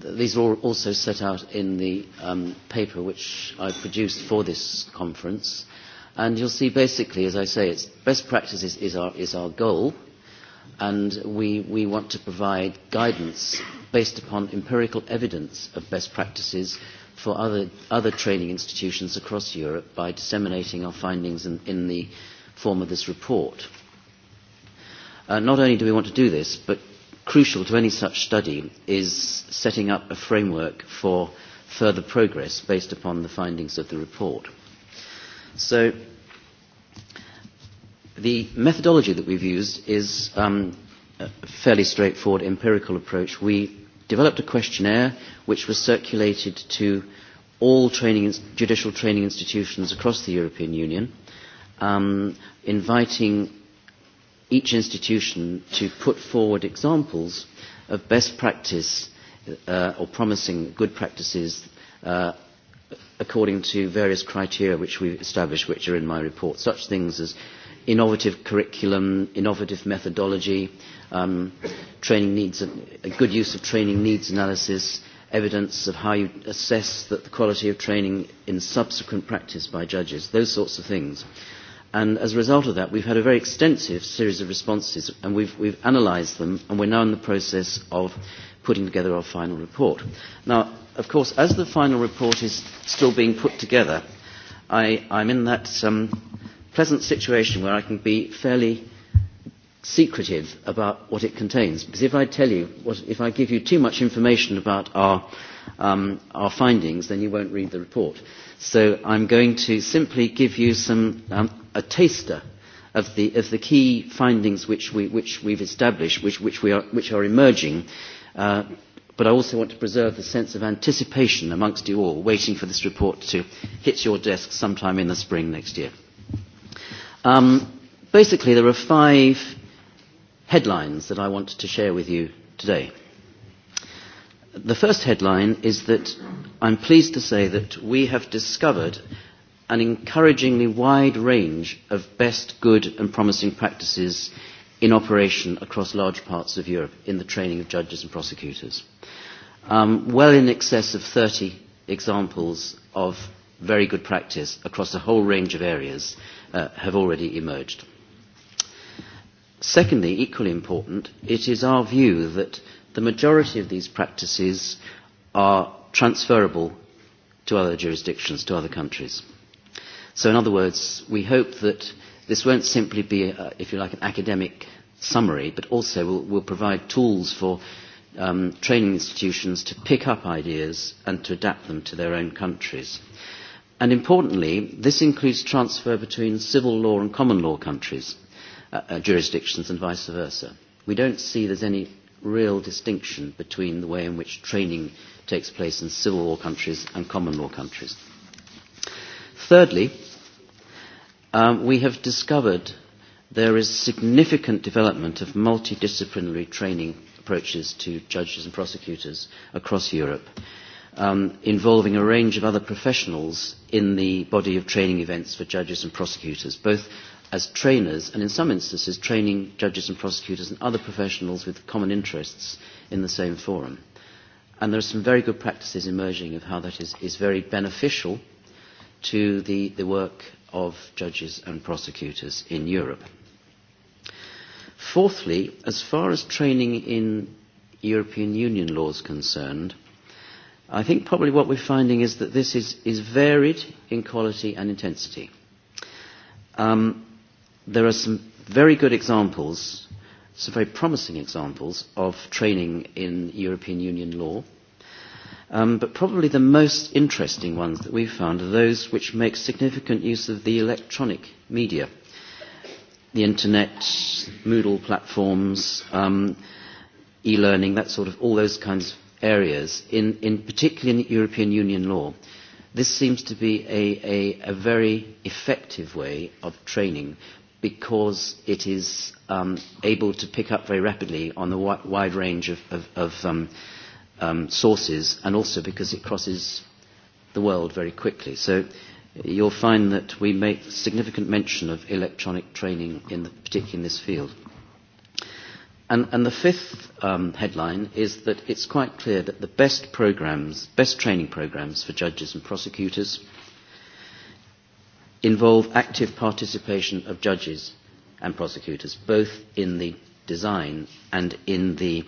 Speaker 16: These are also set out in the paper which I produced for this conference. And you'll see basically, as I say, it's best practices is our, is our goal. And we, we want to provide guidance based upon empirical evidence of best practices for other, other training institutions across Europe by disseminating our findings in, in the form of this report. Not only do we want to do this, but crucial to any such study is setting up a framework for further progress based upon the findings of the report. So the methodology that we've used is a fairly straightforward empirical approach. We developed a questionnaire which was circulated to all training judicial training institutions across the European Union, inviting each institution to put forward examples of best practice or promising good practices according to various criteria which we established, which are in my report, such things as innovative curriculum, innovative methodology, training needs, a good use of training needs analysis, evidence of how you assess that the quality of training in subsequent practice by judges, those sorts of things. And as a result of that, we've had a very extensive series of responses, and we've, have analysed them, and we're now in the process of putting together our final report. Now, of course, as the final report is still being put together, I, I'm in that pleasant situation where I can be fairly secretive about what it contains. Because if I tell you, what, if I give you too much information about our our findings, then you won't read the report. So I'm going to simply give you some a taster of the of the key findings which we which we've established, which which we are which are emerging. But I also want to preserve the sense of anticipation amongst you all, waiting for this report to hit your desk sometime in the spring next year. Basically, there are five headlines that I want to share with you today. The first headline is that I'm pleased to say that we have discovered an encouragingly wide range of best, good and promising practices in operation across large parts of Europe in the training of judges and prosecutors. Well in excess of 30 examples of very good practice across a whole range of areas have already emerged. Secondly, equally important, it is our view that the majority of these practices are transferable to other jurisdictions, to other countries. So in other words, we hope that this won't simply be, if you like, an academic summary, but also will, provide tools for training institutions to pick up ideas and to adapt them to their own countries. And importantly, this includes transfer between civil law and common law countries, jurisdictions, and vice versa. We don't see there's any real distinction between the way in which training takes place in civil war countries and common law countries. Thirdly, we have discovered there is significant development of multidisciplinary training approaches to judges and prosecutors across Europe, involving a range of other professionals in the body of training events for judges and prosecutors, both as trainers and in some instances training judges and prosecutors and other professionals with common interests in the same forum. And there are some very good practices emerging of how that is, is very beneficial to the, the work of judges and prosecutors in Europe. Fourthly, as far as training in European Union law is concerned, I think probably what we're finding is that this is, is varied in quality and intensity. Um, there are some very good examples, some very promising examples of training in European Union law. But probably the most interesting ones that we've found are those which make significant use of the electronic media, the internet, Moodle platforms, e-learning, that sort of all those kinds of areas, in in particularly in European Union law. This seems to be a very effective way of training because it is able to pick up very rapidly on the wide range of sources and also because it crosses the world very quickly. So you'll find that we make significant mention of electronic training, in particularly in this field. And the fifth headline is that it's quite clear that the best programs, best training programs for judges and prosecutors involve active participation of judges and prosecutors, both in the design and in the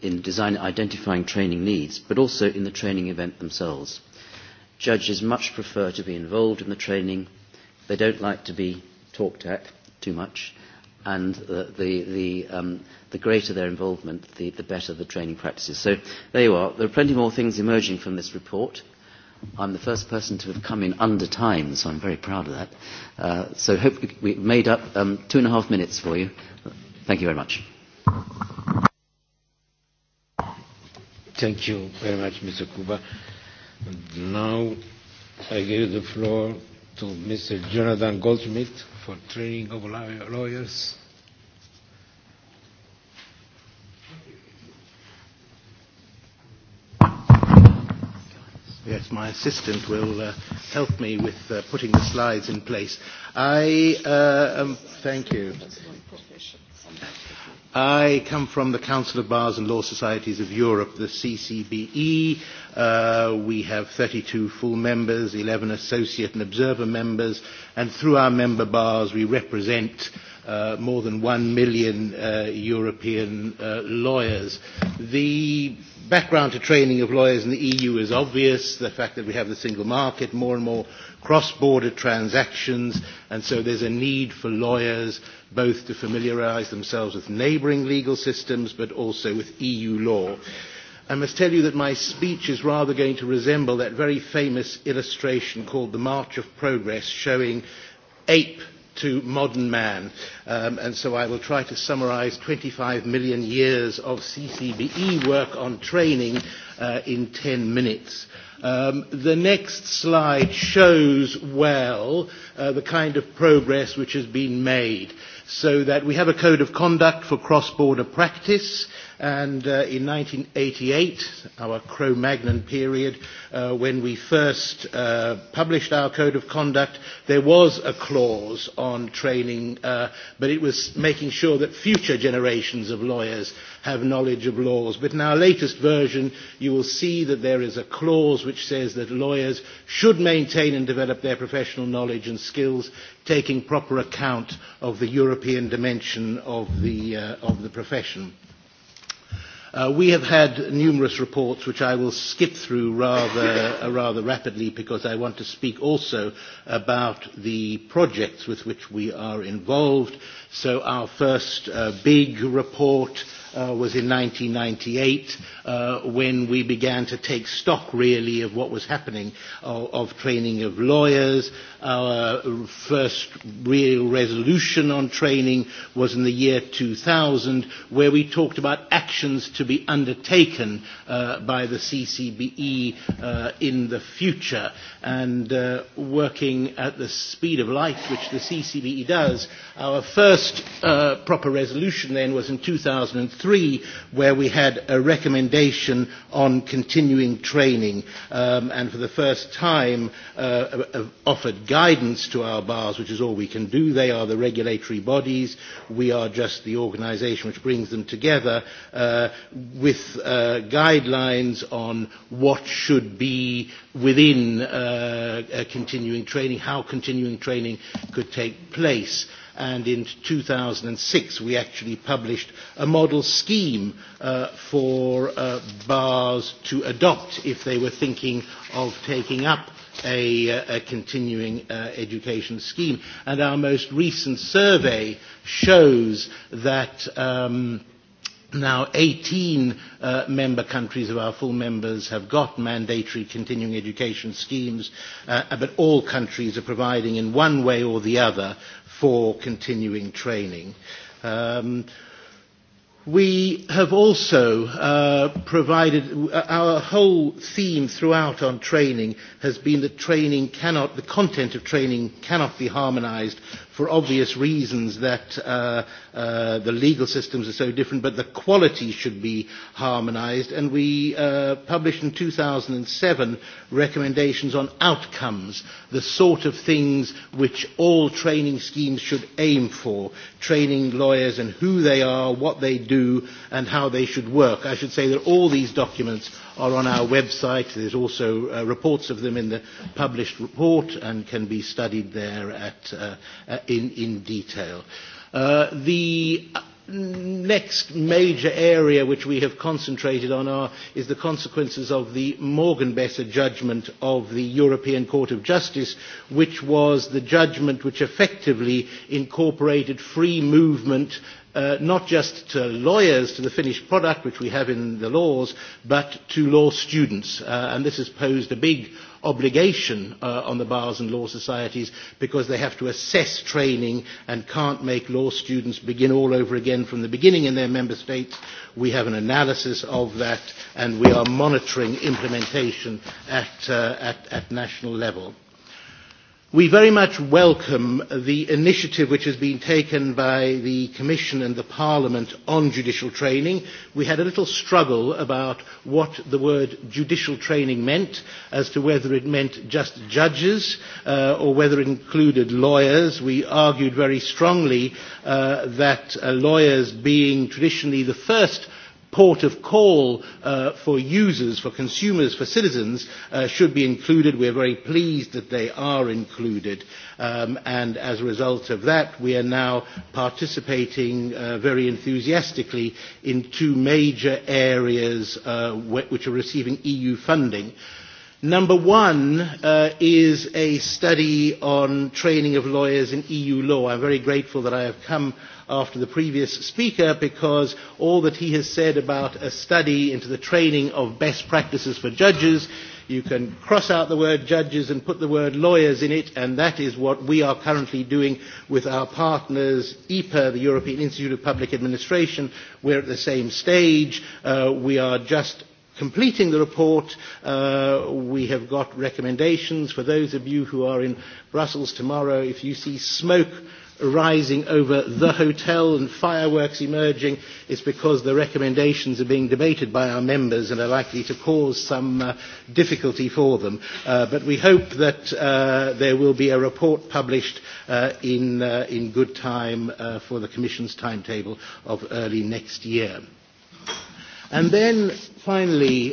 Speaker 16: in design identifying training needs, but also in the training event themselves. Judges much prefer to be involved in the training. They don't like to be talked at too much, and the the the greater their involvement, the the better the training practices. So there you are. There are plenty more things emerging from this report. I'm the first person to have come in under time, so I'm very proud of that. Uh, so hope we made up um, two and a half minutes for you. Thank you very much.
Speaker 9: Thank you very much, Mr. Kuba. Now I give the floor to Mr. Jonathan Goldsmith for training of lawyers.
Speaker 17: Yes, my assistant will help me with putting the slides in place. I thank you. I come from the Council of Bars and Law Societies of Europe, the CCBE. We have 32 full members, 11 associate and observer members, and through our member bars we represent more than one million European lawyers. The background to training of lawyers in the EU is obvious, the fact that we have the single market, more and more cross-border transactions, and so there's a need for lawyers both to familiarise themselves with neighbouring legal systems but also with EU law. I must tell you that my speech is rather going to resemble that very famous illustration called The March of Progress showing ape to modern man. And so I will try to summarise 25 million years of CCBE work on training in 10 minutes. The next slide shows well the kind of progress which has been made. So that we have a code of conduct for cross-border practice and in 1988, our Cro-Magnon period, when we first published our Code of Conduct, there was a clause on training, but it was making sure that future generations of lawyers have knowledge of laws. But in our latest version, you will see that there is a clause which says that lawyers should maintain and develop their professional knowledge and skills, taking proper account of the European dimension of the profession. We have had numerous reports which I will skip through rather rapidly because I want to speak also about the projects with which we are involved. So our first big report was in 1998 when we began to take stock really of what was happening of training of lawyers. Our first real resolution on training was in the year 2000 where we talked about actions to be undertaken by the CCBE in the future and working at the speed of light which the CCBE does. Our first proper resolution then was in 2003 three, where we had a recommendation on continuing training and for the first time offered guidance to our bars, which is all we can do. They are the regulatory bodies. We are just the organisation which brings them together with guidelines on what should be within continuing training, how continuing training could take place and in 2006 we actually published a model scheme for bars to adopt if they were thinking of taking up a continuing education scheme. And our most recent survey shows that now 18 member countries of our full members have got mandatory continuing education schemes, but all countries are providing in one way or the other for continuing training. We have also provided our whole theme throughout on training has been that training cannot, the content of training cannot be harmonised for obvious reasons that the legal systems are so different, but the quality should be harmonized. And we published in 2007 recommendations on outcomes, the sort of things which all training schemes should aim for, training lawyers and who they are, what they do, and how they should work. I should say that all these documents are on our website. There's also reports of them in the published report and can be studied there at in detail. The next major area which we have concentrated on are is the consequences of the Morgenbesser judgment of the European Court of Justice which was the judgment which effectively incorporated free movement not just to lawyers to the finished product which we have in the laws but to law students and this has posed a big obligation on the bars and law societies because they have to assess training and can't make law students begin all over again from the beginning in their member states. We have an analysis of that and we are monitoring implementation at national level. We very much welcome the initiative which has been taken by the Commission and Parliament on judicial training. We had a little struggle about what the word judicial training meant, as to whether it meant just judges or whether it included lawyers. We argued very strongly that lawyers being traditionally the first port of call for users, for consumers, for citizens should be included. We are very pleased that they are included and as a result of that we are now participating very enthusiastically in two major areas which are receiving EU funding Number one is a study on training of lawyers in EU law. I'm very grateful that I have come after the previous speaker because all that he has said about a study into the training of best practices for judges you can cross out the word judges and put the word lawyers in it and that is what we are currently doing with our partners EPA, the European Institute of Public Administration. We're at the same stage. We are just completing the report, we have got recommendations for those of you who are in Brussels tomorrow. If you see smoke rising over the hotel and fireworks emerging, it's because the recommendations are being debated by our members and are likely to cause some difficulty for them. But we hope that there will be a report published in good time for the Commission's timetable of early next year. And then Finally,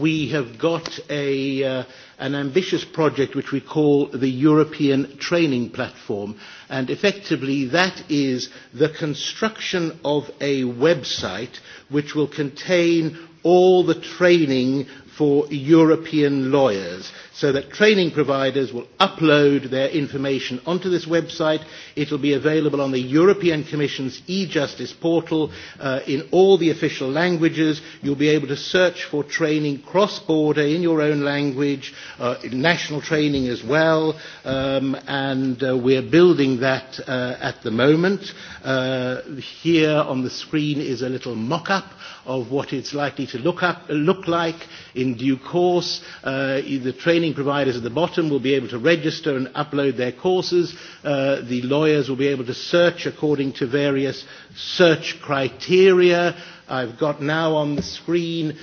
Speaker 17: we have got an ambitious project which we call the European Training Platform, and effectively that is the construction of a website which will contain all the training for European lawyers so that training providers will upload their information onto this website. It will be available on the European Commission's e-justice portal in all the official languages. You'll be able to search for training cross-border in your own language, national training as well, and we're building that at the moment. Here on the screen is a little mock-up of what it's likely to look like in due course. The training training providers at the bottom will be able to register and upload their courses. The lawyers will be able to search according to various search criteria. I've got now on the screen,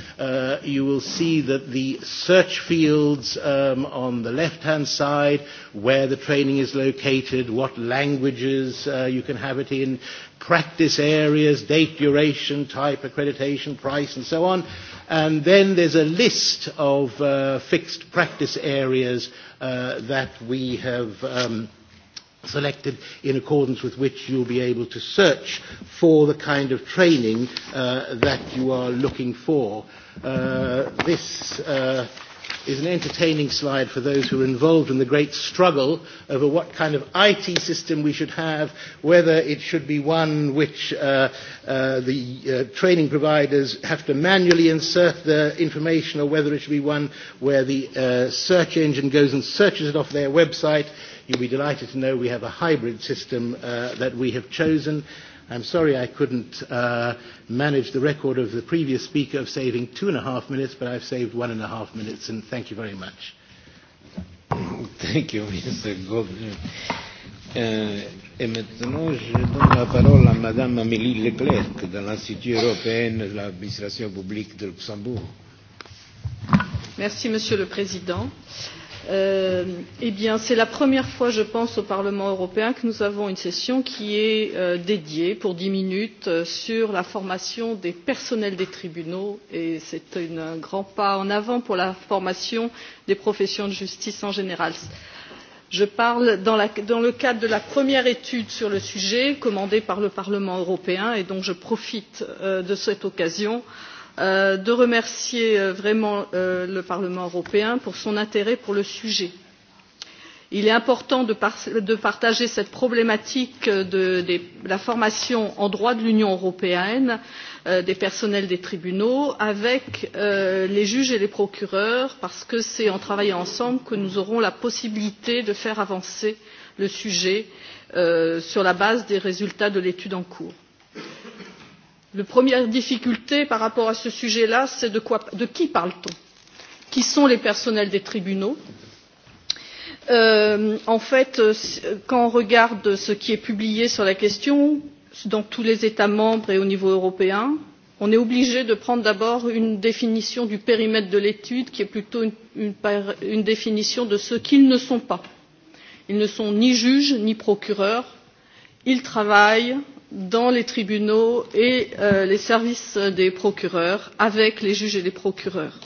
Speaker 17: you will see that the search fields on the left-hand side, where the training is located, what languages you can have it in, practice areas, date duration, type, accreditation, price, and so on. And then there's a list of fixed practice areas that we have selected in accordance with which you'll be able to search for the kind of training that you are looking for. This is an entertaining slide for those who are involved in the great struggle over what kind of IT system we should have, whether it should be one which the training providers have to manually insert the information or whether it should be one where the search engine goes and searches it off their website. You'll be delighted to know we have a hybrid system that we have chosen I'm sorry I couldn't manage the record of the previous speaker of saving two and a half minutes, but I've saved one and a half minutes, and thank you very much. Thank you, Mr. Euh, et maintenant, je donne la parole à
Speaker 9: Madame Amélie Leclerc de l'Institut européen de l'administration publique de Luxembourg.
Speaker 14: Merci, Monsieur le Président. Euh, eh bien c'est la première fois je pense au parlement européen que nous avons une session qui est dédiée pour dix minutes sur la formation des personnels des tribunaux et c'est un grand pas en avant pour la formation des professions de justice en général. je parle dans le cadre de la première étude sur le sujet commandée par le parlement européen et donc je profite de cette occasion de remercier vraiment le Parlement européen pour son intérêt pour le sujet. Il est important de partager cette problématique de la formation en droit de l'Union européenne des personnels des tribunaux avec les juges et les procureurs parce que c'est en travaillant ensemble que nous aurons la possibilité de faire avancer le sujet sur la base des résultats de l'étude en cours la première difficulté par rapport à ce sujet là c'est de qui parle t on? qui sont les personnels des tribunaux? en fait quand on regarde ce qui est publié sur la question dans tous les états membres et au niveau européen on est obligé de prendre d'abord une définition du périmètre de l'étude qui est plutôt une définition de ce qu'ils ne sont pas. ils ne sont ni juges ni procureurs ils travaillent dans les tribunaux et les services des procureurs avec les juges et les procureurs.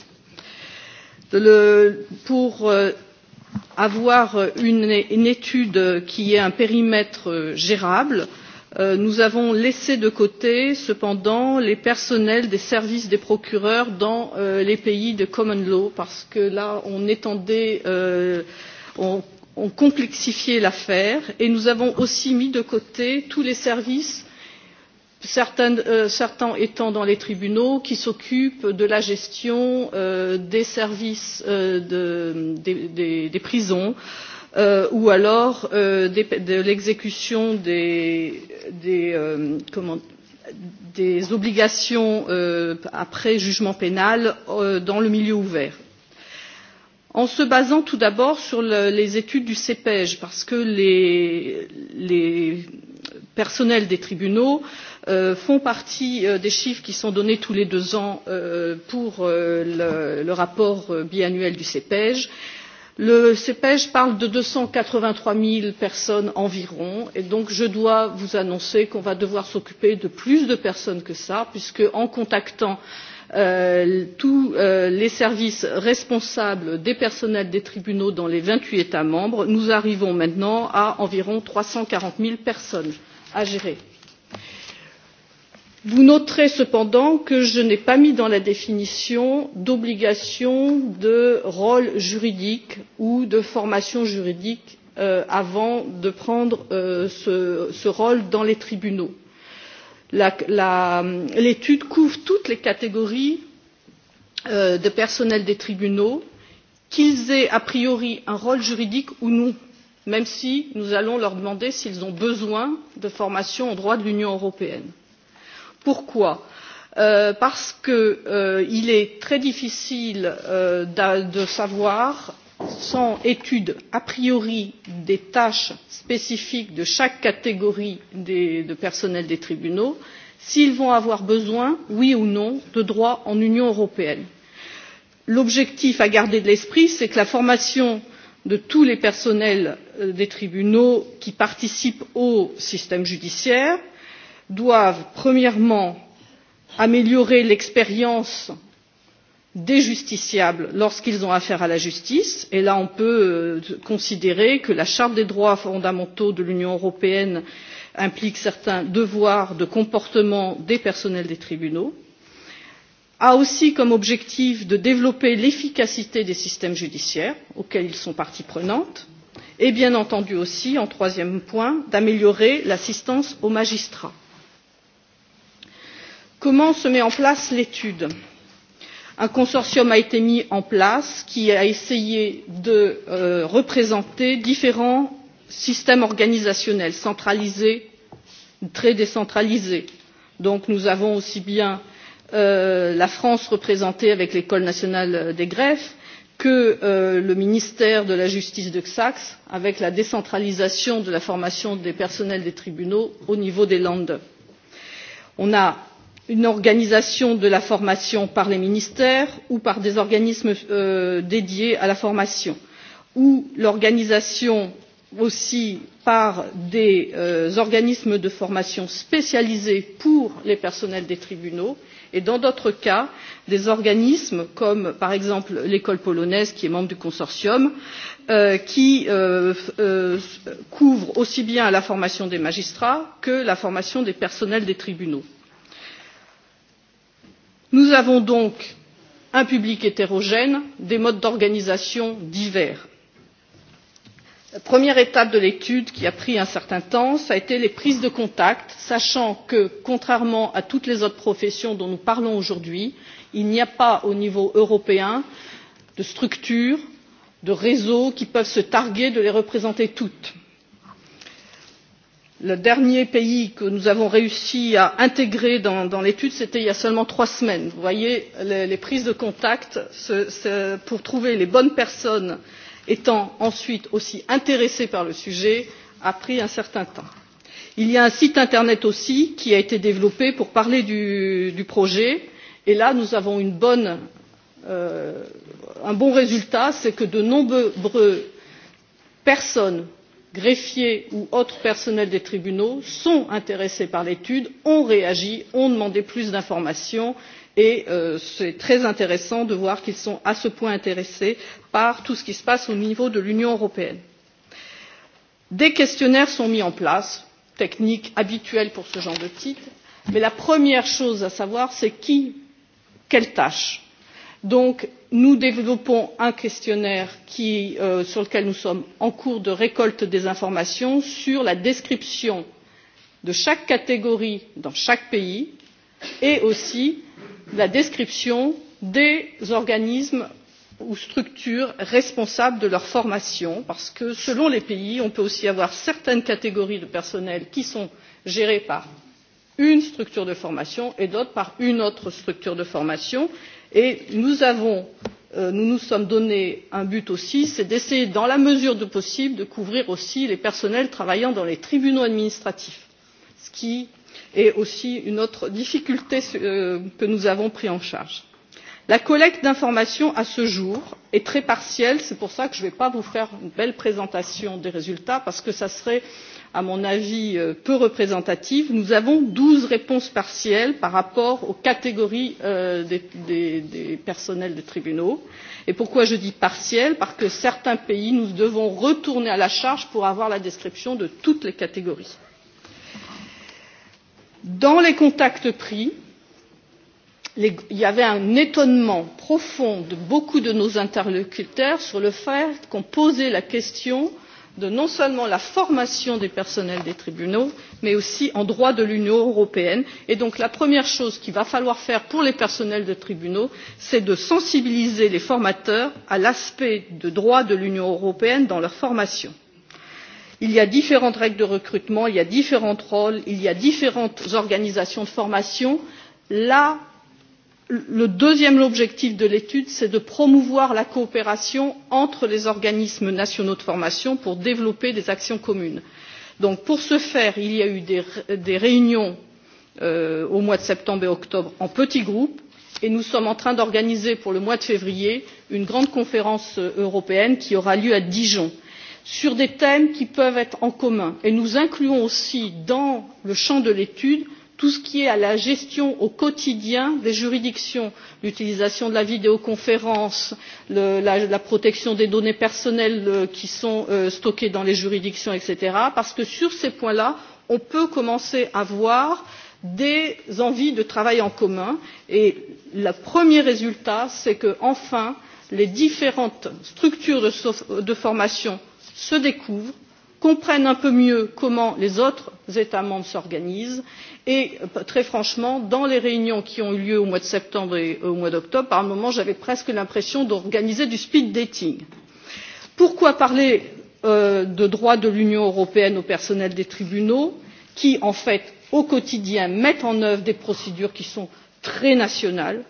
Speaker 14: Pour avoir une étude qui ait un périmètre gérable, nous avons laissé de côté cependant les personnels des services des procureurs dans les pays de common law parce que là on étendait ont complexifié l'affaire et nous avons aussi mis de côté tous les services certains étant dans les tribunaux qui s'occupent de la gestion des services des prisons ou alors de l'exécution des obligations après jugement pénal dans le milieu ouvert en se basant tout d'abord sur les études du CEPEJ, parce que les personnels des tribunaux font partie des chiffres qui sont donnés tous les deux ans pour le rapport biannuel du CEPEJ. Le CEPEJ parle de 283 000 personnes environ, et donc je dois vous annoncer qu'on va devoir s'occuper de plus de personnes que ça, puisque en contactant tous les services responsables des personnels des tribunaux dans les vingt huit états membres nous arrivons maintenant à environ trois cent quarante zéro personnes à gérer. vous noterez cependant que je n'ai pas mis dans la définition d'obligation de rôle juridique ou de formation juridique avant de prendre ce rôle dans les tribunaux l'étude couvre toutes les catégories de personnel des tribunaux qu'ils aient a priori un rôle juridique ou non même si nous allons leur demander s'ils ont besoin de formation au droit de l'union européenne. pourquoi? parce qu'il est très difficile de savoir sans étude a priori des tâches spécifiques de chaque catégorie de personnel des tribunaux s'ils vont avoir besoin oui ou non de droits en union européenne. l'objectif à garder de l'esprit c'est que la formation de tous les personnels des tribunaux qui participent au système judiciaire doit premièrement améliorer l'expérience des justiciables lorsqu'ils ont affaire à la justice et là on peut considérer que la charte des droits fondamentaux de l'union européenne implique certains devoirs de comportement des personnels des tribunaux a aussi comme objectif de développer l'efficacité des systèmes judiciaires auxquels ils sont partie prenante et bien entendu aussi en troisième point d'améliorer l'assistance aux magistrats. comment se met en place l'étude? un consortium a été mis en place qui a essayé de représenter différents systèmes organisationnels centralisés très décentralisés. nous avons aussi bien la france représentée avec l'école nationale des greffes que le ministère de la justice de saxe avec la décentralisation de la formation des personnels des tribunaux au niveau des Landes. Nous avons une organisation de la formation par les ministères ou par des organismes dédiés à la formation ou l'organisation aussi par des organismes de formation spécialisés pour les personnels des tribunaux et dans d'autres cas des organismes comme par exemple l'école polonaise qui est membre du consortium qui couvre aussi bien la formation des magistrats que la formation des personnels des tribunaux nous avons donc un public hétérogène des modes d'organisation divers. la première étape de l'étude qui a pris un certain temps a été les prises de contact sachant que contrairement à toutes les autres professions dont nous parlons aujourd'hui il n'y a pas au niveau européen de structures de réseaux qui peuvent se targuer de les représenter toutes le dernier pays que nous avons réussi à intégrer dans l'étude c'était il y a seulement trois semaines. vous voyez les prises de contact pour trouver les bonnes personnes étant ensuite aussi intéressées par le sujet a pris un certain temps. il y a un site internet aussi qui a été développé pour parler du projet et là nous avons un bon résultat c'est que de nombreuses personnes greffiers ou autres personnels des tribunaux sont intéressés par l'étude ont réagi ont demandé plus d'informations et c'est très intéressant de voir qu'ils sont à ce point intéressés par tout ce qui se passe au niveau de l'union européenne. des questionnaires sont mis en place technique habituelle pour ce genre de titre mais la première chose à savoir c'est qui quelle tâche donc nous développons un questionnaire sur lequel nous sommes en cours de récolte des informations sur la description de chaque catégorie dans chaque pays et aussi la description des organismes ou structures responsables de leur formation parce que selon les pays on peut aussi avoir certaines catégories de personnel qui sont gérées par une structure de formation et d'autres par une autre structure de formation et nous nous nous sommes donné un but aussi c'est d'essayer dans la mesure du possible de couvrir aussi les personnels travaillant dans les tribunaux administratifs ce qui est aussi une autre difficulté que nous avons prise en charge la collecte d'informations à ce jour est très partielle c'est pour cela que je ne vais pas vous faire une belle présentation des résultats parce que ce serait à mon avis peu représentative. nous avons douze réponses partielles par rapport aux catégories des personnels des tribunaux et pourquoi je dis partielles parce que certains pays nous devons retourner à la charge pour avoir la description de toutes les catégories. dans les contacts pris il y avait un étonnement profond de beaucoup de nos interlocuteurs sur le fait qu'on posait la question de non seulement la formation des personnels des tribunaux mais aussi en droit de l'union européenne et donc la première chose qu'il va falloir faire pour les personnels des tribunaux c'est de sensibiliser les formateurs à l'aspect de droit de l'union européenne dans leur formation. il y a différentes règles de recrutement il y a différents rôles il y a différentes organisations de formation là le deuxième objectif de l'étude c'est de promouvoir la coopération entre les organismes nationaux de formation pour développer des actions communes. pour ce faire il y a eu des réunions au mois de septembre et octobre en petits groupes et nous sommes en train d'organiser pour le mois de février une grande conférence européenne qui aura lieu à dijon sur des thèmes qui peuvent être en commun et nous incluons aussi dans le champ de l'étude tout ce qui est à la gestion au quotidien des juridictions l'utilisation de la vidéoconférence la protection des données personnelles qui sont stockées dans les juridictions etc. parce que sur ces points là on peut commencer à voir des envies de travail en commun et le premier résultat c'est que enfin les différentes structures de formation se découvrent comprennent un peu mieux comment les autres états membres s'organisent et très franchement dans les réunions qui ont eu lieu au mois de septembre et au mois d'octobre par moments j'avais presque l'impression d'organiser du speed dating. pourquoi parler de droit de l'union européenne au personnel des tribunaux qui en fait au quotidien mettent en œuvre des procédures qui sont très nationales?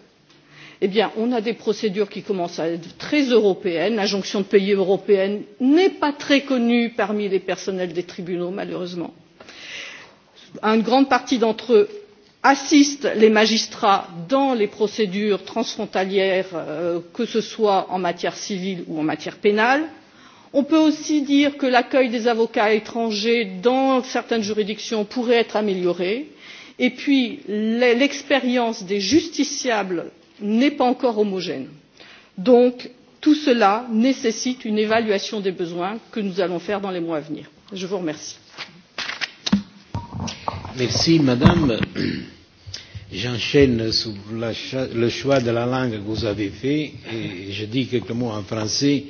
Speaker 14: eh bien on a des procédures qui commencent à être très européennes l'injonction de payer européenne n'est pas très connue parmi les personnels des tribunaux malheureusement. une grande partie d'entre eux assistent les magistrats dans les procédures transfrontalières que ce soit en matière civile ou en matière pénale. on peut aussi dire que l'accueil des avocats étrangers dans certaines juridictions pourrait être amélioré et puis l'expérience des justiciables n'est pas encore homogène. donc tout cela nécessite une évaluation des besoins que nous allons faire dans les mois à venir. je vous remercie.
Speaker 9: merci madame. j'enchaîne sur le choix de la langue que vous avez fait et je dis quelques mots en français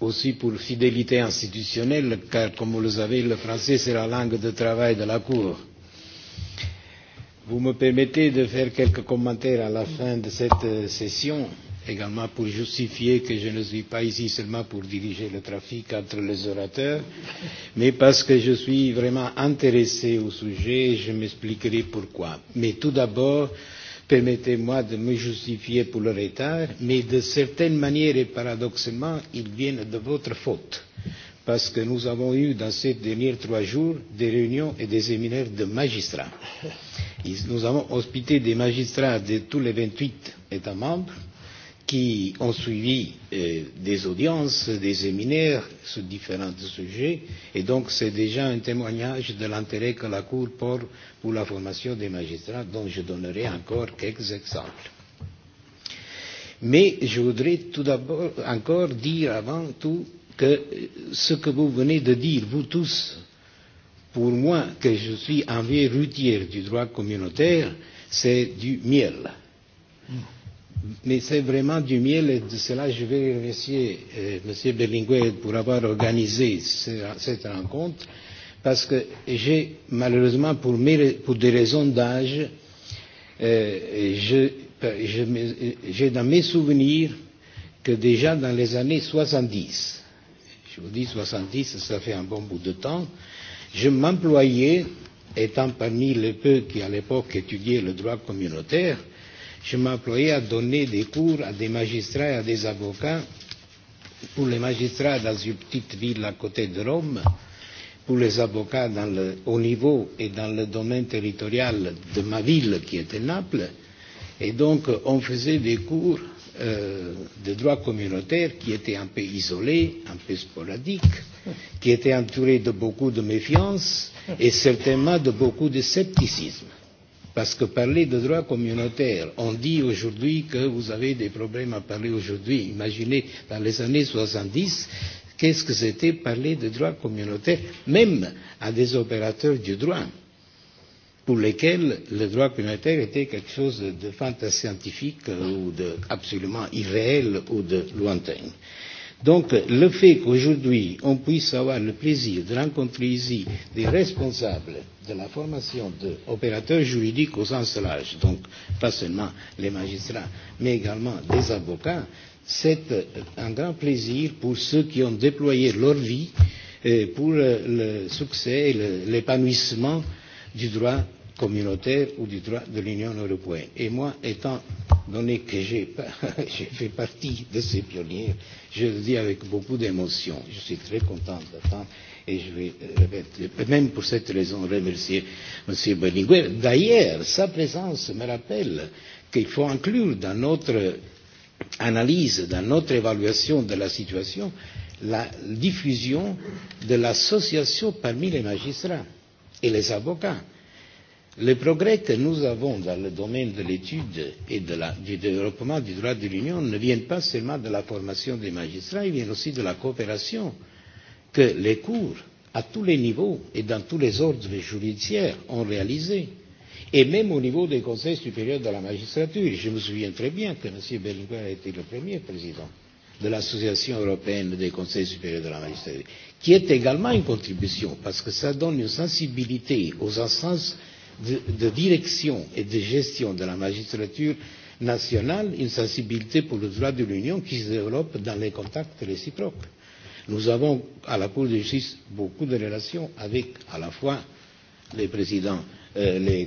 Speaker 9: aussi pour fidélité institutionnelle car comme vous le savez le français c'est la langue de travail de la cour Vous me permettez de faire quelques commentaires à la fin de cette session, également pour justifier que je ne suis pas ici seulement pour diriger le trafic entre les orateurs, mais parce que je suis vraiment intéressé au sujet et je m'expliquerai pourquoi. Mais tout d'abord, permettez-moi de me justifier pour le retard, mais de certaines manières et paradoxalement, ils viennent de votre faute parce que nous avons eu dans ces derniers trois jours des réunions et des séminaires de magistrats. Nous avons hospité des magistrats de tous les 28 États membres qui ont suivi des audiences, des séminaires sur différents sujets, et donc c'est déjà un témoignage de l'intérêt que la Cour porte pour la formation des magistrats, dont je donnerai encore quelques exemples. Mais je voudrais tout d'abord encore dire avant tout que ce que vous venez de dire, vous tous, pour moi, que je suis un vieil routier du droit communautaire, c'est du miel. Mais c'est vraiment du miel et de cela je vais remercier M. Berlinguer pour avoir organisé cette rencontre parce que j'ai malheureusement pour, pour des raisons d'âge, euh, j'ai dans mes souvenirs que déjà dans les années 70, je vous 70, ça fait un bon bout de temps, je m'employais, étant parmi les peu qui à l'époque étudiaient le droit communautaire, je m'employais à donner des cours à des magistrats et à des avocats, pour les magistrats dans une petite ville à côté de Rome, pour les avocats dans le haut niveau et dans le domaine territorial de ma ville qui était Naples, et donc on faisait des cours de droit communautaire qui était un peu isolé, un peu sporadique, qui était entouré de beaucoup de méfiance et certainement de beaucoup de scepticisme. Parce que parler de droit communautaire, on dit aujourd'hui que vous avez des problèmes à parler aujourd'hui. Imaginez, dans les années 70, qu'est-ce que c'était parler de droit communautaire, même à des opérateurs du droit pour lesquels le droit communautaire était quelque chose de fantascientifique ou d'absolument irréel ou de lointain. Donc le fait qu'aujourd'hui on puisse avoir le plaisir de rencontrer ici des responsables de la formation d'opérateurs juridiques au sens large, donc pas seulement les magistrats, mais également des avocats, c'est un grand plaisir pour ceux qui ont déployé leur vie pour le succès et l'épanouissement du droit communautaire ou du droit de l'Union européenne. Et moi, étant donné que j'ai fait partie de ces pionniers, je le dis avec beaucoup d'émotion. Je suis très content d'attendre et je vais même pour cette raison remercier M. Berlinguer. D'ailleurs, sa présence me rappelle qu'il faut inclure dans notre analyse, dans notre évaluation de la situation, la diffusion de l'association parmi les magistrats et les avocats Le progrès que nous avons dans le domaine de l'étude et du développement du droit de l'Union ne viennent pas seulement de la formation des magistrats, ils viennent aussi de la coopération que les cours, à tous les niveaux et dans tous les ordres judiciaires, ont réalisée, et même au niveau des conseils supérieurs de la magistrature. Je me souviens très bien que M. Berlinguer a été le premier président de l'Association européenne des conseils supérieurs de la magistrature, qui est également une contribution, parce que ça donne une sensibilité aux instances de direction et de gestion de la magistrature nationale une sensibilité pour le droit de l'Union qui se développe dans les contacts réciproques. Nous avons à la Cour de justice beaucoup de relations avec à la fois les présidents, les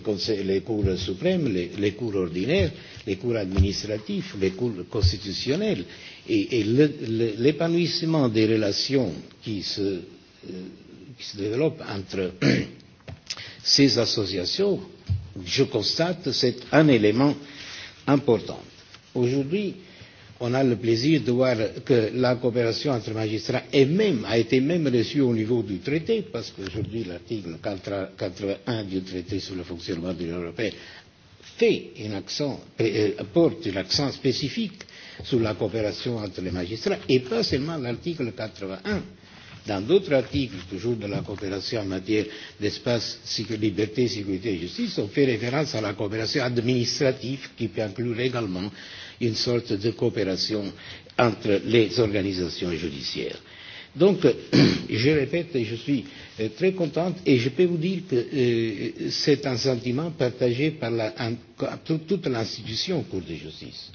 Speaker 9: cours suprêmes, les cours ordinaires, les cours administratifs, les cours constitutionnels. Et l'épanouissement des relations qui se développent entre ces associations, je constate que c'est un élément important. Aujourd'hui, on a le plaisir de voir que la coopération entre magistrats est même, a été même reçue au niveau du traité, parce qu'aujourd'hui l'article 81 du traité sur le fonctionnement de l'Union européenne fait un accent, porte un accent spécifique sur la coopération entre les magistrats, et pas seulement l'article 81 dans d'autres articles, toujours de la coopération en matière d'espace liberté, sécurité et justice, on fait référence à la coopération administrative qui peut inclure également une sorte de coopération entre les organisations judiciaires. Donc, je répète, je suis très contente et je peux vous dire que c'est un sentiment partagé par toute l'institution Cour de justice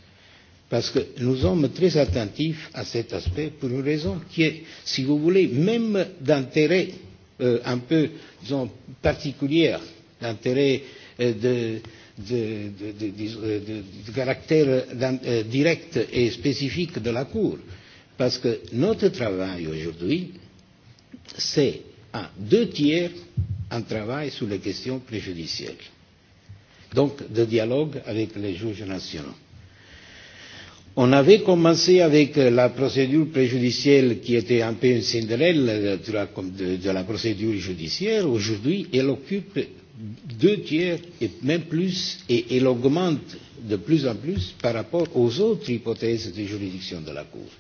Speaker 9: Parce que nous sommes très attentifs à cet aspect pour une raison qui est, si vous voulez, même d'intérêt un peu, disons, particulier, d'intérêt de de caractère direct et spécifique de la Cour. Parce que notre travail aujourd'hui, c'est à deux tiers un travail sur les questions préjudicielles. Donc, de dialogue avec les juges nationaux. On avait commencé avec la procédure préjudicielle qui était un peu une cinderelle de la procédure judiciaire. Aujourd'hui, elle occupe deux tiers et même plus et elle augmente de plus en plus par rapport aux autres hypothèses de juridiction de la Cour.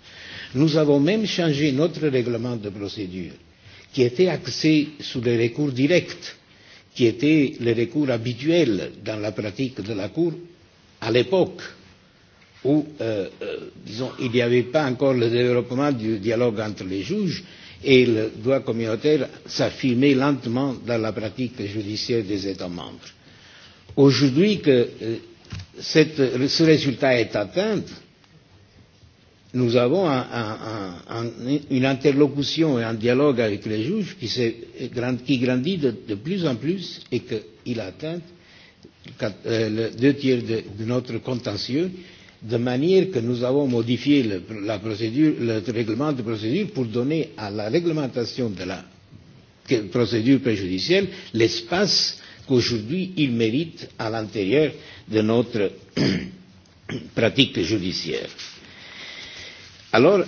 Speaker 9: Nous avons même changé notre règlement de procédure qui était axé sur les recours directs, qui étaient les recours habituels dans la pratique de la Cour à l'époque où, disons, il n'y avait pas encore le développement du dialogue entre les juges et le droit communautaire s'affirmait lentement dans la pratique judiciaire des États membres. Aujourd'hui que ce résultat est atteint, nous avons une interlocution et un dialogue avec les juges qui grandit de plus en plus et qu'il atteint le deux tiers de notre contentieux de manière que nous avons modifié le, la procédure, le règlement de procédure pour donner à la réglementation de la procédure préjudicielle l'espace qu'aujourd'hui il mérite à l'intérieur de notre pratique judiciaire. Alors,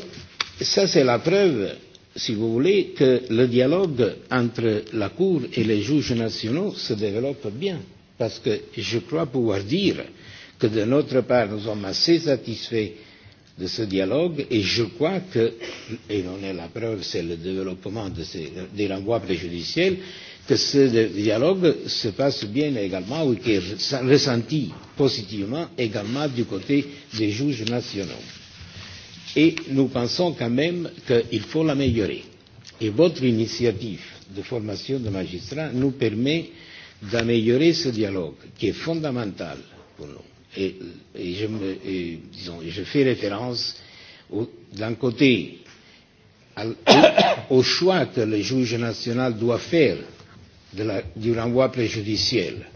Speaker 9: ça c'est la preuve, si vous voulez, que le dialogue entre la Cour et les juges nationaux se développe bien, parce que je crois pouvoir dire que de notre part nous sommes assez satisfaits de ce dialogue et je crois que, et on est la preuve, c'est le développement de ces, des renvois préjudiciels, que ce dialogue se passe bien également ou qui est ressenti positivement également du côté des juges nationaux. Et nous pensons quand même qu'il faut l'améliorer. Et votre initiative de formation de magistrats nous permet d'améliorer ce dialogue qui est fondamental pour nous et je me disons je fais référence d'un côté au choix que le juge national doit faire du renvoi préjudiciel,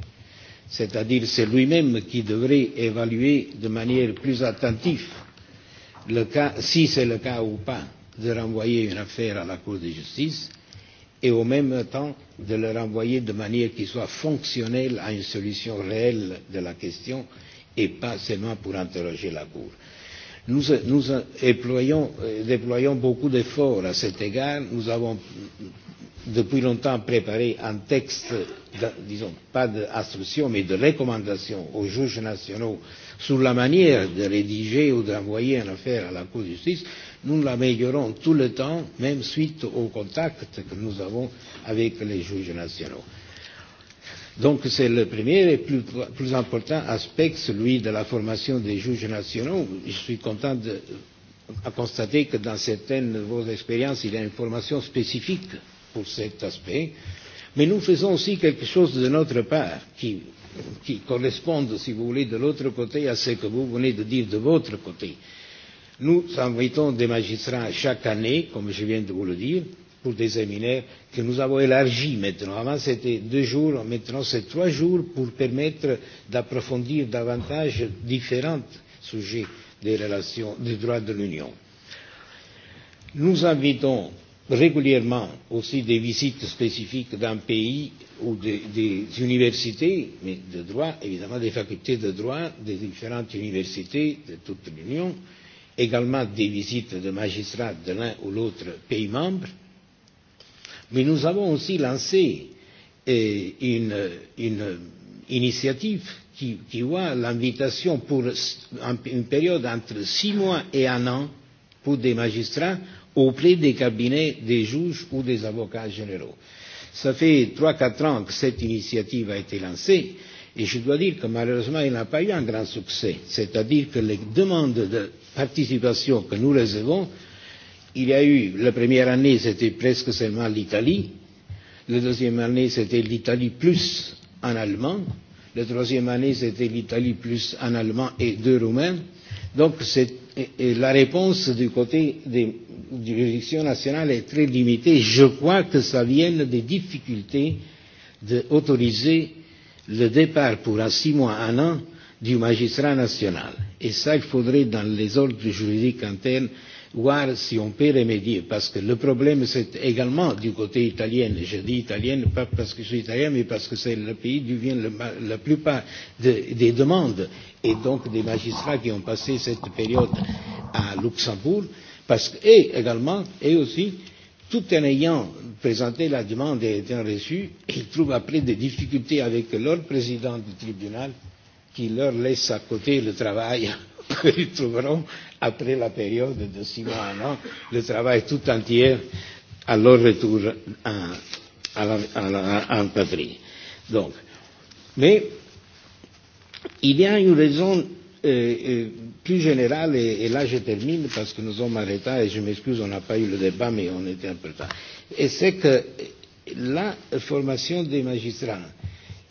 Speaker 9: c'est à dire c'est lui même qui devrait évaluer de manière plus attentive le cas si c'est le cas ou pas de renvoyer une affaire à la Cour de justice et au même temps de le renvoyer de manière qui soit fonctionnelle à une solution réelle de la question et pas seulement pour interroger la Cour. Nous, nous déployons, déployons beaucoup d'efforts à cet égard. Nous avons depuis longtemps préparé un texte, disons, pas d'instruction, mais de recommandation aux juges nationaux sur la manière de rédiger ou d'envoyer une affaire à la Cour de justice. Nous l'améliorons tout le temps, même suite aux contacts que nous avons avec les juges nationaux. Donc c'est le premier et plus, plus important aspect, celui de la formation des juges nationaux. Je suis content de à constater que dans certaines de vos expériences, il y a une formation spécifique pour cet aspect. Mais nous faisons aussi quelque chose de notre part qui, qui correspond, si vous voulez, de l'autre côté à ce que vous venez de dire de votre côté. Nous invitons des magistrats chaque année, comme je viens de vous le dire, pour des séminaires que nous avons élargi maintenant. Avant, c'était deux jours, maintenant, c'est trois jours pour permettre d'approfondir davantage différents sujets des relations des droits de l'Union. Nous invitons régulièrement aussi des visites spécifiques d'un pays ou des universités, mais de droit, évidemment des facultés de droit des différentes universités de toute l'Union, également des visites de magistrats de l'un ou l'autre pays membre, Mais nous avons aussi lancé une initiative qui voit l'invitation pour une période entre six mois et un an pour des magistrats auprès des cabinets des juges ou des avocats généraux. Ça fait trois quatre ans que cette initiative a été lancée et je dois dire que malheureusement elle n'a pas eu un grand succès, c'est à dire que les demandes de participation que nous recevons Il y a eu, la première année, c'était presque seulement l'Italie. La deuxième année, c'était l'Italie plus en allemand. La troisième année, c'était l'Italie plus en allemand et deux roumains. Donc, la réponse du côté des juridictions nationales est très limitée. Je crois que ça vient des difficultés d'autoriser le départ pour un six mois, un an, du magistrat national. Et ça, il faudrait, dans les ordres juridiques internes, voir si on peut remédier, parce que le problème c'est également du côté italien, je dis italien pas parce que je suis italien, mais parce que c'est le pays d'où viennent la plupart des demandes, et donc des magistrats qui ont passé cette période à Luxembourg, parce que, et également, et aussi, tout en ayant présenté la demande et étant reçu, ils trouvent après des difficultés avec leur président du tribunal qui leur laisse à côté le travail trouveront après la période de six mois à an le travail tout entier à leur retour en patrie. Donc, mais il y a une raison plus générale, et là je termine parce que nous sommes arrêtés et je m'excuse, on n'a pas eu le débat, mais on était un peu tard. Et c'est que la formation des magistrats,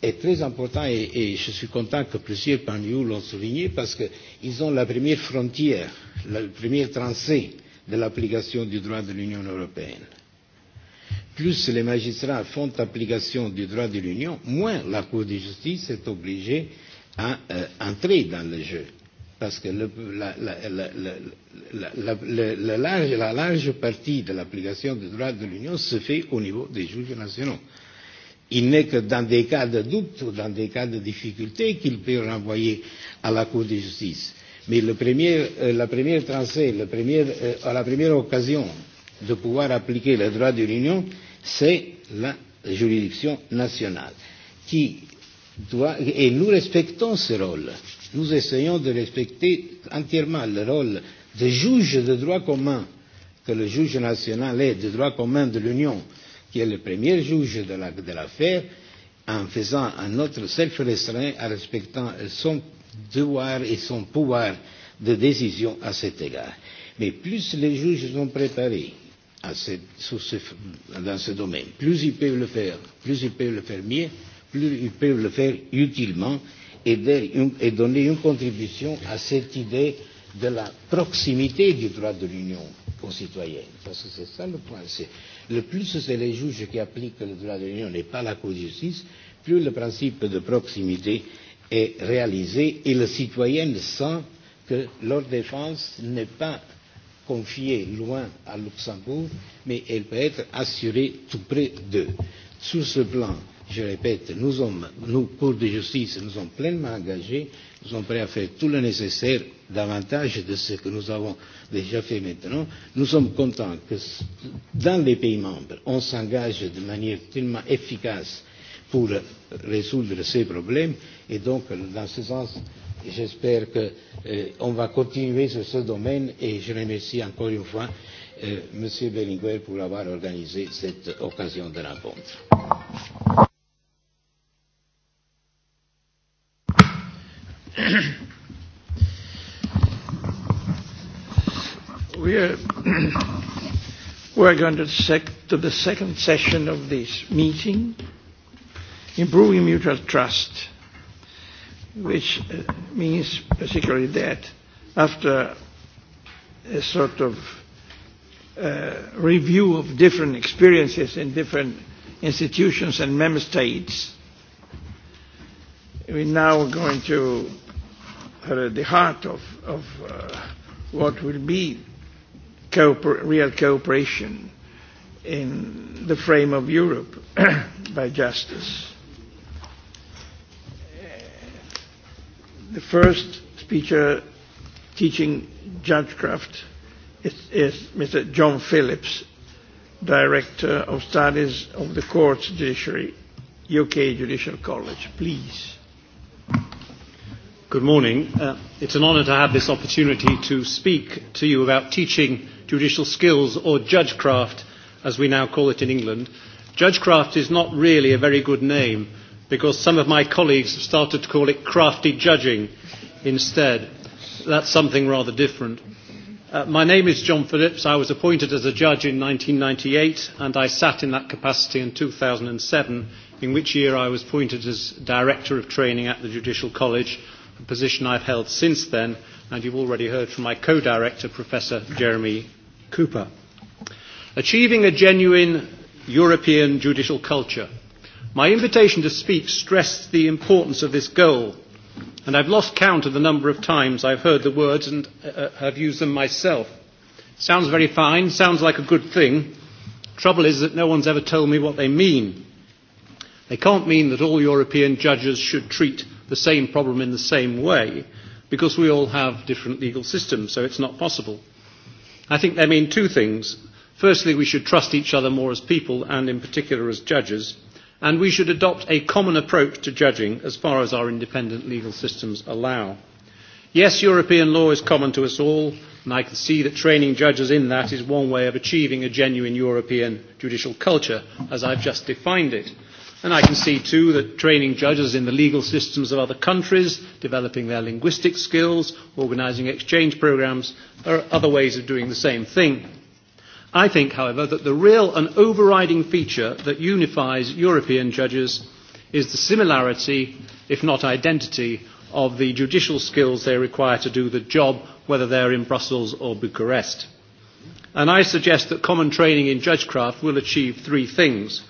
Speaker 9: est très important et, et je suis content que plusieurs parmi vous l'ont souligné parce qu'ils ont la première frontière, le premier tracé de l'application du droit de l'Union européenne. Plus les magistrats font application du droit de l'Union, moins la Cour de justice est obligée à entrer dans le jeu. Parce que le, la, la, la, la, la, la, large, la large partie de l'application du droit de l'Union se fait au niveau des juges nationaux. Il n'est que dans des cas de doute ou dans des cas de difficulté qu'il peut renvoyer à la Cour de justice. Mais le premier, la première transée, le premier, à la première occasion de pouvoir appliquer le droit de l'Union, c'est la juridiction nationale, qui doit, et nous respectons ce rôle. Nous essayons de respecter entièrement le rôle de juge de droit commun, que le juge national est, de droit commun de l'Union qui est le premier juge de de l'affaire, en faisant un autre self-restreint, en respectant son devoir et son pouvoir de décision à cet égard. Mais plus les juges sont préparés à ce, sur ce, dans ce domaine, plus ils peuvent le faire, plus ils peuvent le faire mieux, plus ils peuvent le faire utilement et, et donner une contribution à cette idée de la proximité du droit de l'Union aux citoyens. Parce que c'est ça le point. Le plus c'est les juges qui appliquent le droit de l'Union et pas la Cour de justice, plus le principe de proximité est réalisé et le citoyen sent que leur défense n'est pas confiée loin à Luxembourg, mais elle peut être assurée tout près d'eux. Sur ce plan, je répète, nous, sommes, nous, Cour de justice, nous sommes pleinement engagés, nous sommes prêts à faire tout le nécessaire davantage de ce que nous avons déjà fait maintenant. Nous sommes contents que dans les pays membres, on s'engage de manière tellement efficace pour résoudre ces problèmes et donc dans ce sens, j'espère qu'on va continuer sur ce domaine et je remercie encore une fois M. Bellinguer pour avoir organisé cette occasion de rencontre.
Speaker 1: We're going to the second session of this meeting, improving mutual trust, which means particularly that after a sort of review of different experiences in different institutions and member states, we're now going to the heart of what will be real cooperation in the frame of Europe by justice. The first speaker teaching Judgecraft is Mr. John Phillips, Director of Studies of the
Speaker 18: Courts Judiciary, UK Judicial College. Please. Good morning. It's an honour to have this opportunity to speak to you about teaching judicial skills or judgecraft, as we now call it in England. Judgecraft is not really a very good name because some of my colleagues have started to call it crafty judging instead. That's something rather different. My name is John Phillips. I was appointed as a judge in 1998 and I sat in that capacity in 2007, in which year I was appointed as Director of Training at the Judicial College position I've held since then, and you've already heard from my co-director, Professor Jeremy Cooper. Achieving a genuine European judicial culture. My invitation to speak stressed the importance of this goal, and I've lost count of the number of times I've heard the words and have used them myself. Sounds very fine, sounds like a good thing. Trouble is that no one's ever told me what they mean. They can't mean that all European judges should treat the same problem in the same way because we all have different legal systems, so it's not possible. I think they mean two things. Firstly, we should trust each other more as people and in particular as judges, and we should adopt a common approach to judging as far as our independent legal systems allow. Yes, European law is common to us all, and I can see that training judges in that is one way of achieving a genuine European judicial culture, as I've just defined it. And I can see too that training judges in the legal systems of other countries, developing their linguistic skills, organising exchange programmes are other ways of doing the same thing. I think, however, that the real and overriding feature that unifies European judges is the similarity, if not identity, of the judicial skills they require to do the job, whether they are in Brussels or Bucharest. I suggest that common training in judgecraft will achieve three things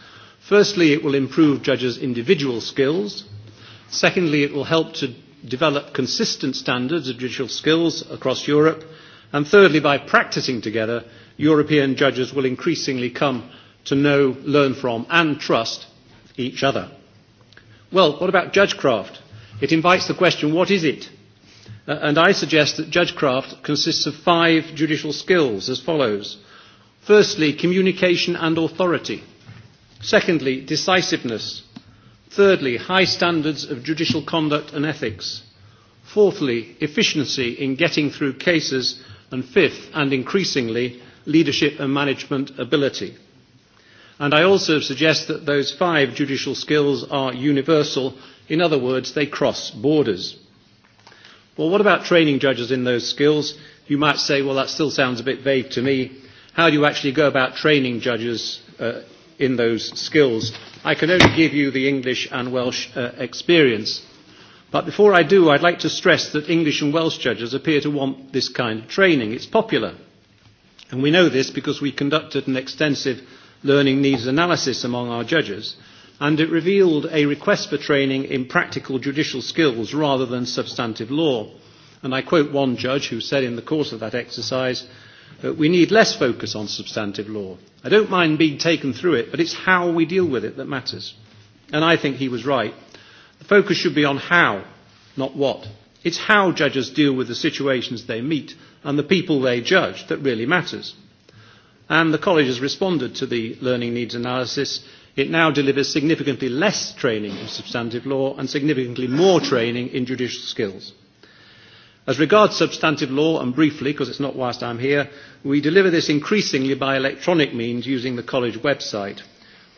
Speaker 18: Firstly, it will improve judges' individual skills. Secondly, it will help to develop consistent standards of judicial skills across Europe. And thirdly, by practising together, European judges will increasingly come to know, learn from and trust each other. Well, what about Judgecraft? It invites the question, what is it? And I suggest that Judgecraft consists of five judicial skills as follows. Firstly, communication and authority. Secondly, decisiveness. Thirdly, high standards of judicial conduct and ethics. Fourthly, efficiency in getting through cases. And fifth, and increasingly, leadership and management ability. And I also suggest that those five judicial skills are universal. In other words, they cross borders. Well, what about training judges in those skills? You might say, well, that still sounds a bit vague to me. How do you actually go about training judges in those skills. I can only give you the English and Welsh experience. But before I do, I'd like to stress that English and Welsh judges appear to want this kind of training. It's popular. And we know this because we conducted an extensive learning needs analysis among our judges, and it revealed a request for training in practical judicial skills rather than substantive law. And I quote one judge who said in the course of that exercise, we need less focus on substantive law. I don't mind being taken through it, but it's how we deal with it that matters. And I think he was right. The focus should be on how, not what. It's how judges deal with the situations they meet and the people they judge that really matters. And the college has responded to the learning needs analysis. It now delivers significantly less training in substantive law and significantly more training in judicial skills. As regards substantive law, and briefly, because it's not whilst I'm here, we deliver this increasingly by electronic means using the college website.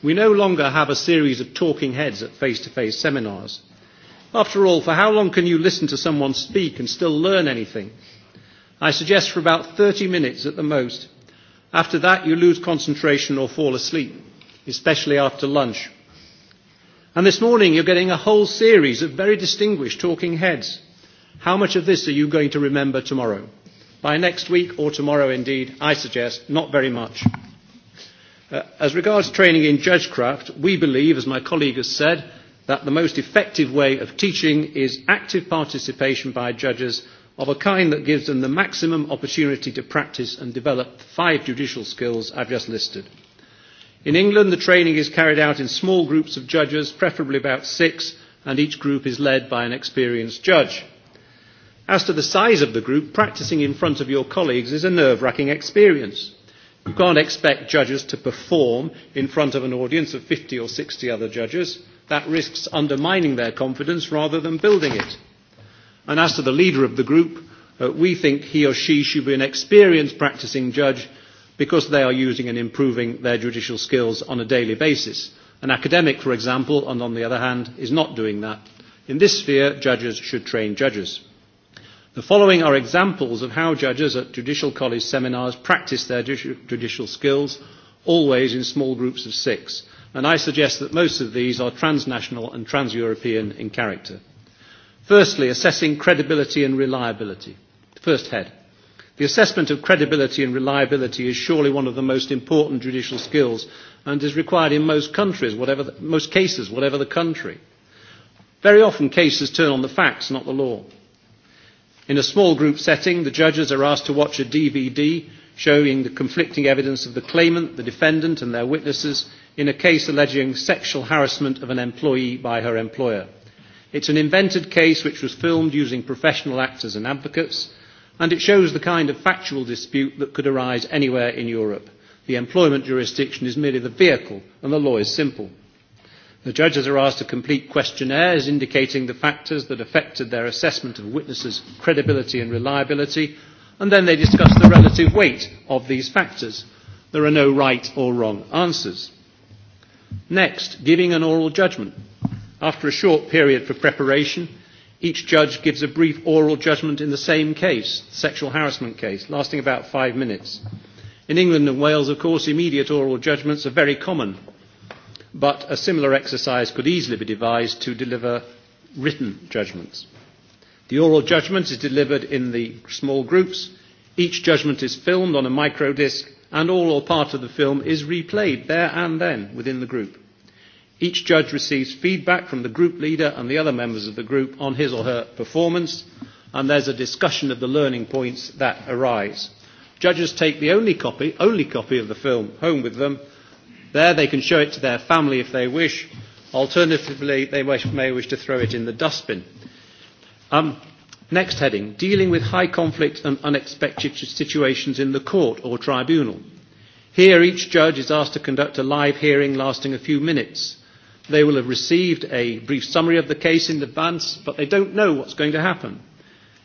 Speaker 18: We no longer have a series of talking heads at face-to-face seminars. After all, for how long can you listen to someone speak and still learn anything? I suggest for about 30 minutes at the most. After that, you lose concentration or fall asleep, especially after lunch. And this morning, you're getting a whole series of very distinguished talking heads – How much of this are you going to remember tomorrow? By next week or tomorrow indeed, I suggest, not very much. As regards training in Judgecraft, we believe, as my colleague has said, that the most effective way of teaching is active participation by judges of a kind that gives them the maximum opportunity to practice and develop the five judicial skills I've just listed. In England, the training is carried out in small groups of judges, preferably about six, and each group is led by an experienced judge. As to the size of the group, practising in front of your colleagues is a nerve-wracking experience. You can't expect judges to perform in front of an audience of 50 or 60 other judges. That risks undermining their confidence rather than building it. And as to the leader of the group, we think he or she should be an experienced practising judge because they are using and improving their judicial skills on a daily basis. An academic, for example, and on the other hand, is not doing that. In this sphere, judges should train judges. The following are examples of how judges at Judicial College seminars practice their judicial skills, always in small groups of six, and I suggest that most of these are transnational and trans-European in character. Firstly, assessing credibility and reliability. First head. The assessment of credibility and reliability is surely one of the most important judicial skills and is required in most countries, whatever most cases, whatever the country. Very often cases turn on the facts, not the law. In a small group setting, the judges are asked to watch a DVD showing the conflicting evidence of the claimant, the defendant and their witnesses in a case alleging sexual harassment of an employee by her employer. It's an invented case which was filmed using professional actors and advocates, and it shows the kind of factual dispute that could arise anywhere in Europe. The employment jurisdiction is merely the vehicle, and the law is simple. The judges are asked to complete questionnaires indicating the factors that affected their assessment of witnesses' credibility and reliability, and then they discuss the relative weight of these factors. There are no right or wrong answers. Next, giving an oral judgment. After a short period for preparation, each judge gives a brief oral judgment in the same case, sexual harassment case, lasting about five minutes. In England and Wales, of course, immediate oral judgments are very common but a similar exercise could easily be devised to deliver written judgments. The oral judgment is delivered in the small groups. Each judgment is filmed on a micro disc, and all or part of the film is replayed there and then within the group. Each judge receives feedback from the group leader and the other members of the group on his or her performance and there's a discussion of the learning points that arise. Judges take the only copy, only copy of the film home with them There they can show it to their family if they wish. Alternatively, they may wish to throw it in the dustbin. Next heading, dealing with high conflict and unexpected situations in the court or tribunal. Here each judge is asked to conduct a live hearing lasting a few minutes. They will have received a brief summary of the case in advance, but they don't know what's going to happen.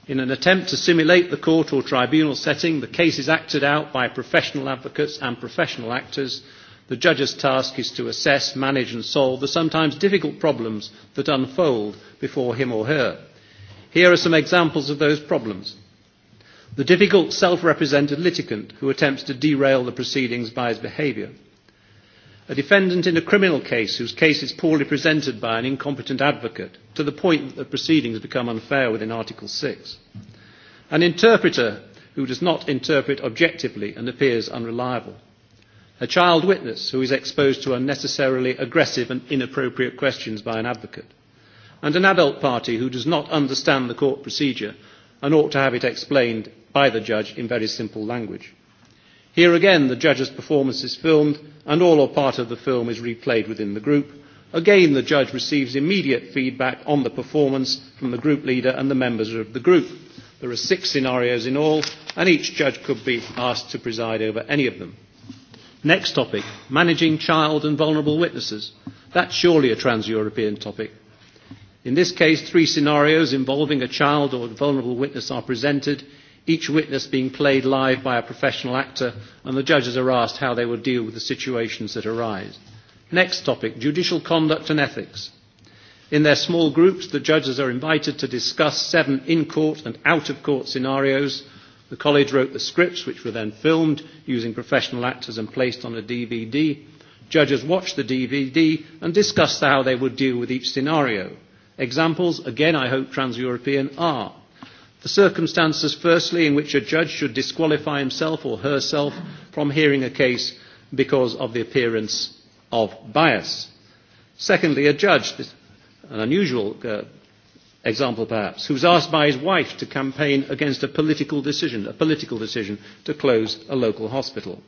Speaker 18: In an attempt to simulate the court or tribunal setting, the case is acted out by professional advocates and professional actors The judge's task is to assess, manage and solve the sometimes difficult problems that unfold before him or her. Here are some examples of those problems. The difficult self-represented litigant who attempts to derail the proceedings by his behaviour. A defendant in a criminal case whose case is poorly presented by an incompetent advocate to the point that the proceedings become unfair within Article 6. An interpreter who does not interpret objectively and appears unreliable a child witness who is exposed to unnecessarily aggressive and inappropriate questions by an advocate, and an adult party who does not understand the court procedure and ought to have it explained by the judge in very simple language. Here again the judge's performance is filmed and all or part of the film is replayed within the group. Again the judge receives immediate feedback on the performance from the group leader and the members of the group. There are six scenarios in all and each judge could be asked to preside over any of them. Next topic, managing child and vulnerable witnesses. That's surely a trans-European topic. In this case, three scenarios involving a child or vulnerable witness are presented, each witness being played live by a professional actor, and the judges are asked how they would deal with the situations that arise. Next topic, judicial conduct and ethics. In their small groups, the judges are invited to discuss seven in-court and out-of-court scenarios The college wrote the scripts, which were then filmed using professional actors and placed on a DVD. Judges watched the DVD and discussed how they would deal with each scenario. Examples, again I hope trans-European, are the circumstances, firstly, in which a judge should disqualify himself or herself from hearing a case because of the appearance of bias. Secondly, a judge, an unusual example perhaps, who was asked by his wife to campaign against a political decision, a political decision to close a local hospital.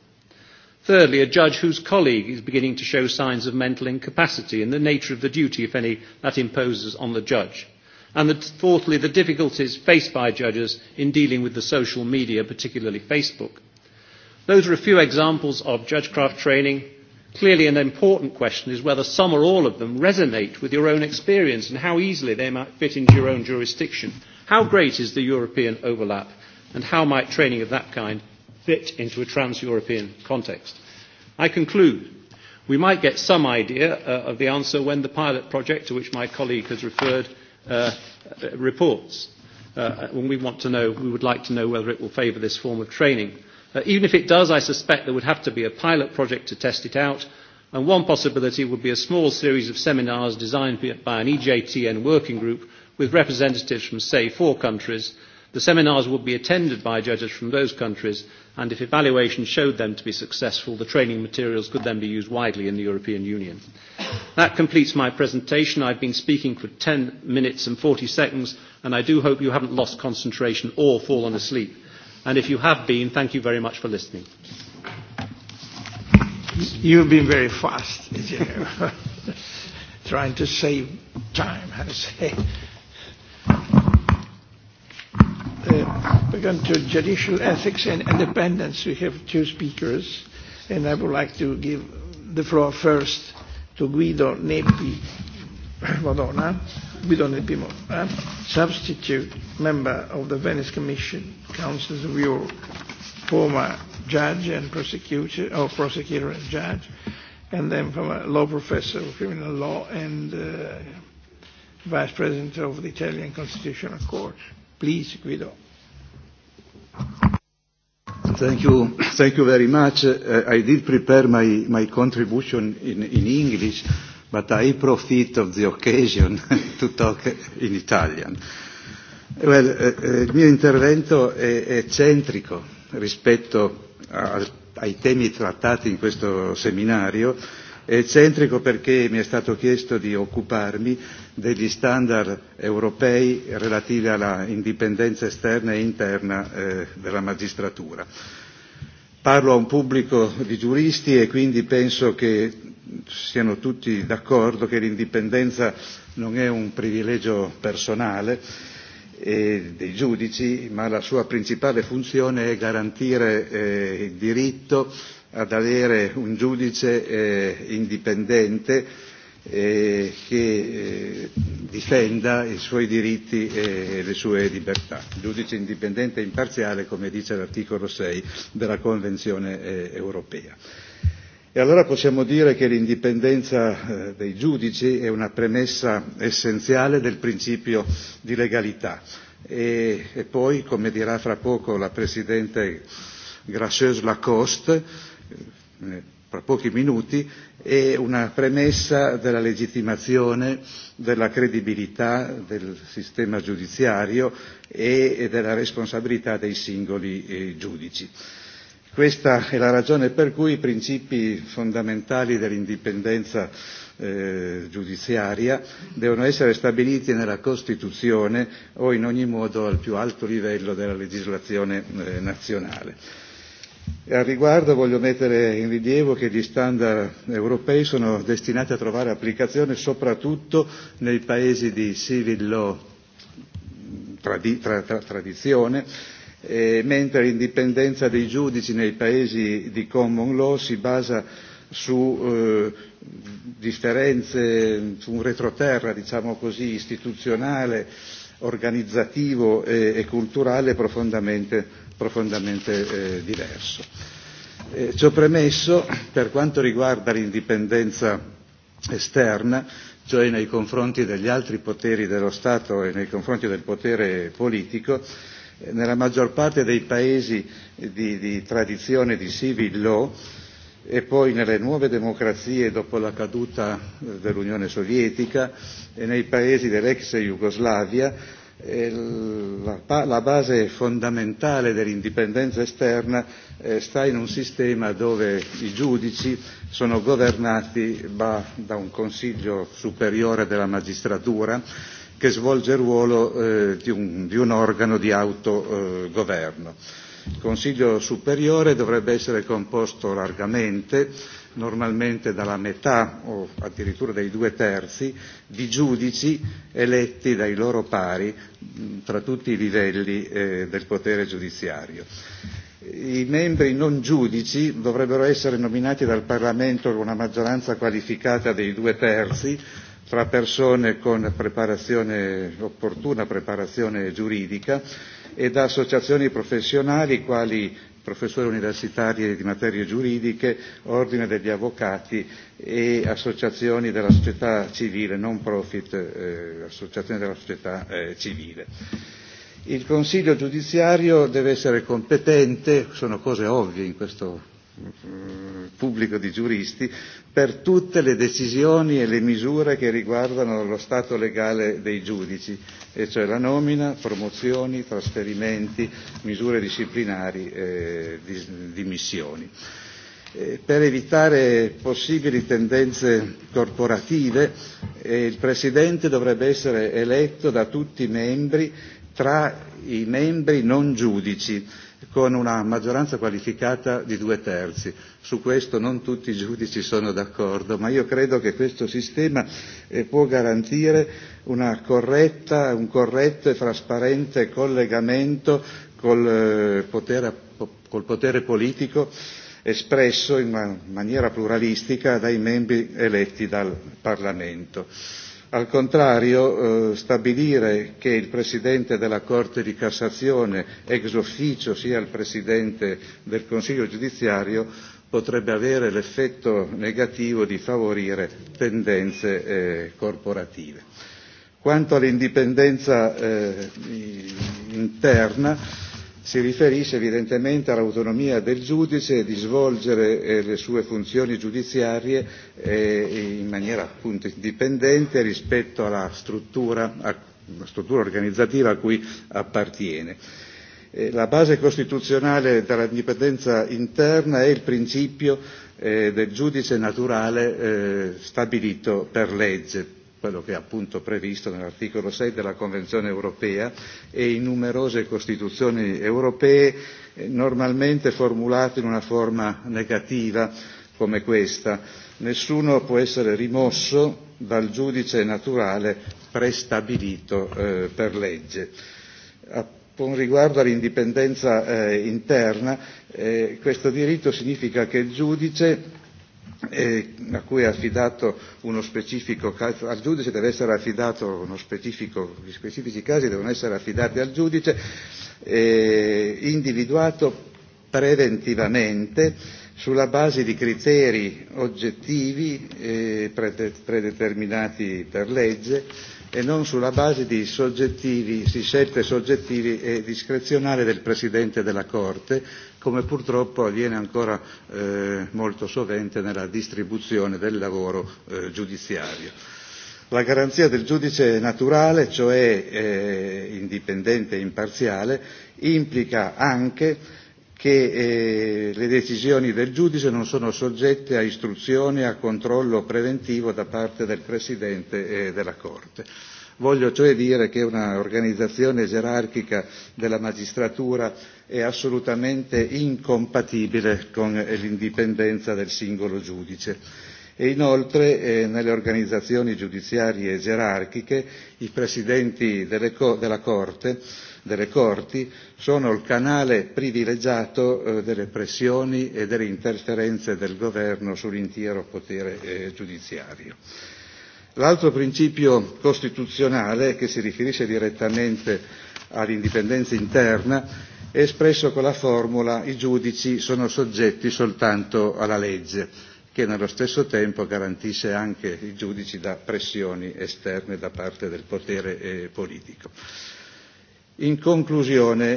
Speaker 18: Thirdly, a judge whose colleague is beginning to show signs of mental incapacity and the nature of the duty, if any, that imposes on the judge. And fourthly, the difficulties faced by judges in dealing with the social media, particularly Facebook. Those are a few examples of judgecraft training Clearly an important question is whether some or all of them resonate with your own experience and how easily they might fit into your own jurisdiction. How great is the European overlap and how might training of that kind fit into a trans-European context? I conclude. We might get some idea of the answer when the pilot project to which my colleague has referred reports. When we want to know, we would like to know whether it will favour this form of training Even if it does, I suspect there would have to be a pilot project to test it out, and one possibility would be a small series of seminars designed by an EJTN working group with representatives from, say, four countries. The seminars would be attended by judges from those countries, and if evaluation showed them to be successful, the training materials could then be used widely in the European Union. That completes my presentation. I've been speaking for 10 minutes and 40 seconds, and I do hope you haven't lost concentration or fallen asleep. And if you have been, thank you very much for listening.
Speaker 1: You've been very fast, trying to save time, I to say. We're going to judicial ethics and independence. We have two speakers, and I would like to give the floor first to Guido Nepi Madonna, Guido Nepi, substitute member of the Venice Commission, Councils of Europe, former judge and prosecutor, or prosecutor and judge, and then former law professor of criminal law and vice president of the Italian Constitutional Court. Please, Guido.
Speaker 19: Thank you, thank you very much. I did prepare my my contribution in in English, but I profit of the occasion to talk in Italian. Well, il mio intervento è eccentrico rispetto ai temi trattati in questo seminario, è centrico perché mi è stato chiesto di occuparmi degli standard europei relativi alla indipendenza esterna e interna della magistratura. Parlo a un pubblico di giuristi e quindi penso che siano tutti d'accordo che l'indipendenza non è un privilegio personale dei giudici, ma la sua principale funzione è garantire il diritto ad avere un giudice indipendente che difenda i suoi diritti e le sue libertà. Giudice indipendente e imparziale, come dice l'articolo 6 della Convenzione europea. E allora possiamo dire che l'indipendenza dei giudici è una premessa essenziale del principio di legalità e poi, come dirà fra poco la Presidente Gracieuse Lacoste, fra pochi minuti, è una premessa della legittimazione, della credibilità del sistema giudiziario e della responsabilità dei singoli giudici Questa è la ragione per cui i principi fondamentali dell'indipendenza giudiziaria devono essere stabiliti nella Costituzione o in ogni modo al più alto livello della legislazione nazionale. Al riguardo voglio mettere in rilievo che gli standard europei sono destinati a trovare applicazione soprattutto nei paesi di civil law tradizione mentre l'indipendenza dei giudici nei paesi di common law si basa su differenze, su un retroterra diciamo così istituzionale, organizzativo e culturale profondamente profondamente diverso. Ciò premesso, per quanto riguarda l'indipendenza esterna, cioè nei confronti degli altri poteri dello Stato e nei confronti del potere politico, nella maggior parte dei paesi di, di tradizione di civil law e poi nelle nuove democrazie dopo la caduta dell'Unione Sovietica e nei paesi dell'ex Jugoslavia la base fondamentale dell'indipendenza esterna sta in un sistema dove i giudici sono governati da un consiglio superiore della magistratura che svolge il ruolo di un organo di autogoverno. Il Consiglio superiore dovrebbe essere composto largamente, normalmente dalla metà o addirittura dai due terzi, di giudici eletti dai loro pari tra tutti i livelli del potere giudiziario. I membri non giudici dovrebbero essere nominati dal Parlamento con una maggioranza qualificata dei due terzi fra persone con preparazione, opportuna preparazione giuridica e da associazioni professionali quali professori universitari di materie giuridiche, ordine degli avvocati e associazioni della società civile, non profit, associazioni della società civile. Il Consiglio giudiziario deve essere competente, sono cose ovvie in questo pubblico di giuristi per tutte le decisioni e le misure che riguardano lo stato legale dei giudici, e cioè la nomina, promozioni, trasferimenti, misure disciplinari e dimissioni. Per evitare possibili tendenze corporative, il Presidente dovrebbe essere eletto da tutti i membri tra i membri non giudici con una maggioranza qualificata di due terzi. Su questo non tutti i giudici sono d'accordo, ma io credo che questo sistema può garantire una corretta, un corretto e trasparente collegamento col potere, col potere politico espresso in maniera pluralistica dai membri eletti dal Parlamento Al contrario, stabilire che il Presidente della Corte di Cassazione ex officio sia il Presidente del Consiglio giudiziario potrebbe avere l'effetto negativo di favorire tendenze corporative. Quanto all'indipendenza interna, si riferisce evidentemente all'autonomia del giudice di svolgere le sue funzioni giudiziarie in maniera appunto indipendente rispetto alla struttura organizzativa a cui appartiene. La base costituzionale dell'indipendenza interna è il principio del giudice naturale stabilito per legge quello che è appunto previsto nell'articolo 6 della Convenzione europea e in numerose Costituzioni europee, normalmente formulate in una forma negativa come questa. Nessuno può essere rimosso dal giudice naturale prestabilito per legge. Con riguardo all'indipendenza interna, questo diritto significa che il giudice a cui è affidato uno specifico caso al giudice deve essere affidato uno specifico gli specifici casi devono essere affidati al giudice individuato preventivamente sulla base di criteri oggettivi predeterminati per legge e non sulla base di soggettivi di scelte soggettivi e discrezionali del presidente della corte come purtroppo avviene ancora molto sovente nella distribuzione del lavoro giudiziario. La garanzia del giudice naturale, cioè indipendente e imparziale, implica anche che le decisioni del giudice non sono soggette a istruzione e a controllo preventivo da parte del presidente della Corte. Voglio cioè dire che un'organizzazione gerarchica della magistratura è assolutamente incompatibile con l'indipendenza del singolo giudice e inoltre nelle organizzazioni giudiziarie gerarchiche i presidenti della corte delle corti sono il canale privilegiato delle pressioni e delle interferenze del governo sull'intero potere giudiziario L'altro principio costituzionale, che si riferisce direttamente all'indipendenza interna, è espresso con la formula i giudici sono soggetti soltanto alla legge, che nello stesso tempo garantisce anche i giudici da pressioni esterne da parte del potere politico. In conclusione,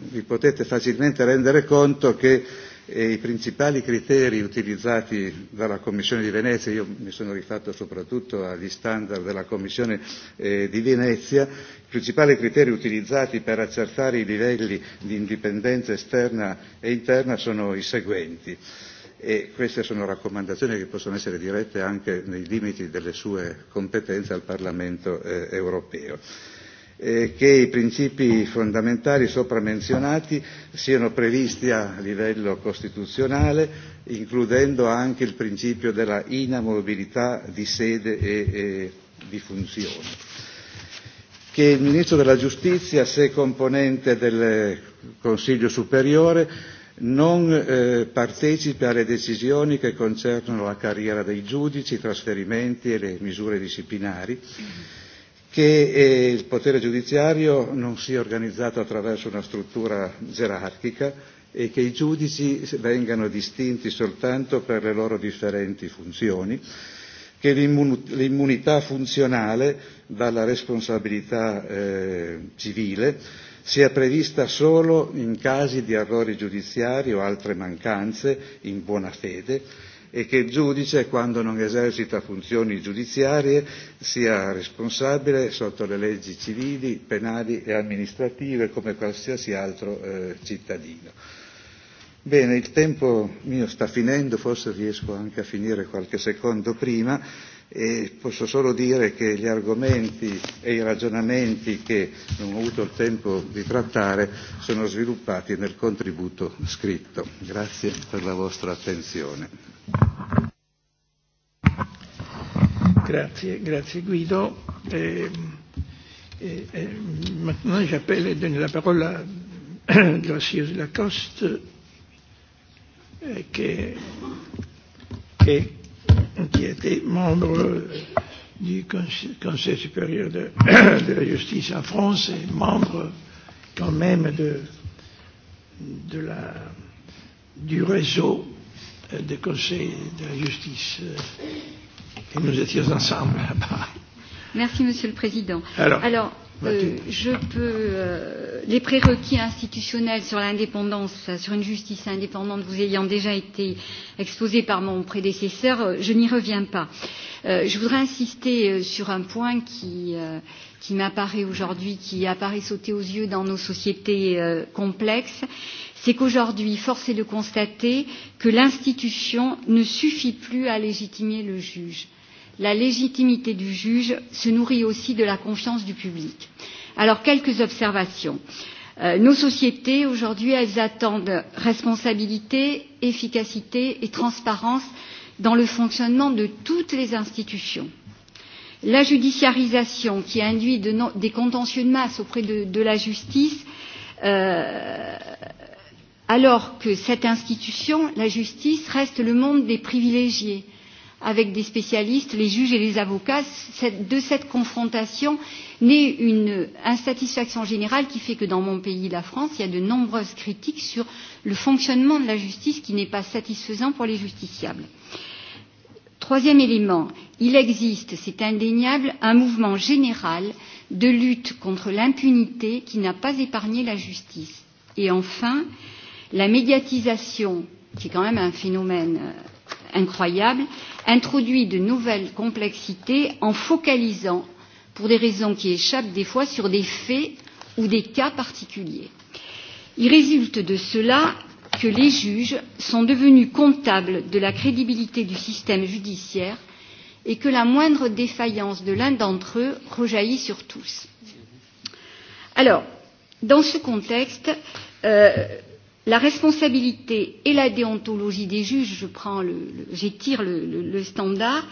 Speaker 19: vi potete facilmente rendere conto che e i principali criteri utilizzati dalla Commissione di Venezia, io mi sono rifatto soprattutto agli standard della Commissione di Venezia, i principali criteri utilizzati per accertare i livelli di indipendenza esterna e interna sono i seguenti e queste sono raccomandazioni che possono essere dirette anche nei limiti delle sue competenze al Parlamento europeo che i principi fondamentali sopra menzionati siano previsti a livello costituzionale, includendo anche il principio della inamovibilità di sede e di funzione. Che il Ministro della Giustizia, se componente del Consiglio superiore, non partecipi alle decisioni che concernono la carriera dei giudici, i trasferimenti e le misure disciplinari che il potere giudiziario non sia organizzato attraverso una struttura gerarchica e che i giudici vengano distinti soltanto per le loro differenti funzioni, che l'immunità funzionale dalla responsabilità civile sia prevista solo in casi di errori giudiziari o altre mancanze in buona fede e che il giudice, quando non esercita funzioni giudiziarie, sia responsabile sotto le leggi civili, penali e amministrative come qualsiasi altro cittadino. Bene, il tempo mio sta finendo, forse riesco anche a finire qualche secondo prima e posso solo dire che gli argomenti e i ragionamenti che non ho avuto il tempo di trattare sono sviluppati nel contributo scritto. Grazie per la vostra attenzione.
Speaker 1: Grazie, grazie Guido. maintenant j'appelle et donne la parole à Gracieuse Lacoste qui, qui, qui était membre du Conseil supérieur de, de la justice en France et membre quand même de, de la, du réseau de Conseil de la justice. Et nous étions ensemble
Speaker 20: Merci, Monsieur le Président. Alors, euh, je peux. les prérequis institutionnels sur l'indépendance, sur une justice indépendante, vous ayant déjà été exposés par mon prédécesseur, je n'y reviens pas. je voudrais insister sur un point qui. qui m'apparaît aujourd'hui, qui apparaît sauter aux yeux dans nos sociétés complexes, c'est qu'aujourd'hui, force est de constater que l'institution ne suffit plus à légitimer le juge. La légitimité du juge se nourrit aussi de la confiance du public. Alors, quelques observations. Nos sociétés, aujourd'hui, elles attendent responsabilité, efficacité et transparence dans le fonctionnement de toutes les institutions. La judiciarisation qui induit des contentieux de masse auprès de la justice alors que cette institution, la justice, reste le monde des privilégiés, avec des spécialistes, les juges et les avocats. De cette confrontation naît une insatisfaction générale qui fait que dans mon pays, la France, il y a de nombreuses critiques sur le fonctionnement de la justice qui n'est pas satisfaisant pour les justiciables. Troisième élément, il existe, c'est indéniable, un mouvement général de lutte contre l'impunité qui n'a pas épargné la justice. Et enfin, La médiatisation, qui est quand même un phénomène incroyable, introduit de nouvelles complexités en focalisant, pour des raisons qui échappent des fois, sur des faits ou des cas particuliers. Il résulte de cela que les juges sont devenus comptables de la crédibilité du système judiciaire et que la moindre défaillance de l'un d'entre eux rejaillit sur tous. Alors, dans ce contexte, la responsabilité et la déontologie des juges, je prends le, j'étire le, standard,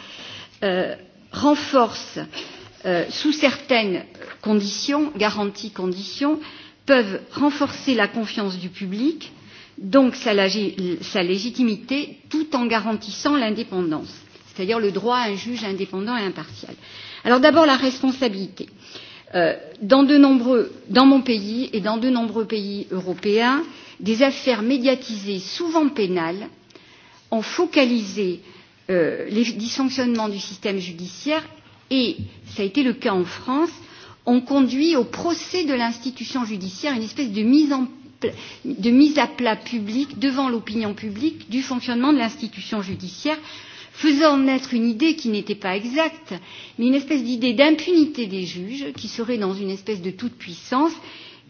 Speaker 20: euh, renforcent sous certaines conditions, garanties conditions, peuvent renforcer la confiance du public, donc sa légitimité, tout en garantissant l'indépendance, c'est-à-dire le droit à un juge indépendant et impartial. Alors d'abord la responsabilité. Dans mon pays et dans de nombreux pays européens, des affaires médiatisées, souvent pénales, ont focalisé les dysfonctionnements du système judiciaire et, ça a été le cas en France, ont conduit au procès de l'institution judiciaire, une espèce de mise en de mise à plat publique devant l'opinion publique du fonctionnement de l'institution judiciaire, faisant naître une idée qui n'était pas exacte, mais une espèce d'idée d'impunité des juges, qui serait dans une espèce de toute-puissance,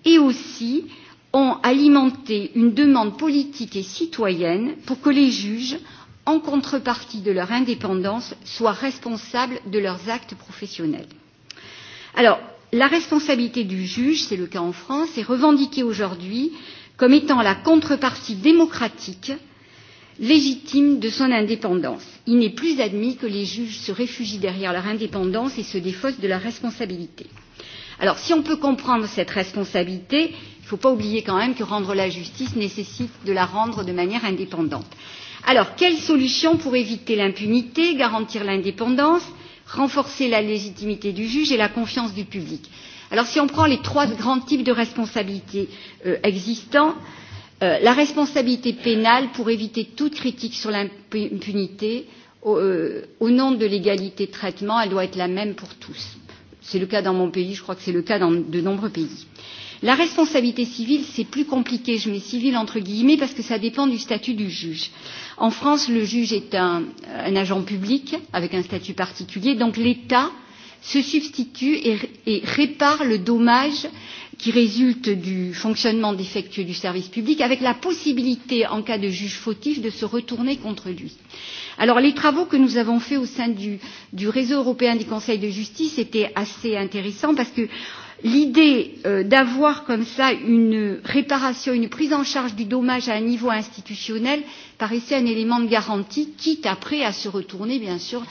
Speaker 20: et aussi ont alimenté une demande politique et citoyenne pour que les juges, en contrepartie de leur indépendance, soient responsables de leurs actes professionnels. Alors, la responsabilité du juge, c'est le cas en France, est revendiquée aujourd'hui comme étant la contrepartie démocratique légitime de son indépendance. Il n'est plus admis que les juges se réfugient derrière leur indépendance et se défaussent de leur responsabilité. Alors, si on peut comprendre cette responsabilité, Il ne faut pas oublier quand même que rendre la justice nécessite de la rendre de manière indépendante. Alors, quelles solutions pour éviter l'impunité, garantir l'indépendance, renforcer la légitimité du juge et la confiance du public Alors, si on prend les trois grands types de responsabilités existants, la responsabilité pénale pour éviter toute critique sur l'impunité au nom de l'égalité de traitement, elle doit être la même pour tous. C'est le cas dans mon pays, je crois que c'est le cas dans de nombreux pays. La responsabilité civile, c'est plus compliqué, je mets civile entre guillemets, parce que ça dépend du statut du juge. En France, le juge est un agent public, avec un statut particulier, donc l'État se substitue et répare le dommage qui résulte du fonctionnement défectueux du service public, avec la possibilité, en cas de juge fautif, de se retourner contre lui. Alors, les travaux que nous avons faits au sein du réseau européen des conseils de justice étaient assez intéressants, parce que l'idée d'avoir comme cela une réparation une prise en charge du dommage à un niveau institutionnel paraissait un élément de garantie quitte après à se retourner bien sûr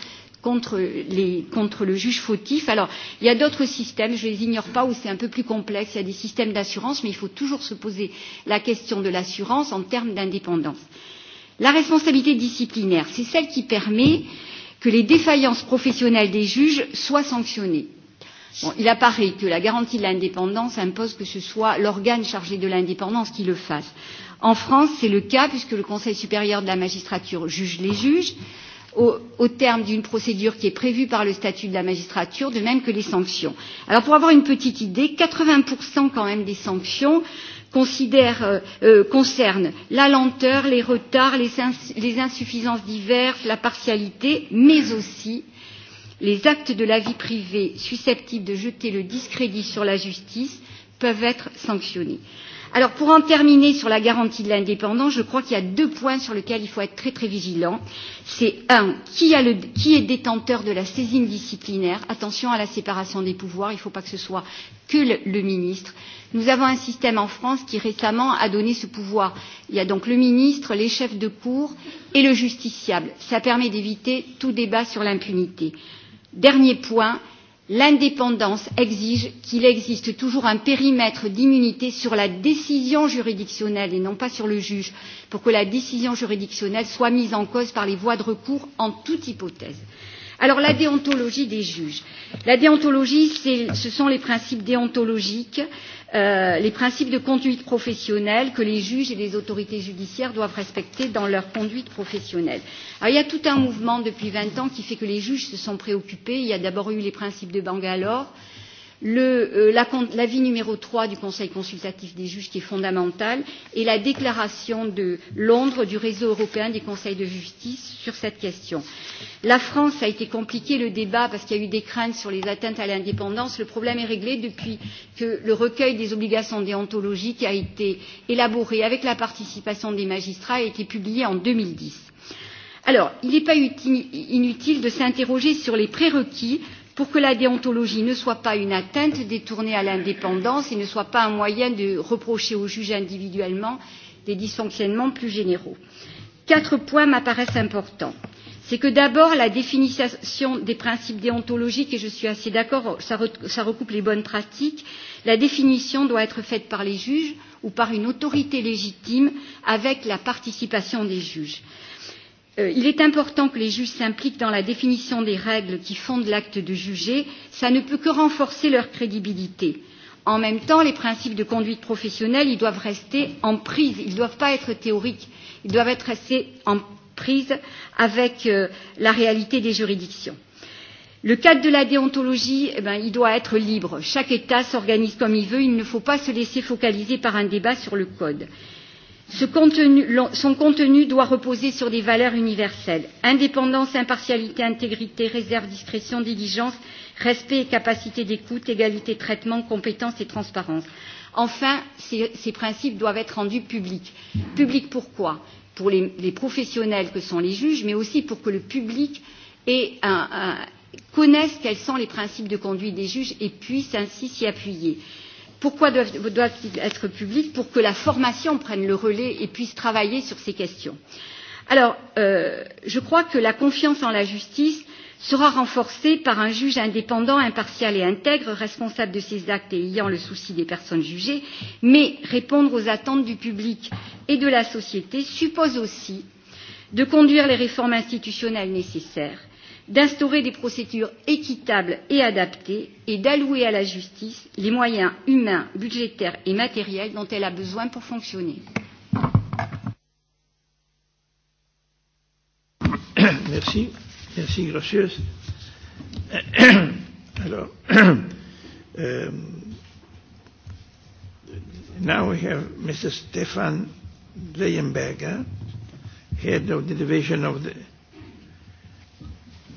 Speaker 20: contre les contre le juge fautif alors il y a d'autres systèmes je ne les ignore pas où c'est un peu plus complexe il y a des systèmes d'assurance mais il faut toujours se poser la question de l'assurance en termes d'indépendance la responsabilité disciplinaire c'est celle qui permet que les défaillances professionnelles des juges soient sanctionnées il apparaît que la garantie de l'indépendance impose que ce soit l'organe chargé de l'indépendance qui le fasse. En France, c'est le cas puisque le Conseil supérieur de la magistrature juge les juges au terme d'une procédure qui est prévue par le statut de la magistrature, de même que les sanctions. Alors pour avoir une petite idée, 80% quand même des sanctions concernent la lenteur, les retards, les insuffisances diverses, la partialité, mais aussi Les actes de la vie privée susceptibles de jeter le discrédit sur la justice peuvent être sanctionnés. Alors pour en terminer sur la garantie de l'indépendance, je crois qu'il y a deux points sur lesquels il faut être très très vigilant. C'est un, qui, a le, qui est détenteur de la saisine disciplinaire Attention à la séparation des pouvoirs, il ne faut pas que ce soit que le, ministre. Nous avons un système en France qui récemment a donné ce pouvoir. Il y a donc le ministre, les chefs de cour et le justiciable. Ça permet d'éviter tout débat sur l'impunité. Dernier point, l'indépendance exige qu'il existe toujours un périmètre d'immunité sur la décision juridictionnelle et non pas sur le juge, pour que la décision juridictionnelle soit mise en cause par les voies de recours en toute hypothèse. Alors la déontologie des juges. La déontologie, ce sont les principes déontologiques, les principes de conduite professionnelle que les juges et les autorités judiciaires doivent respecter dans leur conduite professionnelle. Alors il y a tout un mouvement depuis 20 ans qui fait que les juges se sont préoccupés. Il y a d'abord eu les principes de Bangalore l'avis numéro 3 du Conseil consultatif des juges qui est fondamental et la déclaration de Londres du réseau européen des conseils de justice sur cette question. La France a été compliqué le débat parce qu'il y a eu des craintes sur les atteintes à l'indépendance. Le problème est réglé depuis que le recueil des obligations déontologiques a été élaboré avec la participation des magistrats et a été publié en 2010. Alors, il n'est pas inutile de s'interroger sur les prérequis pour que la déontologie ne soit pas une atteinte détournée à l'indépendance et ne soit pas un moyen de reprocher aux juges individuellement des dysfonctionnements plus généraux. Quatre points m'apparaissent importants. C'est que d'abord, la définition des principes déontologiques, et je suis assez d'accord, ça recoupe les bonnes pratiques, la définition doit être faite par les juges ou par une autorité légitime avec la participation des juges. Il est important que les juges s'impliquent dans la définition des règles qui fondent l'acte de juger. Ça ne peut que renforcer leur crédibilité. En même temps, les principes de conduite professionnelle, ils doivent rester en prise. Ils ne doivent pas être théoriques. Ils doivent être assez en prise avec la réalité des juridictions. Le cadre de la déontologie, il doit être libre. Chaque État s'organise comme il veut. Il ne faut pas se laisser focaliser par un débat sur le Code. Son contenu doit reposer sur des valeurs universelles indépendance, impartialité, intégrité, réserve, discrétion, diligence, respect et capacité d'écoute, égalité de traitement, compétence et transparence. Enfin, ces principes doivent être rendus publics. Publics pourquoi Pour les professionnels que sont les juges, mais aussi pour que le public connaisse quels sont les principes de conduite des juges et puisse ainsi s'y appuyer. Pourquoi doivent-ils être publics Pour que la formation prenne le relais et puisse travailler sur ces questions. Alors, je crois que la confiance en la justice sera renforcée par un juge indépendant, impartial et intègre, responsable de ses actes et ayant le souci des personnes jugées, mais répondre aux attentes du public et de la société suppose aussi de conduire les réformes institutionnelles nécessaires d'instaurer des procédures équitables et adaptées et d'allouer à la justice les moyens humains, budgétaires et matériels dont elle a besoin pour fonctionner.
Speaker 1: Merci. Merci, Alors, now we have Mr. Stefan Leyenberger, head of the division of the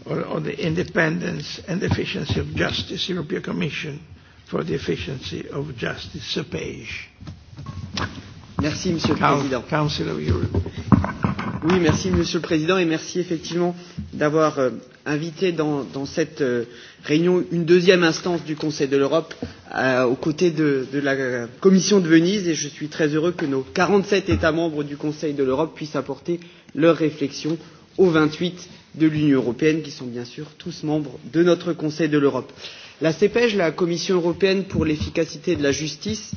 Speaker 1: on the independence and efficiency of justice, European Commission for the efficiency of
Speaker 21: justice, page. Merci, Monsieur le Président. Council of Europe. Oui, merci, Monsieur le Président, et merci effectivement d'avoir invité dans, dans cette réunion une deuxième instance du Conseil de l'Europe aux côtés de, de la Commission de Venise, et je suis très heureux que nos 47 États membres du Conseil de l'Europe puissent apporter leurs réflexions aux 28 de l'Union européenne, qui sont bien sûr tous membres de notre Conseil de l'Europe. La CEPEJ, la Commission européenne pour l'efficacité de la justice,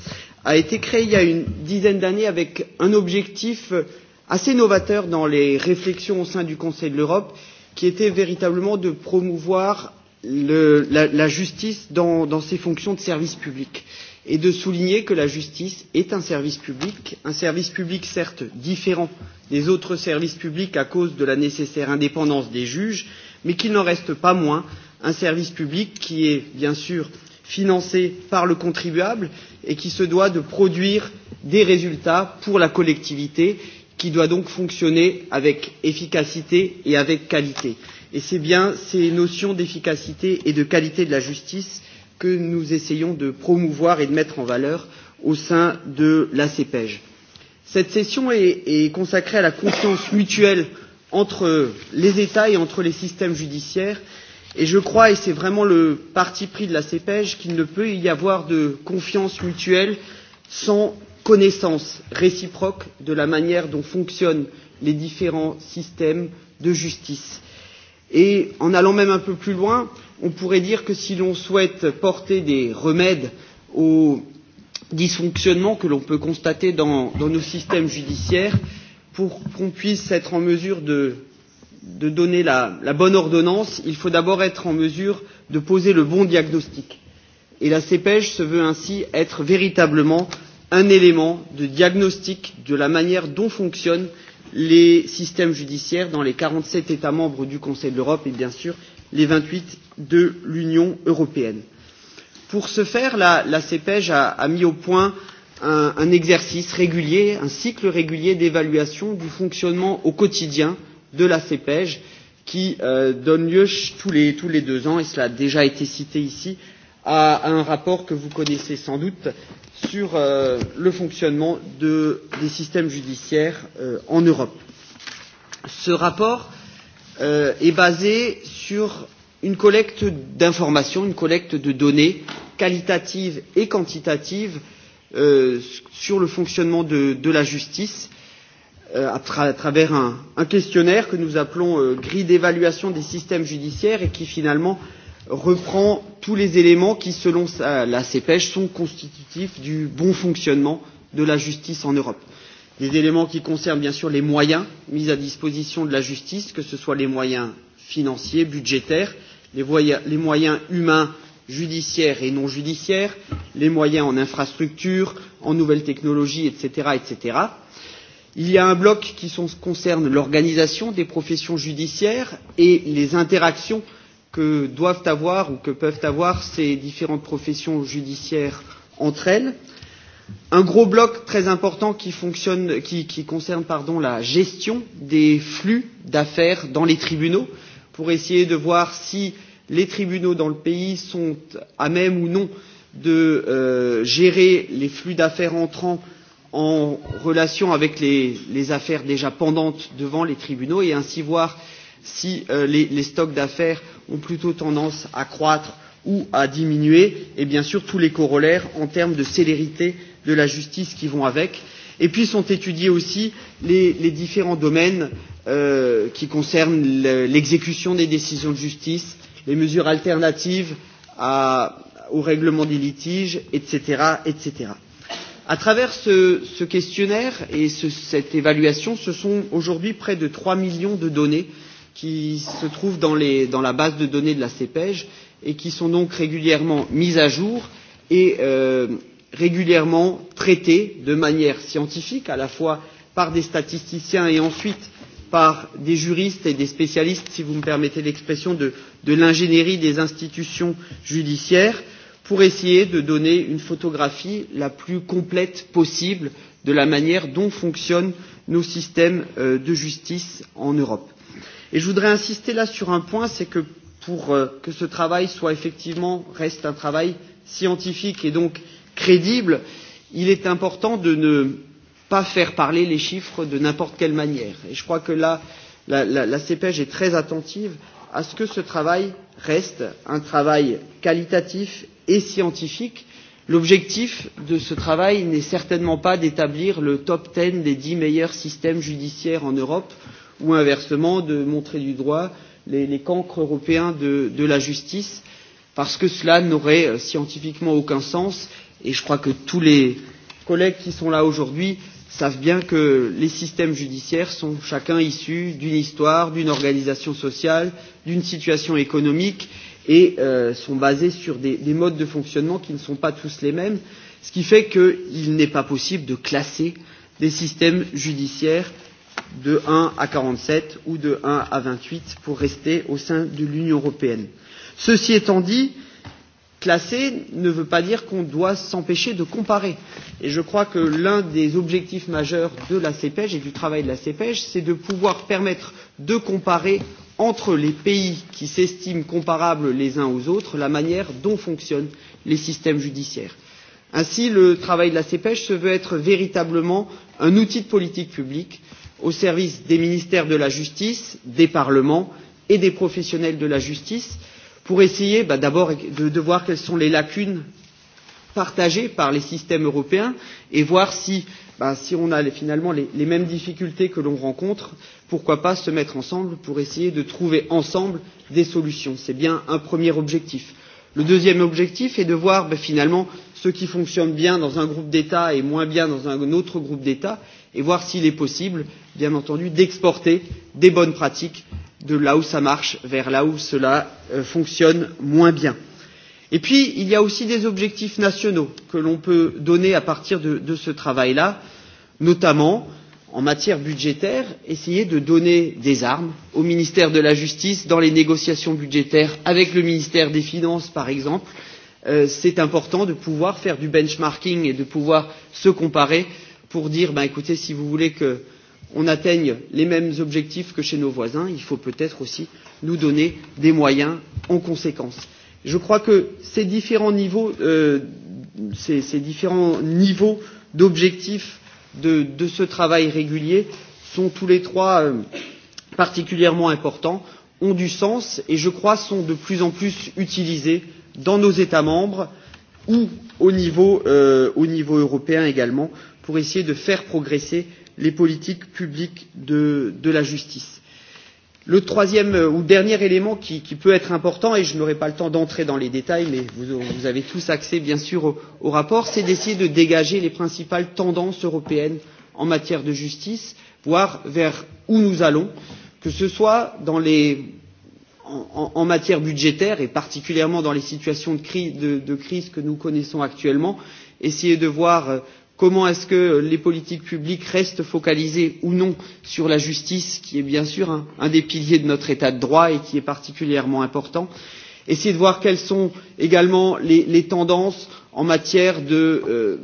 Speaker 21: a été créée il y a une dizaine d'années avec un objectif assez novateur dans les réflexions au sein du Conseil de l'Europe, qui était véritablement de promouvoir la justice dans ses fonctions de service public et de souligner que la justice est un service public, un service public certes différent des autres services publics à cause de la nécessaire indépendance des juges, mais qu'il n'en reste pas moins un service public qui est bien sûr financé par le contribuable et qui se doit de produire des résultats pour la collectivité, qui doit donc fonctionner avec efficacité et avec qualité. Et c'est bien ces notions d'efficacité et de qualité de la justice que nous essayons de promouvoir et de mettre en valeur au sein de la CEPEG. Cette session est consacrée à la confiance mutuelle entre les États et entre les systèmes judiciaires et je crois et c'est vraiment le parti pris de la CEPEG qu'il ne peut y avoir de confiance mutuelle sans connaissance réciproque de la manière dont fonctionnent les différents systèmes de justice. Et en allant même un peu plus loin, on pourrait dire que si l'on souhaite porter des remèdes aux dysfonctionnements que l'on peut constater dans nos systèmes judiciaires pour qu'on puisse être en mesure de donner la bonne ordonnance il faut d'abord être en mesure de poser le bon diagnostic et la CPEJ se veut ainsi être véritablement un élément de diagnostic de la manière dont fonctionnent les systèmes judiciaires dans les quarante sept états membres du conseil de l'europe et bien sûr les 28 de l'Union européenne. Pour ce faire, la CEPEJ a mis au point un exercice régulier, un cycle régulier d'évaluation du fonctionnement au quotidien de la CEPEJ qui donne lieu tous les deux ans, et cela a déjà été cité ici, à un rapport que vous connaissez sans doute sur le fonctionnement des systèmes judiciaires en Europe. Ce rapport est basée sur une collecte d'informations, une collecte de données qualitatives et quantitatives sur le fonctionnement de la justice à travers un questionnaire que nous appelons grille d'évaluation des systèmes judiciaires et qui finalement reprend tous les éléments qui, selon la CPEJ, sont constitutifs du bon fonctionnement de la justice en Europe des éléments qui concernent bien sûr les moyens mis à disposition de la justice, que ce soit les moyens financiers, budgétaires, les moyens humains, judiciaires et non judiciaires, les moyens en infrastructures, en nouvelles technologies, etc. Il y a un bloc qui concerne l'organisation des professions judiciaires et les interactions que doivent avoir ou que peuvent avoir ces différentes professions judiciaires entre elles. Un gros bloc très important qui fonctionne, qui, concerne pardon, la gestion des flux d'affaires dans les tribunaux pour essayer de voir si les tribunaux dans le pays sont à même ou non de gérer les flux d'affaires entrants en relation avec les, affaires déjà pendantes devant les tribunaux et ainsi voir si les, les stocks d'affaires ont plutôt tendance à croître ou à diminuer et bien sûr tous les corollaires en termes de célérité de la justice qui vont avec. Et puis sont étudiés aussi les différents domaines qui concernent l'exécution des décisions de justice, les mesures alternatives au règlement des litiges, etc. etc. À travers ce questionnaire et cette évaluation, ce sont aujourd'hui près de 3 millions de données qui se trouvent dans la base de données de la CEPEJ et qui sont donc régulièrement mises à jour et régulièrement traité de manière scientifique, à la fois par des statisticiens et ensuite par des juristes et des spécialistes, si vous me permettez l'expression, de l'ingénierie des institutions judiciaires, pour essayer de donner une photographie la plus complète possible de la manière dont fonctionnent nos systèmes de justice en Europe. Et je voudrais insister là sur un point, c'est que pour que ce travail soit effectivement, reste un travail scientifique et donc crédible, il est important de ne pas faire parler les chiffres de n'importe quelle manière. Et je crois que là, la, la, la est très attentive à ce que ce travail reste un travail qualitatif et scientifique. L'objectif de ce travail n'est certainement pas d'établir le top 10 des dix meilleurs systèmes judiciaires en Europe ou inversement de montrer du droit les, les cancres européens de, de la justice parce que cela n'aurait scientifiquement aucun sens et je crois que tous les collègues qui sont là aujourd'hui savent bien que les systèmes judiciaires sont chacun issus d'une histoire, d'une organisation sociale, d'une situation économique et sont basés sur des modes de fonctionnement qui ne sont pas tous les mêmes, ce qui fait qu'il n'est pas possible de classer des systèmes judiciaires de 1 à 47 ou de 1 à 28 pour rester au sein de l'Union européenne. Ceci étant dit, classer ne veut pas dire qu'on doit s'empêcher de comparer. Et je crois que l'un des objectifs majeurs de la CEPEG et du travail de la CEPEJ, c'est de pouvoir permettre de comparer entre les pays qui s'estiment comparables les uns aux autres la manière dont fonctionnent les systèmes judiciaires. Ainsi, le travail de la CEPEJ se veut être véritablement un outil de politique publique au service des ministères de la justice, des parlements et des professionnels de la justice pour essayer d'abord de voir quelles sont les lacunes partagées par les systèmes européens et voir si si on a finalement les mêmes difficultés que l'on rencontre pourquoi pas se mettre ensemble pour essayer de trouver ensemble des solutions c'est bien un premier objectif le deuxième objectif est de voir finalement ce qui fonctionne bien dans un groupe d'états et moins bien dans un autre groupe d'états et voir s'il est possible bien entendu d'exporter des bonnes pratiques de là où ça marche vers là où cela fonctionne moins bien. Et puis, il y a aussi des objectifs nationaux que l'on peut donner à partir de ce travail-là, notamment en matière budgétaire, essayer de donner des armes au ministère de la Justice dans les négociations budgétaires avec le ministère des Finances, par exemple. C'est important de pouvoir faire du benchmarking et de pouvoir se comparer pour dire, écoutez, si vous voulez que on atteigne les mêmes objectifs que chez nos voisins, il faut peut-être aussi nous donner des moyens en conséquence. Je crois que ces différents niveaux d'objectifs de ce travail régulier sont tous les trois particulièrement importants, ont du sens et je crois sont de plus en plus utilisés dans nos États membres ou au niveau européen également pour essayer de faire progresser les politiques publiques de la justice. Le troisième ou dernier élément qui peut être important et je n'aurai pas le temps d'entrer dans les détails, mais vous avez tous accès bien sûr au rapport, c'est d'essayer de dégager les principales tendances européennes en matière de justice, voir vers où nous allons, que ce soit en matière budgétaire et particulièrement dans les situations de crise que nous connaissons actuellement, essayer de voir Comment est-ce que les politiques publiques restent focalisées ou non sur la justice, qui est bien sûr un des piliers de notre État de droit et qui est particulièrement important Essayer de voir quelles sont également les tendances en matière de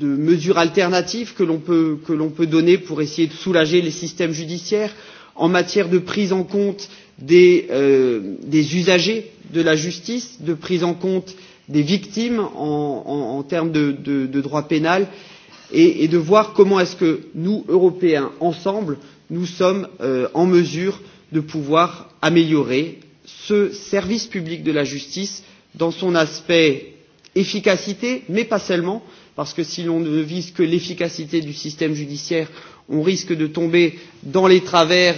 Speaker 21: mesures alternatives que l'on peut donner pour essayer de soulager les systèmes judiciaires, en matière de prise en compte des usagers de la justice, de prise en compte des victimes en termes de droit pénal et de voir comment est-ce que nous, Européens, ensemble, nous sommes en mesure de pouvoir améliorer ce service public de la justice dans son aspect efficacité, mais pas seulement, parce que si l'on ne vise que l'efficacité du système judiciaire, on risque de tomber dans les travers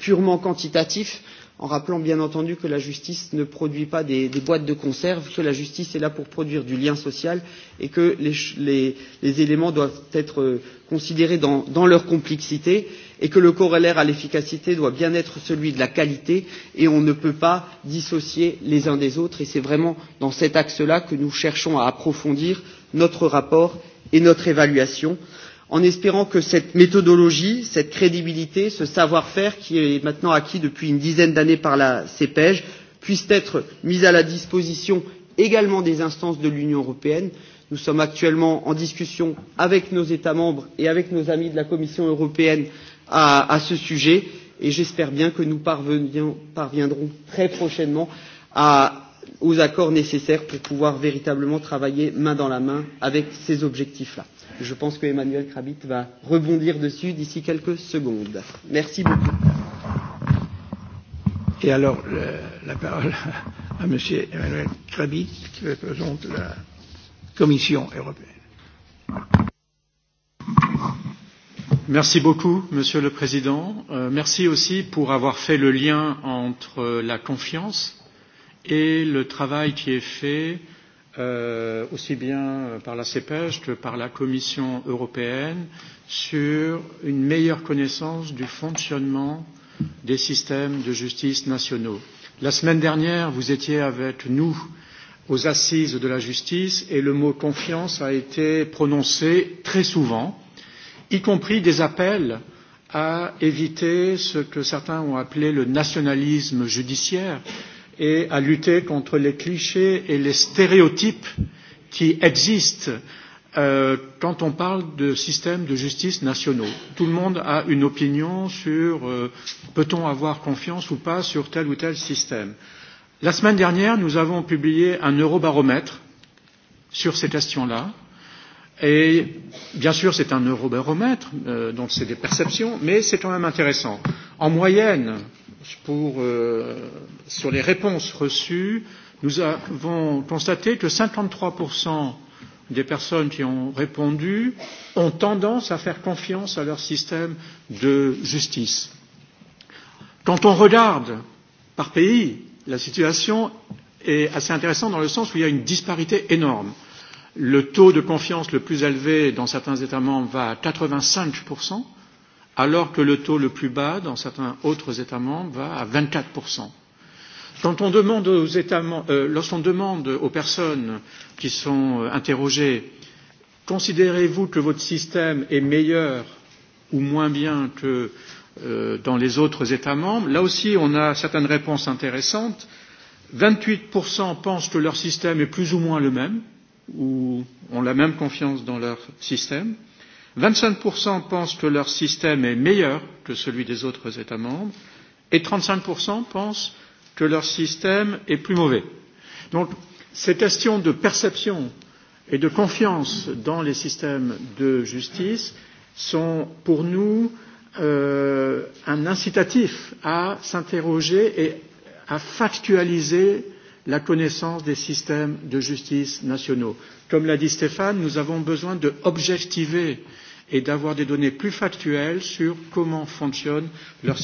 Speaker 21: purement quantitatifs en rappelant bien entendu que la justice ne produit pas des boîtes de conserve, que la justice est là pour produire du lien social et que les éléments doivent être considérés dans leur complexité et que le corollaire à l'efficacité doit bien être celui de la qualité et on ne peut pas dissocier les uns des autres et c'est vraiment dans cet axe là que nous cherchons à approfondir notre rapport et notre évaluation en espérant que cette méthodologie, cette crédibilité, ce savoir-faire qui est maintenant acquis depuis une dizaine d'années par la CEPEJ puisse être mis à la disposition également des instances de l'Union européenne. Nous sommes actuellement en discussion avec nos États membres et avec nos amis de la Commission européenne à ce sujet et j'espère bien que nous parviendrons très prochainement aux accords nécessaires pour pouvoir véritablement travailler main dans la main avec ces objectifs-là. Je pense que Emmanuel Krabit va rebondir dessus d'ici quelques secondes. Merci beaucoup. Et alors, la parole
Speaker 1: à Monsieur Emmanuel Krabit, qui représente la Commission européenne.
Speaker 22: Merci beaucoup, Monsieur le Président. Merci aussi pour avoir fait le lien entre la confiance et le travail qui est fait aussi bien par la CEPES que par la Commission européenne, sur une meilleure connaissance du fonctionnement des systèmes de justice nationaux. La semaine dernière, vous étiez avec nous aux assises de la justice et le mot confiance a été prononcé très souvent, y compris des appels à éviter ce que certains ont appelé le nationalisme judiciaire et à lutter contre les clichés et les stéréotypes qui existent quand on parle de systèmes de justice nationaux. Tout le monde a une opinion sur peut-on avoir confiance ou pas sur tel ou tel système. La semaine dernière, nous avons publié un eurobaromètre sur ces questions-là Et bien sûr, c'est un eurobaromètre, donc c'est des perceptions, mais c'est quand même intéressant. En moyenne, pour, sur les réponses reçues, nous avons constaté que 53% des personnes qui ont répondu ont tendance à faire confiance à leur système de justice. Quand on regarde par pays, la situation est assez intéressante dans le sens où il y a une disparité énorme. Le taux de confiance le plus élevé dans certains États membres va à 85%, alors que le taux le plus bas dans certains autres États membres va à 24%. Quand on demande aux États membres, lorsqu'on demande aux personnes qui sont interrogées, considérez-vous que votre système est meilleur ou moins bien que dans les autres États membres, là aussi on a certaines réponses intéressantes. 28% pensent que leur système est plus ou moins le même ou ont la même confiance dans leur système. 25% pensent que leur système est meilleur que celui des autres États membres et 35% pensent que leur système est plus mauvais. Donc, ces questions de perception et de confiance dans les systèmes de justice sont pour nous un incitatif à s'interroger et à factualiser la connaissance des systèmes de justice nationaux. Comme l'a dit Stéphane, nous avons besoin d'objectiver et d'avoir des données plus factuelles sur comment fonctionnent les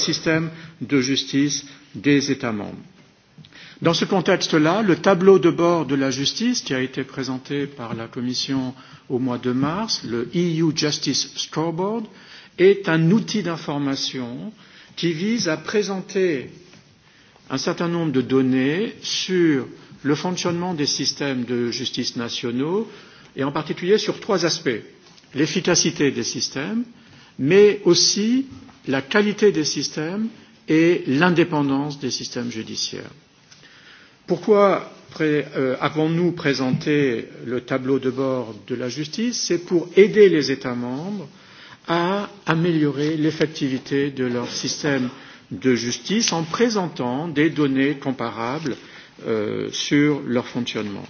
Speaker 22: systèmes de justice des États membres. Dans ce contexte-là, le tableau de bord de la justice qui a été présenté par la Commission au mois de mars, le EU Justice Scoreboard, est un outil d'information qui vise à présenter un certain nombre de données sur le fonctionnement des systèmes de justice nationaux et en particulier sur trois aspects l'efficacité des systèmes mais aussi la qualité des systèmes et l'indépendance des systèmes judiciaires. Pourquoi avons-nous présenté le tableau de bord de la justice C'est pour aider les États membres à améliorer l'effectivité de leur système de justice en présentant des données comparables sur leur fonctionnement.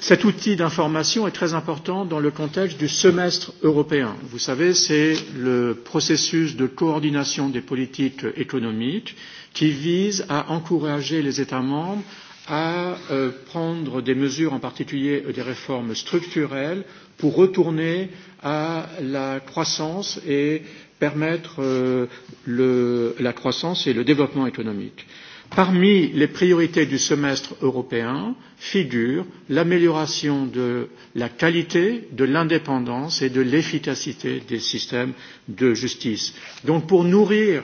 Speaker 22: Cet outil d'information est très important dans le contexte du semestre européen. Vous savez, c'est le processus de coordination des politiques économiques qui vise à encourager les États membres à prendre des mesures, en particulier des réformes structurelles, pour retourner à la croissance et permettre la croissance et le développement économique. Parmi les priorités du semestre européen figure l'amélioration de la qualité, de l'indépendance et de l'efficacité des systèmes de justice. Donc pour nourrir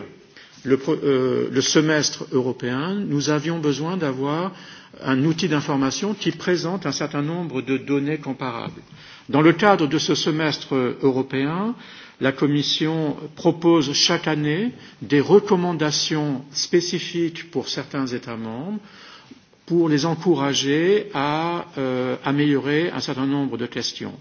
Speaker 22: le semestre européen, nous avions besoin d'avoir un outil d'information qui présente un certain nombre de données comparables. Dans le cadre de ce semestre européen, La Commission propose chaque année des recommandations spécifiques pour certains États membres pour les encourager à améliorer un certain nombre de questions.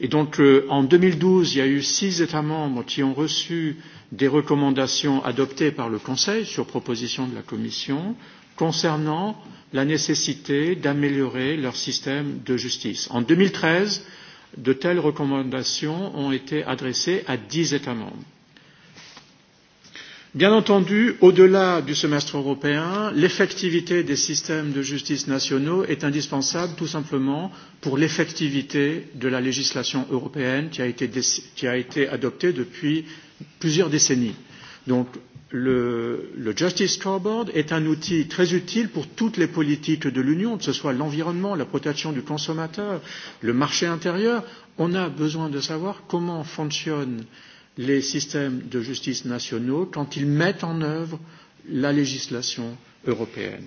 Speaker 22: Et donc en 2012, il y a eu six États membres qui ont reçu des recommandations adoptées par le Conseil sur proposition de la Commission concernant la nécessité d'améliorer leur système de justice. En 2013, de telles recommandations ont été adressées à dix États membres. Bien entendu, au-delà du semestre européen, l'effectivité des systèmes de justice nationaux est indispensable tout simplement pour l'effectivité de la législation européenne qui a été adoptée depuis plusieurs décennies. Donc, le Justice Scoreboard est un outil très utile pour toutes les politiques de l'Union, que ce soit l'environnement, la protection du consommateur, le marché intérieur. On a besoin de savoir comment fonctionnent les systèmes de justice nationaux quand ils mettent en œuvre la législation européenne.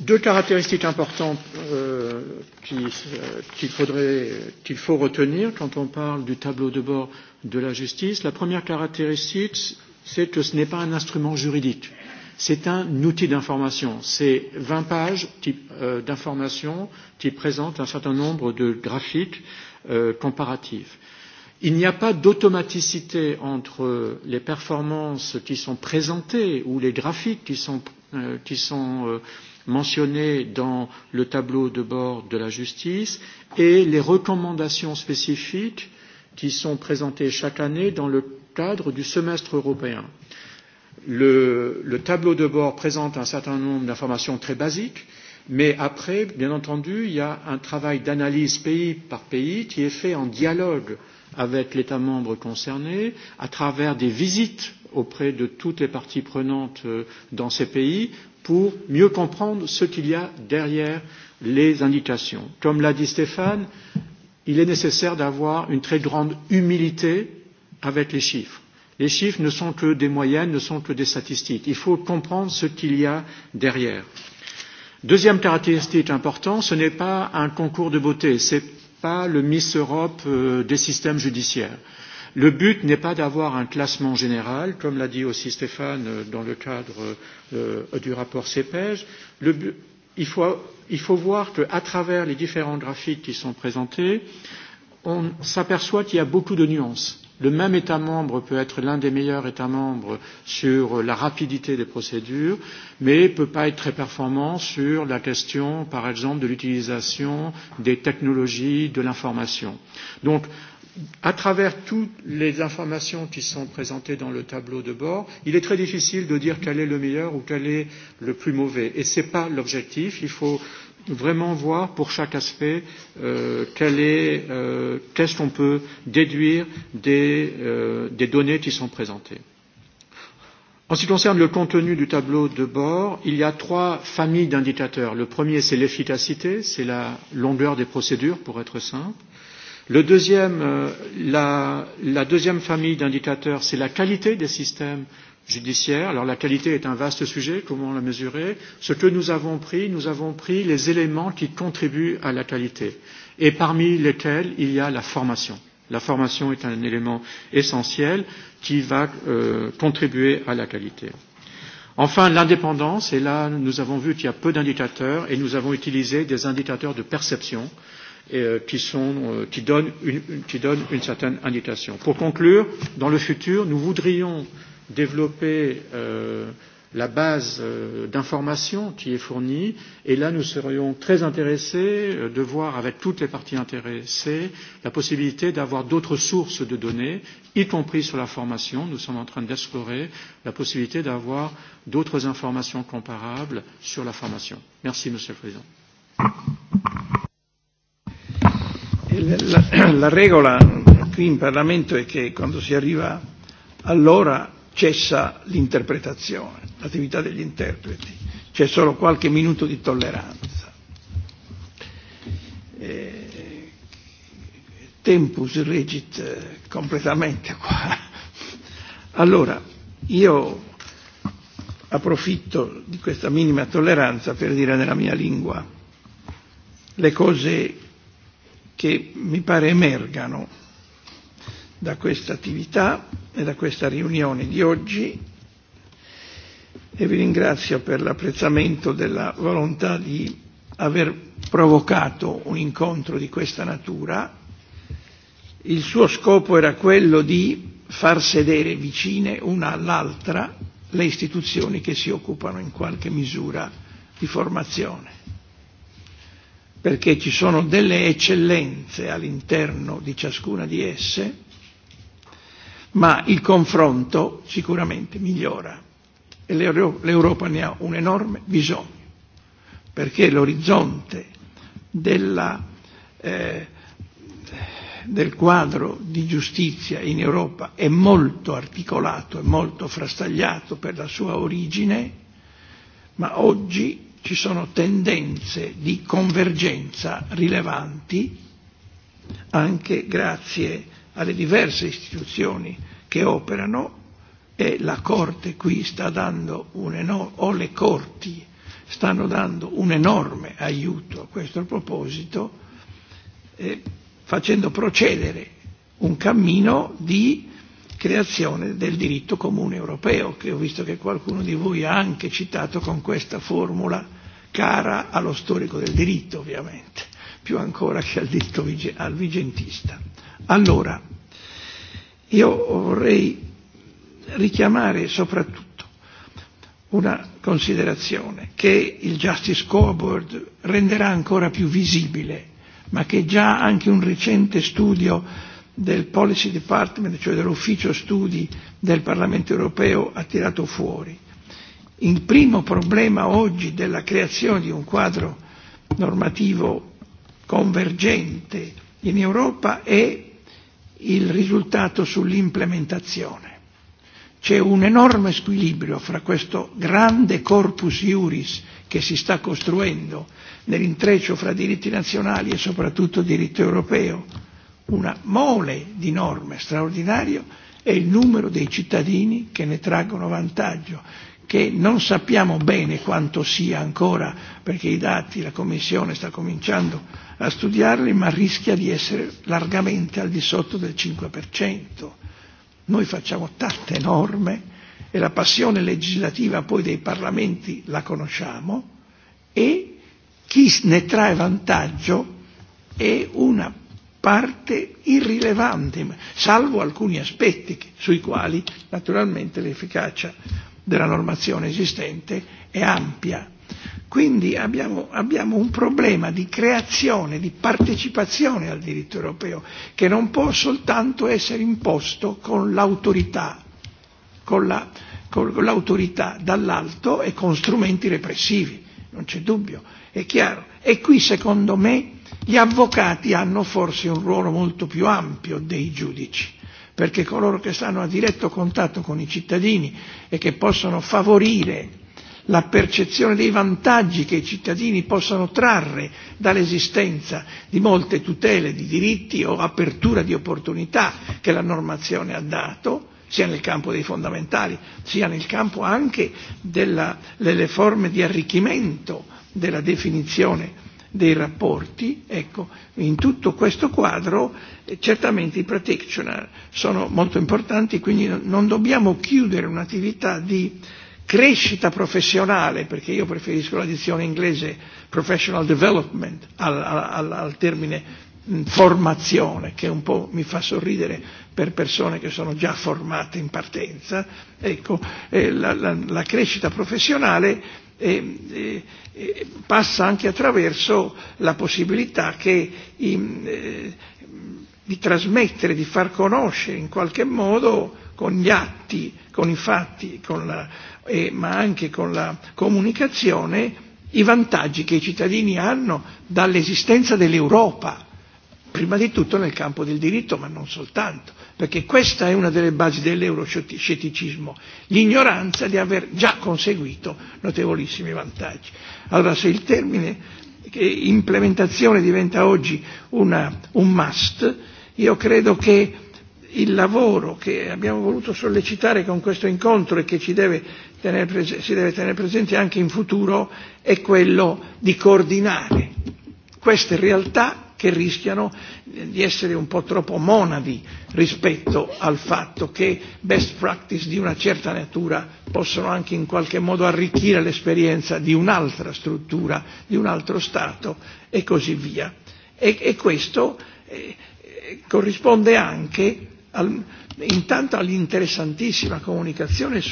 Speaker 22: Deux caractéristiques importantes qu'il faut retenir quand on parle du tableau de bord de la justice. La première caractéristique, c'est que ce n'est pas un instrument juridique. C'est un outil d'information. C'est 20 pages d'informations qui présentent un certain nombre de graphiques comparatifs. Il n'y a pas d'automaticité entre les performances qui sont présentées ou les graphiques qui sont, qui sont mentionnés dans le tableau de bord de la justice et les recommandations spécifiques qui sont présentées chaque année dans le cadre du semestre européen. Le tableau de bord présente un certain nombre d'informations très basiques, mais après, bien entendu, il y a un travail d'analyse pays par pays qui est fait en dialogue avec l'État membre concerné, à travers des visites auprès de toutes les parties prenantes dans ces pays, pour mieux comprendre ce qu'il y a derrière les indications. Comme l'a dit Stéphane, il est nécessaire d'avoir une très grande humilité avec les chiffres. Les chiffres ne sont que des moyennes, ne sont que des statistiques. Il faut comprendre ce qu'il y a derrière. Deuxième caractéristique importante, ce n'est pas un concours de beauté, ce n'est pas le Miss Europe des systèmes judiciaires. Le but n'est pas d'avoir un classement général, comme l'a dit aussi Stéphane dans le cadre du rapport CEPEJ. Il faut voir qu'à travers les différents graphiques qui sont présentés, on s'aperçoit qu'il y a beaucoup de nuances Le même État membre peut être l'un des meilleurs États membres sur la rapidité des procédures, mais ne peut pas être très performant sur la question, par exemple, de l'utilisation des technologies de l'information. Donc, à travers toutes les informations qui sont présentées dans le tableau de bord, il est très difficile de dire quel est le meilleur ou quel est le plus mauvais. Et ce n'est pas l'objectif. Il faut vraiment voir pour chaque aspect quel est qu'est-ce qu'on peut déduire des des données qui sont présentées. En ce qui concerne le contenu du tableau de bord, il y a trois familles d'indicateurs. Le premier, c'est l'efficacité, c'est la longueur des procédures, pour être simple. Le deuxième, la, la deuxième famille d'indicateurs, c'est la qualité des systèmes judiciaire. Alors la qualité est un vaste sujet, comment la mesurer Ce que nous avons pris, nous avons pris les éléments qui contribuent à la qualité, et parmi lesquels il y a la formation. La formation est un élément essentiel qui va contribuer à la qualité. Enfin, l'indépendance, et là nous avons vu qu'il y a peu d'indicateurs, et nous avons utilisé des indicateurs de perception qui sont qui, donnent une, qui donnent une certaine indication. Pour conclure, dans le futur, nous voudrions développer la base d'information qui est fournie et là nous serions très intéressés de voir avec toutes les parties intéressées la possibilité d'avoir d'autres sources de données y compris sur la formation nous sommes en train d'explorer la possibilité d'avoir d'autres informations comparables sur la formation merci monsieur le président
Speaker 1: la règle qui in Parlamento è che quando si arriva all'ora cessa l'interpretazione, l'attività degli interpreti, c'è solo qualche minuto di tolleranza. tempus regit completamente qua. Allora, io approfitto di questa minima tolleranza per dire nella mia lingua le cose che mi pare emergano da questa attività e da questa riunione di oggi e vi ringrazio per l'apprezzamento della volontà di aver provocato un incontro di questa natura. Il suo scopo era quello di far sedere vicine una all'altra le istituzioni che si occupano in qualche misura di formazione, perché ci sono delle eccellenze all'interno di ciascuna di esse ma il confronto sicuramente migliora e l'Europa ne ha un enorme bisogno perché l'orizzonte della del quadro di giustizia in Europa è molto articolato e molto frastagliato per la sua origine, ma oggi ci sono tendenze di convergenza rilevanti anche grazie alle diverse istituzioni che operano e la Corte qui sta dando un enorme o le Corti stanno dando un enorme aiuto a questo proposito facendo procedere un cammino di creazione del diritto comune europeo che ho visto che qualcuno di voi ha anche citato con questa formula cara allo storico del diritto ovviamente più ancora che al diritto al vigentista. Allora Io vorrei richiamare soprattutto una considerazione che il Justice Scoreboard renderà ancora più visibile, ma che già anche un recente studio del Policy Department, cioè dell'ufficio studi del Parlamento europeo, ha tirato fuori. Il primo problema oggi della creazione di un quadro normativo convergente in Europa è il risultato sull'implementazione. C'è un enorme squilibrio fra questo grande corpus iuris che si sta costruendo nell'intreccio fra diritti nazionali e soprattutto diritto europeo, una mole di norme straordinario, e il numero dei cittadini che ne traggono vantaggio, che non sappiamo bene quanto sia ancora perché i dati la Commissione sta cominciando a studiarli ma rischia di essere largamente al di sotto del 5%. Noi facciamo tante norme e la passione legislativa poi dei parlamenti la conosciamo e chi ne trae vantaggio è una parte irrilevante, salvo alcuni aspetti sui quali naturalmente l'efficacia della normazione esistente è ampia. Quindi abbiamo un problema di creazione, di partecipazione al diritto europeo che non può soltanto essere imposto con l'autorità dall'alto e con strumenti repressivi, non c'è dubbio, è chiaro. E qui secondo me gli avvocati hanno forse un ruolo molto più ampio dei giudici perché coloro che stanno a diretto contatto con i cittadini e che possono favorire la percezione dei vantaggi che i cittadini possono trarre dall'esistenza di molte tutele di diritti o apertura di opportunità che la normazione ha dato, sia nel campo dei fondamentali, sia nel campo anche delle forme di arricchimento della definizione dei rapporti, ecco, in tutto questo quadro certamente i protection sono molto importanti, quindi non dobbiamo chiudere un'attività di crescita professionale, perché io preferisco la dizione inglese professional development al termine formazione che un po' mi fa sorridere per persone che sono già formate in partenza, ecco, la crescita professionale e passa anche attraverso la possibilità che di trasmettere, di far conoscere in qualche modo con gli atti, con i fatti, con la, ma anche con la comunicazione i vantaggi che i cittadini hanno dall'esistenza dell'Europa prima di tutto nel campo del diritto, ma non soltanto, perché questa è una delle basi dell'euroscetticismo, l'ignoranza di aver già conseguito notevolissimi vantaggi. Allora se il termine implementazione diventa oggi una, un must, io credo che il lavoro che abbiamo voluto sollecitare con questo incontro e che ci deve tenere si deve tenere presente anche in futuro è quello di coordinare queste realtà che rischiano di essere un po' troppo monadi rispetto al fatto che best practice di una certa natura possono anche in qualche modo arricchire l'esperienza di un'altra struttura, di un altro Stato e così via. E questo corrisponde anche intanto all'interessantissima comunicazione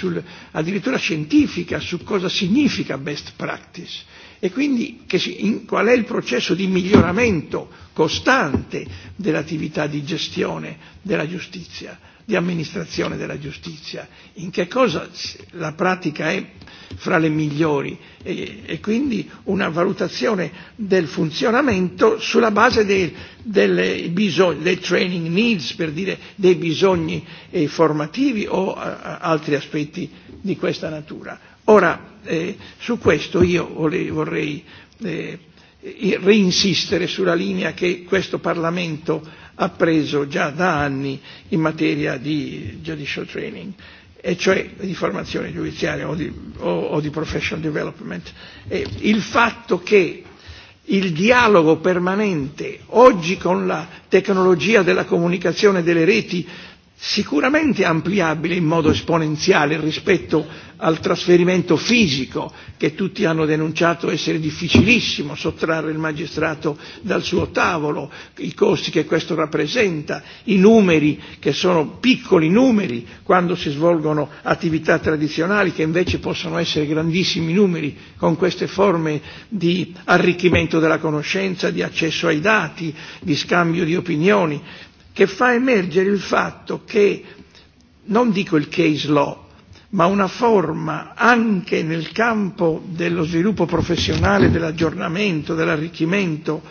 Speaker 1: addirittura scientifica su cosa significa best practice E quindi che in, qual è il processo di miglioramento costante dell'attività di gestione della giustizia, di amministrazione della giustizia, in che cosa la pratica è fra le migliori e, quindi una valutazione del funzionamento sulla base dei, delle dei training needs, per dire dei bisogni eh, formativi o altri aspetti di questa natura Ora, su questo io vorrei reinsistere sulla linea che questo Parlamento ha preso già da anni in materia di judicial training e cioè di formazione giudiziaria o di, o, di professional development. E il fatto che il dialogo permanente oggi con la tecnologia della comunicazione delle reti sicuramente ampliabile in modo esponenziale rispetto al trasferimento fisico che tutti hanno denunciato essere difficilissimo sottrarre il magistrato dal suo tavolo, i costi che questo rappresenta, i numeri che sono piccoli numeri quando si svolgono attività tradizionali che invece possono essere grandissimi numeri con queste forme di arricchimento della conoscenza, di accesso ai dati, di scambio di opinioni che fa emergere il fatto che non dico il case law ma una forma anche nel campo dello sviluppo professionale, dell'aggiornamento, dell'arricchimento,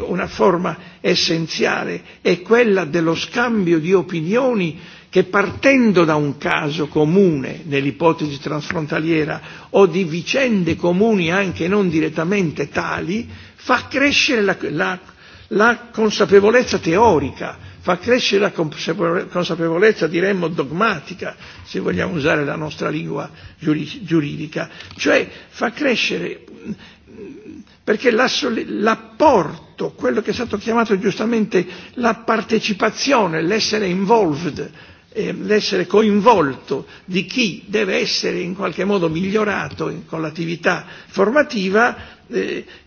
Speaker 1: una forma essenziale è quella dello scambio di opinioni che partendo da un caso comune nell'ipotesi transfrontaliera o di vicende comuni anche non direttamente tali, fa crescere la consapevolezza teorica fa crescere la consapevolezza, diremmo dogmatica, se vogliamo usare la nostra lingua giuridica, cioè fa crescere perché l'apporto, quello che è stato chiamato giustamente la partecipazione, l'essere involved, l'essere coinvolto di chi deve essere in qualche modo migliorato con l'attività formativa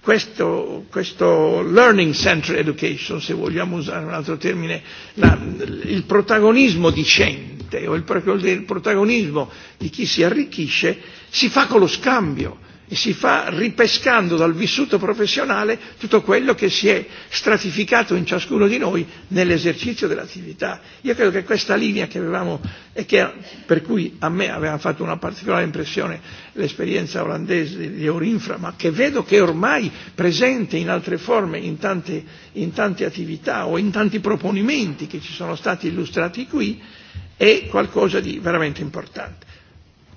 Speaker 1: questo, questo learning center education, se vogliamo usare un altro termine, la, il protagonismo dicente o il, il protagonismo di chi si arricchisce si fa con lo scambio si fa ripescando dal vissuto professionale tutto quello che si è stratificato in ciascuno di noi nell'esercizio dell'attività. Io credo che questa linea che avevamo e che per cui a me aveva fatto una particolare impressione l'esperienza olandese di Eurinfra, ma che vedo che è ormai presente in altre forme, in tante, in tante attività o in tanti proponimenti che ci sono stati illustrati qui, è qualcosa di veramente importante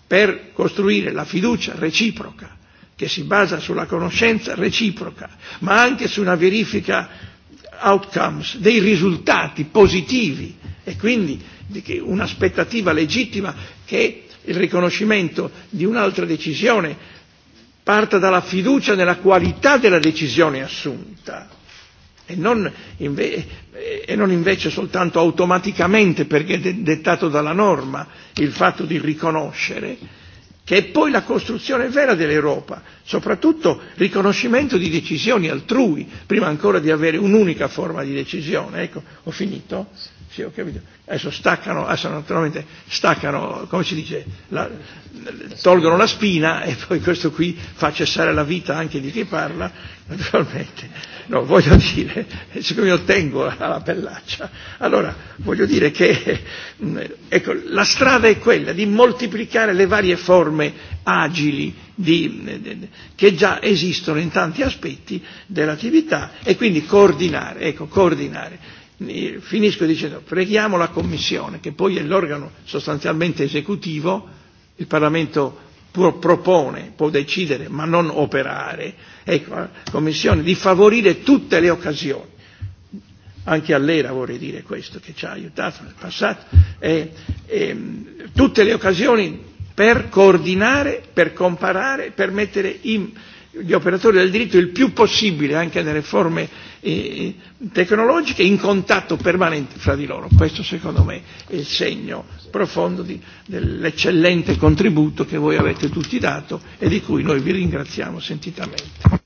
Speaker 1: per costruire la fiducia reciproca che si basa sulla conoscenza reciproca, ma anche su una verifica outcomes, dei risultati positivi e quindi di un'aspettativa legittima che il riconoscimento di un'altra decisione parta dalla fiducia nella qualità della decisione assunta e non invece soltanto automaticamente perché è dettato dalla norma il fatto di riconoscere, che è poi la costruzione vera dell'Europa, soprattutto riconoscimento di decisioni altrui, prima ancora di avere un'unica forma di decisione. Ecco, ho finito? Sì, ho capito. Adesso staccano, adesso staccano, come si dice, la, tolgono la spina e poi questo qui fa cessare la vita anche di chi parla, naturalmente no, voglio dire, siccome io tengo alla pellaccia, allora voglio dire che ecco, la strada è quella di moltiplicare le varie forme agili di, che già esistono in tanti aspetti dell'attività e quindi coordinare, ecco, coordinare. Finisco dicendo, preghiamo la Commissione, che poi è l'organo sostanzialmente esecutivo, il Parlamento propone, può decidere ma non operare, ecco, la Commissione di favorire tutte le occasioni, anche a vorrei dire questo che ci ha aiutato nel passato, e, tutte le occasioni per coordinare, per comparare, per mettere in gli operatori del diritto il più possibile anche nelle forme tecnologiche in contatto permanente fra di loro. Questo secondo me è il segno profondo dell'eccellente contributo che voi avete tutti dato e di cui noi vi ringraziamo sentitamente.